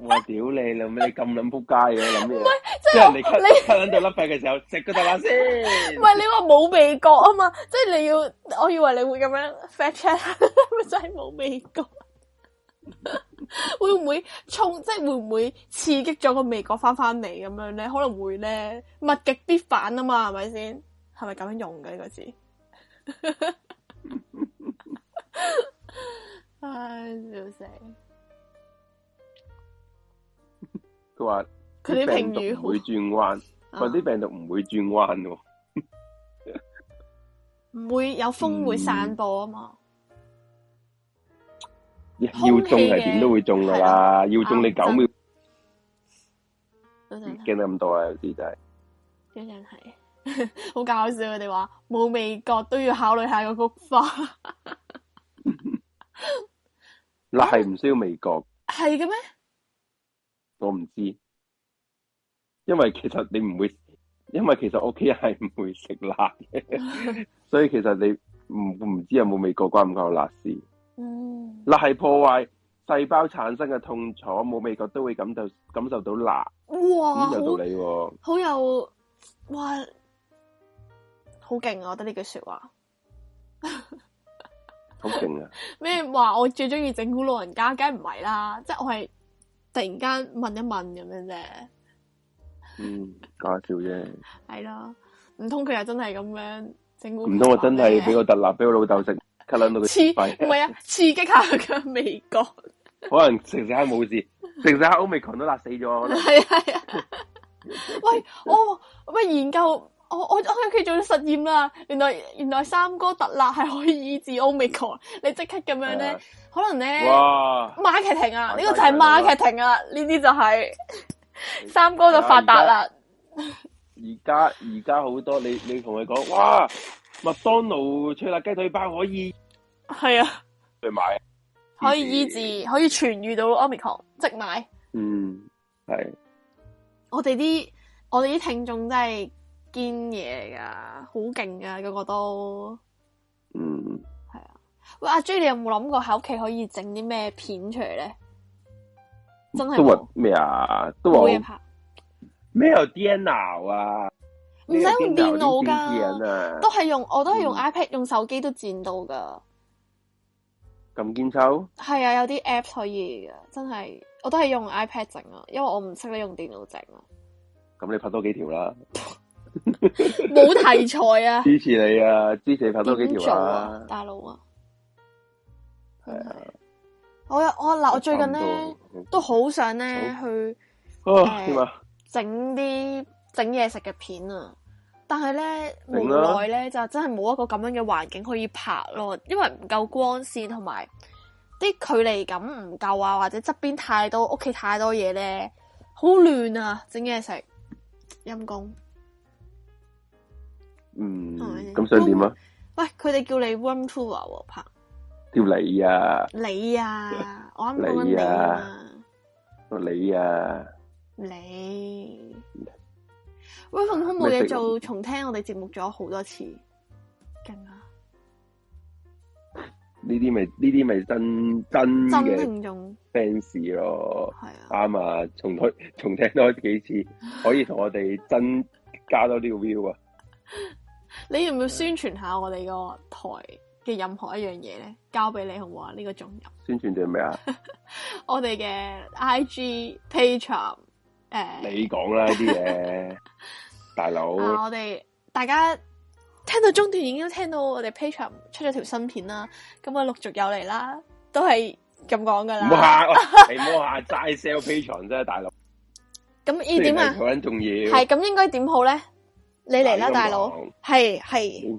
我、啊、 <laughs> 屌你啦！你咁撚扑街嘅諗嘢，即係、就是、人哋吸你吸到甩肺嘅時候食個特辣先。唔係你話冇味覺啊嘛？即 <laughs> 係、就是、你要，我以為你會咁樣 fact check，咪真係冇味覺。 <laughs> <laughs> 會唔會沖，即係會唔會刺激咗個味覺翻翻嚟咁樣咧？可能會咧，物極必反啊嘛，係咪先？係咪咁樣用嘅呢個字？唉，笑死！ <laughs> <laughs> 佢話佢啲病毒唔會轉彎，啲 <laughs> 病毒唔會轉彎喎，唔、啊、 <laughs> 會有風、嗯、會散播啊嘛。要中係點都會中噶啦的，要中你九秒驚得咁多啊！有啲真係，真、就、係、是嗯嗯、好搞笑，佢哋話冇味覺都要考慮下個菊花， <laughs> 辣係唔需要味覺，係嘅咩？我唔知道，因為其實你唔會，因為其實屋企人係唔會食辣的，嘅， <laughs> 所以其實你唔唔知道有冇味覺關唔關我辣事？嗯，辣係破壞細胞產生嘅痛楚，冇味覺都會感受感受到辣。哇，好、嗯、有道理喎，好有哇，好勁啊！我覺得呢句說話好勁 <laughs> 啊！咩話？我最中意整蠱老人家，梗唔係啦，即係我係突然間問一問咁樣啫。嗯，搞笑啫。係啦，唔通佢又真係咁樣整蠱？唔通我真係俾個特辣俾我老豆食？刺激唔係啊！刺激下佢嘅味覺，可能成世喺冇事，成世喺 omicron 都辣死咗。係啊，係啊！喂，我研究，我我我喺屋企做咗實驗啦。原來原來三哥特辣係可以醫治 omicron，你即刻咁樣咧、啊，可能咧哇，marketing 啊，呢、這個就係 marketing 啊，呢啲就係、是、 <laughs> 三哥就發達啦。而家而家好多，你你同佢講，哇！麥當勞脆辣雞腿包可以，係啊，去買啊，可以醫治，可以痊愈到 Omicron，即買。嗯，係。我哋啲我哋啲聽眾真係堅嘢噶，好勁噶，個個都。嗯。係啊，喂阿 J，你有冇諗過喺屋企可以整啲咩片出嚟咧？真係。都話咩啊？都冇嘢，拍咩有電腦啊？唔使用，用電腦噶，都係用，都用我都係用 iPad，嗯、用手機都剪到噶。咁鍵抽係啊，有啲 app 可以噶，真係我都係用 iPad 整啊，因為我唔識得用電腦整啊。咁你多拍多幾條啦，冇 <laughs> 題材啊， <laughs> 支持你啊，支持你多拍多幾條啦，啊啊，大佬啊，係啊，我我嗱，啊，我最近咧都好想咧去誒整啲。哦呃整嘢食嘅片啊！但係咧，無奈咧就真係冇一個咁樣嘅環境可以拍咯，因為唔夠光線，同埋啲距離感唔夠啊，或者側邊太多屋企太多嘢咧，好亂啊！整嘢食陰公，嗯，咁想點啊？喂，佢哋叫你 room tour 啊，拍叫你啊，你啊，我啱你啊，你啊，你，啊你。Wavephone 冇嘢做，重聽我哋節目咗好多次，勁啊！呢啲咪呢啲咪真真嘅 fans 咯，係啊，啱啊，重聽重聽多幾次， <laughs> 可以同我哋增加多呢啲 view 啊！你要唔要宣傳下我哋個台嘅任何一樣嘢咧？交俾你好唔好啊？呢、呢個仲有？宣傳啲咩啊？ <laughs> 我哋們嘅的 IG <laughs> page。誒、uh, <laughs> 你講啦呢啲嘢，大、啊、佬。我哋大家聽到中段已經聽到我哋 Patreon 出咗條新片啦，咁啊陸續有嚟啦，都係咁講㗎喇。唔係、 <laughs> 哎 <laughs> 啊，你摸下齋 sell Patreon 啫，大佬。咁呢點啊？係咁應該點好咧？你嚟啦，大佬。係係。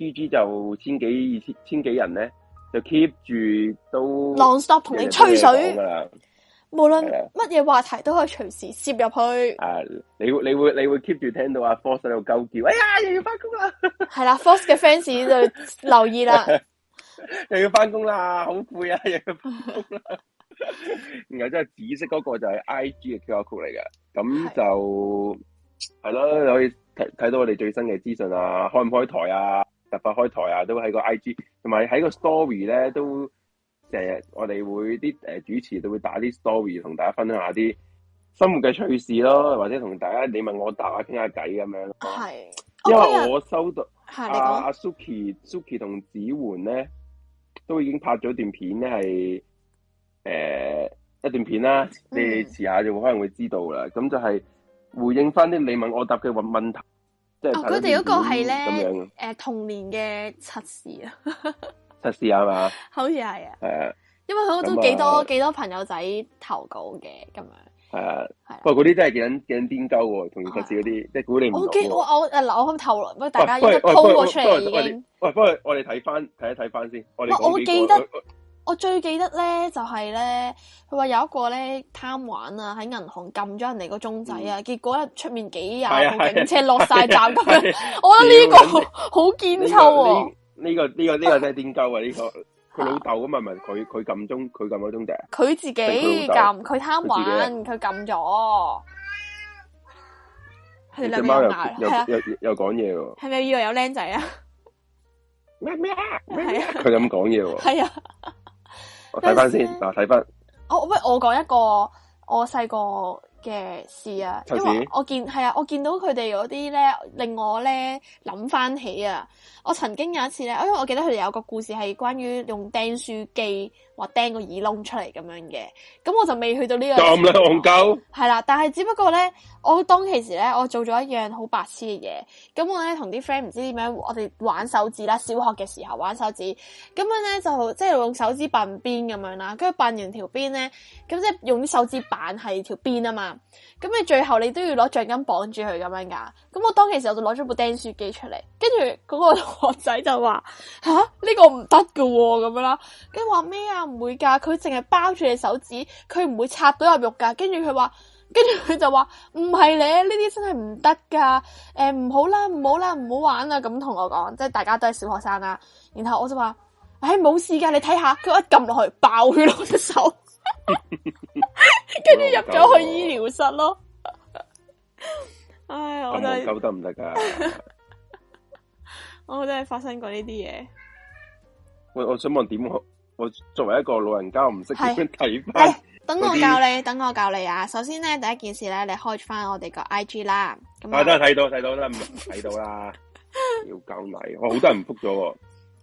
T G 就千幾二千幾人咧，就 keep 住都 long stop 同你吹水，無論乜嘢話題都可以隨時攝入去。啊、uh，你你會你會 keep 住聽到阿 Force 喺度鳩叫，哎呀又要翻工啦！係啦，Force 嘅 fans 就留意啦，又要翻工啦，好 <laughs> 攰 <laughs> 啊，又要翻工啦。然後，即係紫色嗰個就係 I G 嘅 QR Code 嚟嘅，咁就係咯， <laughs> 你可以睇睇到我哋最新嘅資訊啊，開唔開台啊？特發開台啊，都喺個 IG 同埋喺個 Story 咧，都成日我哋會啲誒主持都會打啲 Story 同大家分享下啲生活嘅趣事咯，或者同大家你問我答啊，傾下偈咁樣。係，因為我收到阿阿 Suki Suki 同子媛咧，都已經拍咗段片，係誒、呃、一段片啦、嗯，你哋遲下就會可能會知道啦。咁就係回應翻啲你問我答嘅問問題。哦，佢哋嗰個係咧，誒、呃，童年嘅測試啊，測試係咪？好似係啊，係啊，因為佢都幾多幾、啊、多朋友仔投稿嘅，咁樣係啊，係、啊，不過嗰啲真係勁勁癲鳩喎，同測試嗰啲，即係鼓到。我我我誒，我咁透大家應該，我鋪過出嚟已經。喂，不過我哋睇翻睇一睇翻先，我哋講幾個。我我最記得咧，就係、是、咧，佢話有一個咧貪玩啊，喺銀行撳咗人哋個鐘仔啊，嗯、結果咧出面幾日、啊、警車落晒站咁、啊啊啊啊、我覺得呢個好好堅鳩。呢個呢個呢個真係癲鳩啊！呢、這個佢老豆咁係咪佢佢撳鐘佢撳嗰個鐘笛？佢自己撳，佢貪玩，佢撳咗。隻貓又又又講嘢喎，係咪以為有靚仔啊？咩咩咩，佢咁講嘢喎，係啊。 <laughs> 我睇翻先，嗱睇翻，我講我講一個我細個嘅事啊，因為我見係啊，我見到佢哋嗰啲咧令我咧諗翻起啊，我曾經有一次咧，因為我記得佢哋有個故事係關於用釘書機。我釘個耳窿出嚟咁樣嘅，咁我就未去到呢個咁戇鳩。係啦，但係只不過咧，我當其時咧，我做咗一樣好白痴嘅嘢。咁我咧同啲 friend 唔知點樣，我哋玩手指啦，小學嘅時候玩手指。咁樣咧就即係用手指扮邊咁樣啦，跟住扮完條邊咧，咁即係用啲手指板係條邊啊嘛。咁你最後你都要攞橡筋綁住佢咁樣噶。咁我當其時我就攞咗部釘書機出嚟，跟住嗰個學仔就話：吓，呢個唔得噶喎咁樣啦。跟住話咩啊？這個唔會噶佢淨係包住你手指，佢唔會插到入肉噶。跟住佢話，跟住佢就話唔係你，呢啲真係唔得噶，誒、呃、唔好啦，唔好啦，唔好玩啦，咁同我講，即係大家都係小學生啦、啊。然後我就話，唉、哎，冇事噶，你睇下，佢一撳落去，爆血咯隻手，跟住入咗去醫療室咯。唉、 <laughs> 哎，我真係夠得唔得噶嗯嗯嗯嗯、 <laughs> 我真係發生過呢啲嘢。我我想問點？我作為一個老人家，我唔識點樣睇翻。等我教你，等我教你啊！首先咧，第一件事咧，你開翻我哋個 I G 啦。大家睇到睇到啦，睇到啦。要教埋，我好多人唔覆咗喎。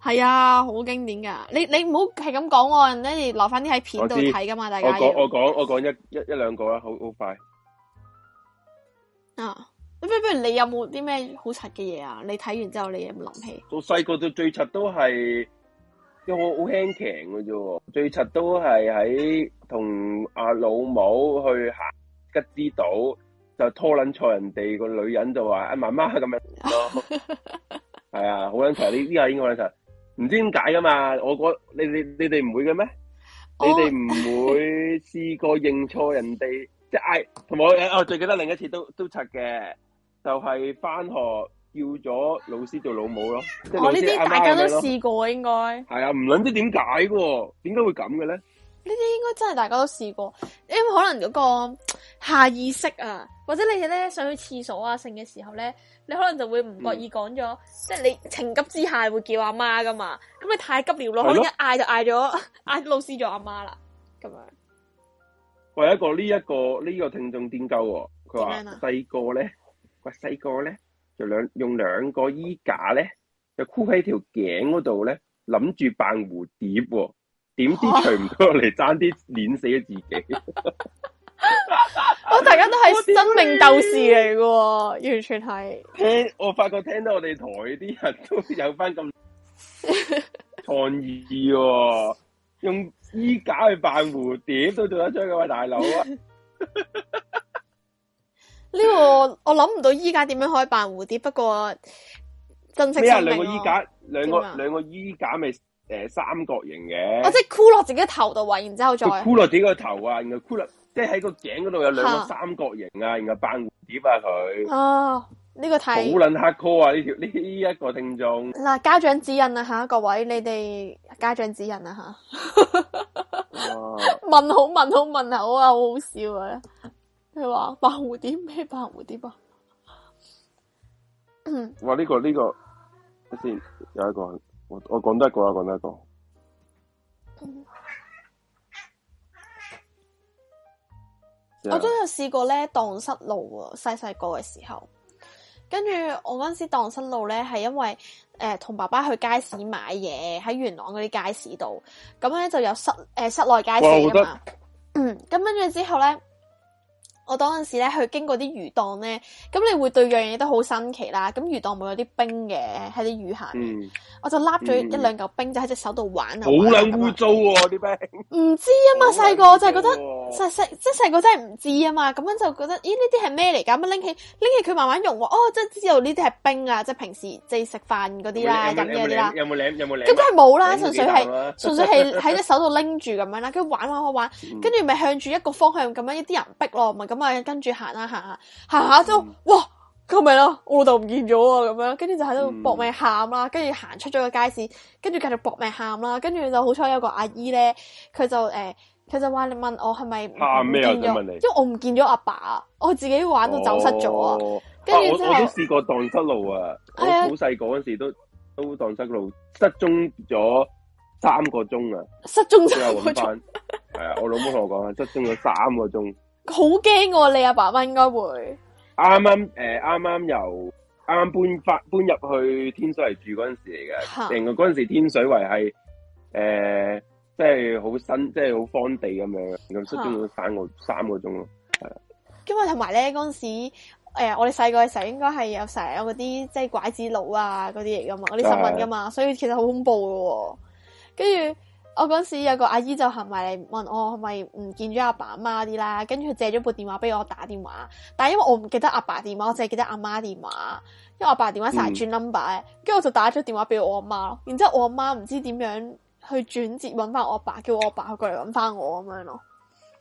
係 <laughs> 啊，好經典噶你你唔好係咁講，你哋、啊、留翻啲喺片度睇噶嘛，大家。我講我講我講一一一兩個啦，好好快。啊！不不如，你有冇啲咩好柒嘅嘢？啊你睇完之後你有冇諗起？到細個到最柒都係。因我好輕騎嘅啫，最柒都係喺同阿老母去行吉之島，就拖卵錯人哋個女人就話阿媽媽咁樣咯。係啊，好卵柒呢呢下應該好卵柒，唔、哦 <laughs> 啊、知點解噶嘛，我我你你你哋唔會嘅咩？你哋唔會試、oh, 過認錯人哋，即係嗌同埋我、啊，我最記得另一次都都柒嘅，就係、是、返學。叫咗老師做老母咯！我呢啲大家都試過，應該係啊，唔諗知點解嘅，點解會咁嘅咧？呢啲應該真係大家都試過、啊、過，因為可能嗰個下意識啊，或者你哋咧上去廁所啊，性嘅時候咧，你可能就會唔覺意講咗、嗯，即係你情急之下會叫阿媽噶嘛。咁你太急尿咯，可能一嗌就嗌咗嗌老師做阿媽啦，咁樣。有一個呢一、這個呢、這個聽眾點救喎？佢話細個咧，喂細個咧。就兩用兩個衣架咧，就箍喺條頸嗰度咧，諗住扮蝴蝶，哦，知點知除唔到落嚟，爭啲碾死咗自己，啊。 <laughs> <laughs> <laughs> 我大家都係生命鬥士嚟嘅，完全係。聽我發覺聽到我哋台啲人都有翻咁創意，哦， <laughs> 用衣架去扮蝴蝶都做得出嘅，喂大佬啊！ <laughs> 呢、這個我諗唔到衣架點樣可以扮蝴蝶，不過真正係兩個衣架，兩個兩個衣架咪誒三角形嘅。我、哦、即係箍落自己的頭度位，然之後再箍落自己個頭啊，然後箍落 <laughs> 即係喺個頸嗰度有兩個三角形啊，然後扮蝴蝶啊佢。哦、呢、這個太好捻黑科啊！呢條呢一個聽眾。嗱、啊，家長指引啊吓，各位你哋家長指引啊吓， <laughs> 問好問好問好啊，好好笑啊！佢話白蝴蝶咩？白蝴蝶啊！蝶 <laughs> 哇！呢個呢個，先、這個、有一個，我我講多一個啦，講多一個。我都、 <laughs> yeah. 有試過咧，蕩失路喎，細細個嘅時候，跟住我嗰時蕩失路咧，係因為誒同、呃、爸爸去街市買嘢，喺元朗嗰啲街市度，咁咧就有室誒、呃、室內街市啊嘛。嗯，咁跟住之後咧。我當陣時咧去經過啲魚檔咧，咁你會對樣嘢都好新奇啦。咁魚檔會有啲冰嘅喺啲魚下面，嗯、我就撈咗一兩嚿冰就喺隻手度玩啊。好撚污糟喎啲冰！唔知啊嘛，細個、啊、就係覺得，細細即係細個真係唔知啊嘛。咁樣就覺得，咦呢啲係咩嚟噶？咁拎起拎起佢慢慢溶，哦即係知道呢啲係冰啊！即係平時即係食飯嗰啲啦，飲嘢嗰啲啦。有冇有冇舐？咁梗係冇啦，純 <laughs> 粹係純粹係喺隻手度拎住咁樣啦，佢玩玩、啊、玩玩，跟住咪向住一個方向咁樣一啲人逼咯，咁啊，跟住行啦，行下行下，之、嗯、後哇，咁咪囉！我老豆唔見咗啊，咁樣，跟住就喺度搏命喊啦，跟住行出咗個街市，跟住繼續搏命喊啦，跟住就好彩有個阿姨咧，佢就誒，佢、呃、就話你問我係咪？喊咩啊？我問你，即係我唔見咗阿爸啊，我自己玩到走失咗、哦就是。啊。」跟住我都試過蕩失路啊，我好細個嗰陣時都、哎、都蕩失路，失蹤咗三個鐘啊，失蹤三個鐘。係啊， <laughs> 我老母同我講啊，失蹤咗三個鐘。好驚喎，你阿爸咪應該會。啱啱誒，啱、呃、啱由啱搬翻搬入去天水圍住嗰陣時嚟嘅，成個嗰陣時天水圍係誒，即係好新，即係好荒地咁樣，咁出咗三個三個鐘咯。因為同埋咧嗰陣時，誒、啊呃、我哋細個嘅時候應該係有成日有嗰啲即係拐子佬啊嗰啲嚟噶嘛，嗰啲新聞噶嘛，所以其實好恐怖噶喎、哦，跟住。我嗰時有個阿姨就行埋嚟問我係咪唔見咗阿爸阿媽啲啦，跟住借咗部電話俾我打電話，但係因為我唔記得阿爸電話，我淨係記得阿媽電話，因為阿爸電話成日轉 number，跟住我就打咗電話俾我阿媽，然之後我阿媽唔知點樣去轉接，搵翻我阿爸，叫我阿爸去過嚟搵翻我咁樣咯。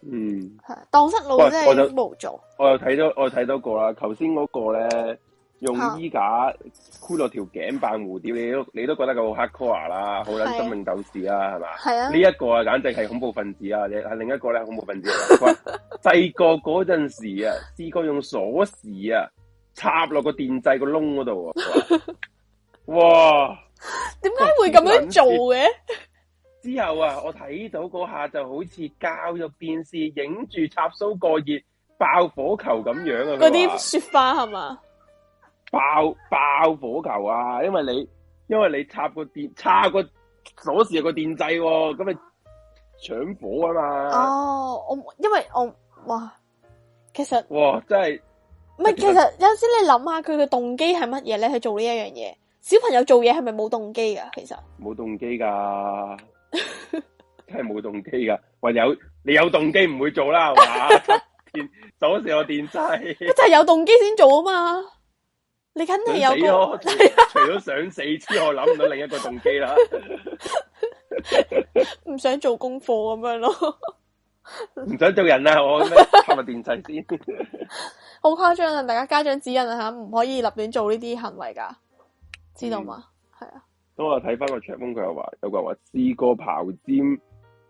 嗯，係蕩失路真係冇做。我又睇到，我又睇到過啦，頭先嗰個咧。用衣架箍咗條頸扮蝴蝶，你都你都覺得佢好黑 core 啦，好捻生命鬥士啦，係嘛、係啊？呢、這、一個啊，簡直係恐怖分子啊！你係另一個咧，恐怖分子。細個嗰陣 <laughs> 時啊，試過用鎖匙啊插落個電掣個窿嗰度，哇！點解會咁樣做嘅？之後啊，我睇到嗰下就好似教育電視，影住插蘇過熱爆火球咁樣啊！嗰啲雪花係嘛？爆爆火球啊！因為你因為你插個電插個鎖匙有個電掣，喔，咁咪搶火啊嘛！哦、oh,，我因為我哇，其實哇真係唔係。其實有陣時你諗下佢嘅動機係乜嘢咧？去做呢一樣嘢，小朋友做嘢係咪冇動機噶？其實冇動機噶，真係冇動機噶。唯有你有動機唔會做啦，係 <laughs> <laughs> 嘛？鎖匙有電掣，就係有動機先做啊嘛！你肯定有個除咗想死之、啊、 <laughs> 外，諗唔到另一個動機啦。唔 <laughs> 想做功課咁樣咯，唔想做人啊！我係咪電制先？好誇張啊！大家家長指引下，唔可以立亂做呢啲行為噶，知道嘛？係、嗯、啊。當我睇翻個長風，佢又話有個人話試過刨尖。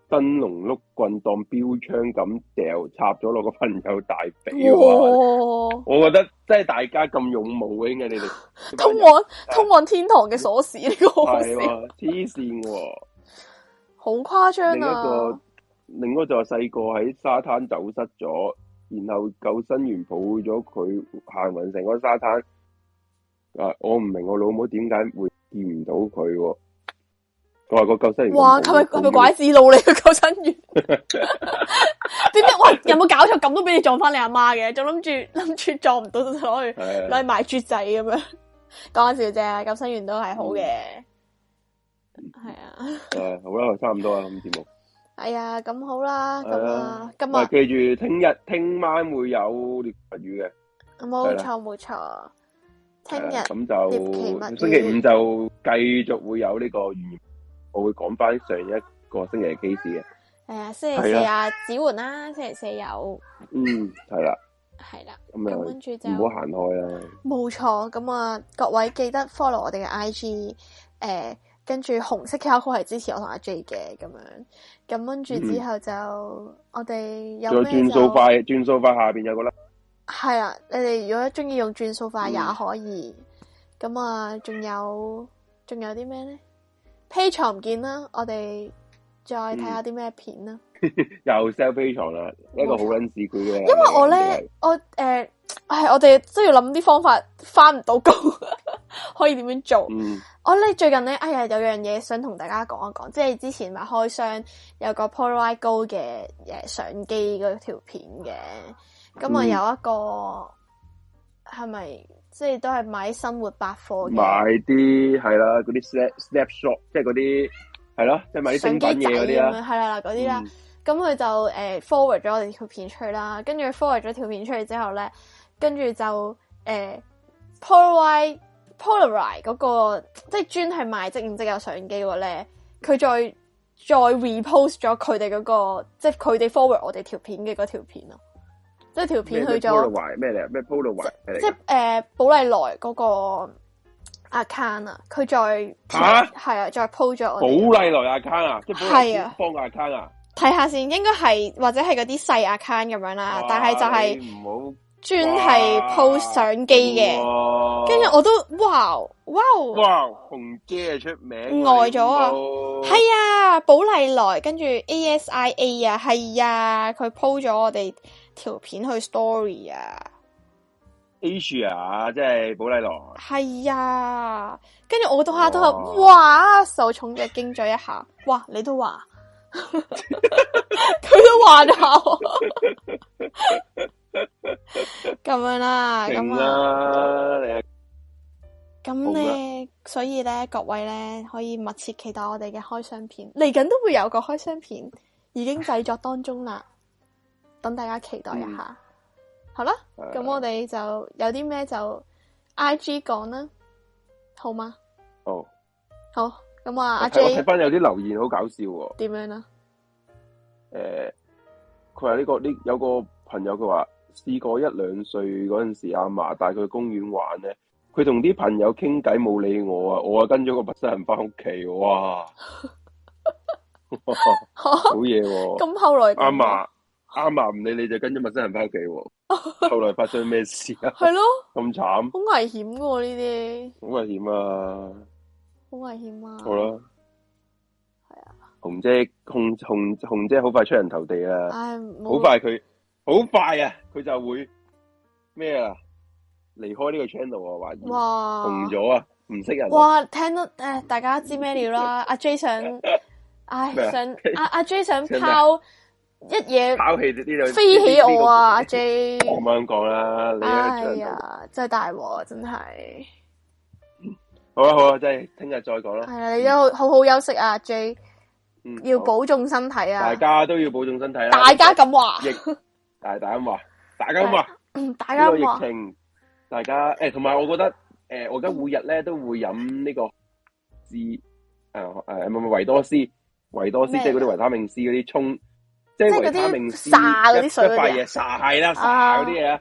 燈籠碌棍當標槍咁掉插咗落個朋友大髀喎。我覺得即係大家咁勇武，應該你哋通往、啊、通往天堂嘅鎖匙呢、這個係黐線喎，好誇張啊！另外就係細個喺沙灘走失咗，然後救生員抱咗佢行勻成個沙灘啊！我唔明我老母點解會見唔到佢喎、啊？我話個救生員，哇，係咪係咪拐子佬嚟嘅救生員？點 <laughs> 解？ <laughs> 喂，有冇搞錯？咁都俾你撞翻你阿媽嘅，仲諗住諗住撞唔到就攞去攞去賣豬仔咁樣？講笑啫，救生員都係好嘅，係、嗯、啊。誒，好，好啦，差唔多啦，咁節目。係啊，咁好啦，咁今日、啊、記住，聽日聽晚會有落雨嘅。冇錯，冇錯。聽日咁就星期五就繼續會有呢個雨。我會講翻上一個星期嘅 case 嘅，係啊，星期四啊、啊指煥啦、啊，星期四有，嗯，係啦、啊，係啦、啊，咁樣唔好行開啦。冇錯，咁啊，各位記得 follow 我哋嘅 IG，誒、呃，跟住紅色卡號係支持我同阿 J 嘅，咁樣咁跟住之後就、嗯、我哋有，有轉數快，轉數快下邊有個啦，係啊，你哋如果中意用轉數快也可以，咁、嗯、啊，仲有仲有啲咩咧？飛床唔見啦，我哋再睇下啲咩片啦、嗯，又 sell 飛床啦，呢、嗯、個好卵市儈嘅。因為我咧、嗯，我誒、呃，唉，我哋都要諗啲方法翻唔到工， <laughs> 可以點樣做？嗯、我咧最近咧，哎呀，有樣嘢想同大家講一講，即係之前咪開箱有一個 Polaroid Go 嘅誒相機嗰條片嘅，咁我有一個係咪？嗯是不是即係都係買生活百貨嘅，買啲係啦，嗰啲 snap shop，即係嗰啲係咯，即係買啲精品嘢嗰啲啦，係啦嗰啲啦。咁佢、嗯、就誒、呃、forward 咗我哋條片出去啦，跟住 forward 咗條片出去之後咧，跟住就誒、呃、Polaroid Polaroid 嗰、那個即係專係賣即影即有相機嘅咧，佢再再 repost 咗佢哋嗰個即係佢哋 forward 我哋條片嘅嗰條片咯。即係條片去咗咩咩 po 即係誒，寶麗來嗰個 account 啊，佢再係啊，再 po 咗我寶麗來 account 啊，即係幫 account 啊，睇、啊、下先，應該係或者係嗰啲細 account 咁樣啦，但係就係唔好專係、哎、po 相機嘅，跟住我都哇哇哇紅機啊，出名呆咗啊，係啊，寶麗來跟住 ASIA 啊，係啊，佢 po 咗我哋。條片去 story 啊，Asia 即係寶麗羅，係啊，跟住我都下都係，oh. 哇，受寵嘅驚咗一下，哇，你都話，佢都話下，咁 <laughs> <laughs> 樣啦，咁樣，咁咧、啊，所以咧，各位咧可以密切期待我哋嘅開箱片，嚟緊都會有個開箱片，已經製作當中啦。 <laughs> 等大家期待一下，嗯、好啦，咁、啊、我哋就有啲咩就 IG 講啦，好嗎？哦，好，咁啊，阿 J 睇返有啲留言好搞笑喎，點樣啊？誒、呃，佢話呢個呢有個朋友佢話試過一兩歲嗰陣時，阿嫲帶佢去公園玩咧，佢同啲朋友傾偈冇理我啊，我啊跟咗個陌生人返屋企，哇，好嘢喎！咁 <laughs> 害 <laughs> 後來阿嫲。啱啊！唔理你，你就跟咗陌生人翻屋企。 <laughs> 後來發生咩事啊？係 <laughs> 咯，咁慘，好危險噶喎呢啲，好危險啊，好危險啊！好啦，係啊，紅姐紅紅紅姐好快出人頭地啊！好、哎、好快佢，好快啊！佢就會咩啊？離開呢個 channel 啊！懷疑哇！紅咗啊，唔識人哇！聽到誒、呃，大家知咩料啦？阿 J 想唉，想阿阿 J 想靠。一夜搞起啲兩飛起我啊 J， <laughs> 我唔想講啦，你啊，係、哎、啊，真係大鑊啊，真係。好啊好啊，真係聽日再講咯。係啊，你都好好休息啊 J，、嗯、要保重身體啊。大家都要保重身體啊。大家咁話，大大咁話， <laughs> 大家咁話，大家話。個疫情，大家誒，同、哎、埋我覺得誒、呃，我而家每日咧都會飲呢、這個斯誒誒，係唔維多斯維多斯，即係嗰啲維他命 C 嗰啲沖。即係維他命 C 啲水的，白夜晒啦，晒嗰啲嘢，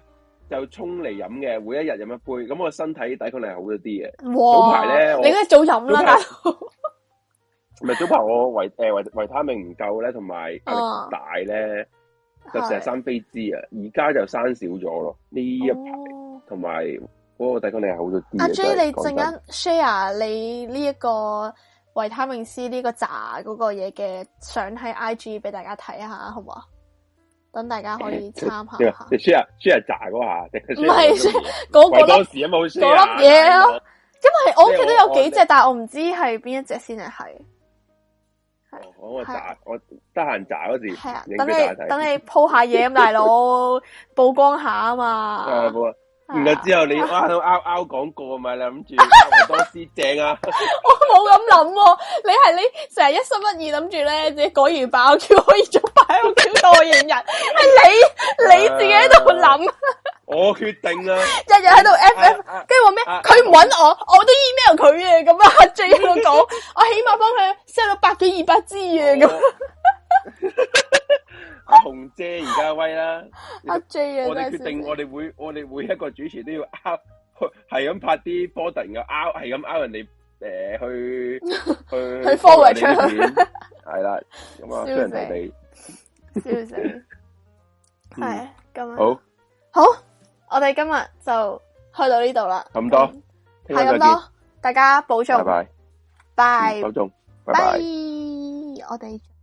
就沖嚟飲嘅，每一日飲一杯，咁我身體抵抗力係好咗啲嘅。早排咧，你嗰日早飲啦，唔係早排 <laughs> 我維誒維維他命唔夠咧，同埋大咧就成日生痱滋啊，而家就生少咗咯呢一排，同、哦、埋我個抵抗力係好咗啲。阿、啊、J 你陣間 share 你呢、這、一個。維他命 C 呢個炸嗰個嘢嘅，相喺 IG 俾大家睇下，好唔好？等大家可以參考下。share share 炸嗰下，唔係 share 嗰粒，嗰、那個、時啊粒嘢咯。因為我屋企都有幾隻，但我唔知係邊一隻先係。我我，我，、啊、我炸我得閒炸嗰時候，等、啊、你等你鋪下嘢咁， <laughs> 大佬曝光一下啊嘛。 <laughs> 然、啊、來之後你哇喺度拗拗廣告啊，啊，啊過嘛，諗住好多正啊。我冇咁諗， <laughs> 你係你成日一心一意諗住咧，自己講完爆 Q 可以做爆 Q 代言人，係、啊、你你自己喺度諗。我決定啊，日日喺度 F M，跟住話咩？佢唔揾我、啊，我都 email 佢嘅咁啊最喺度講，我起碼幫佢 sell 到百幾二百支嘢咁。啊 <laughs> 阿紅姐而家威啦，我哋決定我哋會我哋每一個主持都要 out，係咁拍啲波，突然又 out，係咁 out 人哋誒、呃、去去去 forward 出去係啦咁啊，輸人哋，笑死！係 <laughs> 咁、 <laughs> 嗯、好，好，我哋今日就去到呢度啦，咁多係咁多，大家保重，拜拜，拜拜保重，拜拜，拜拜拜拜 <laughs> 我哋。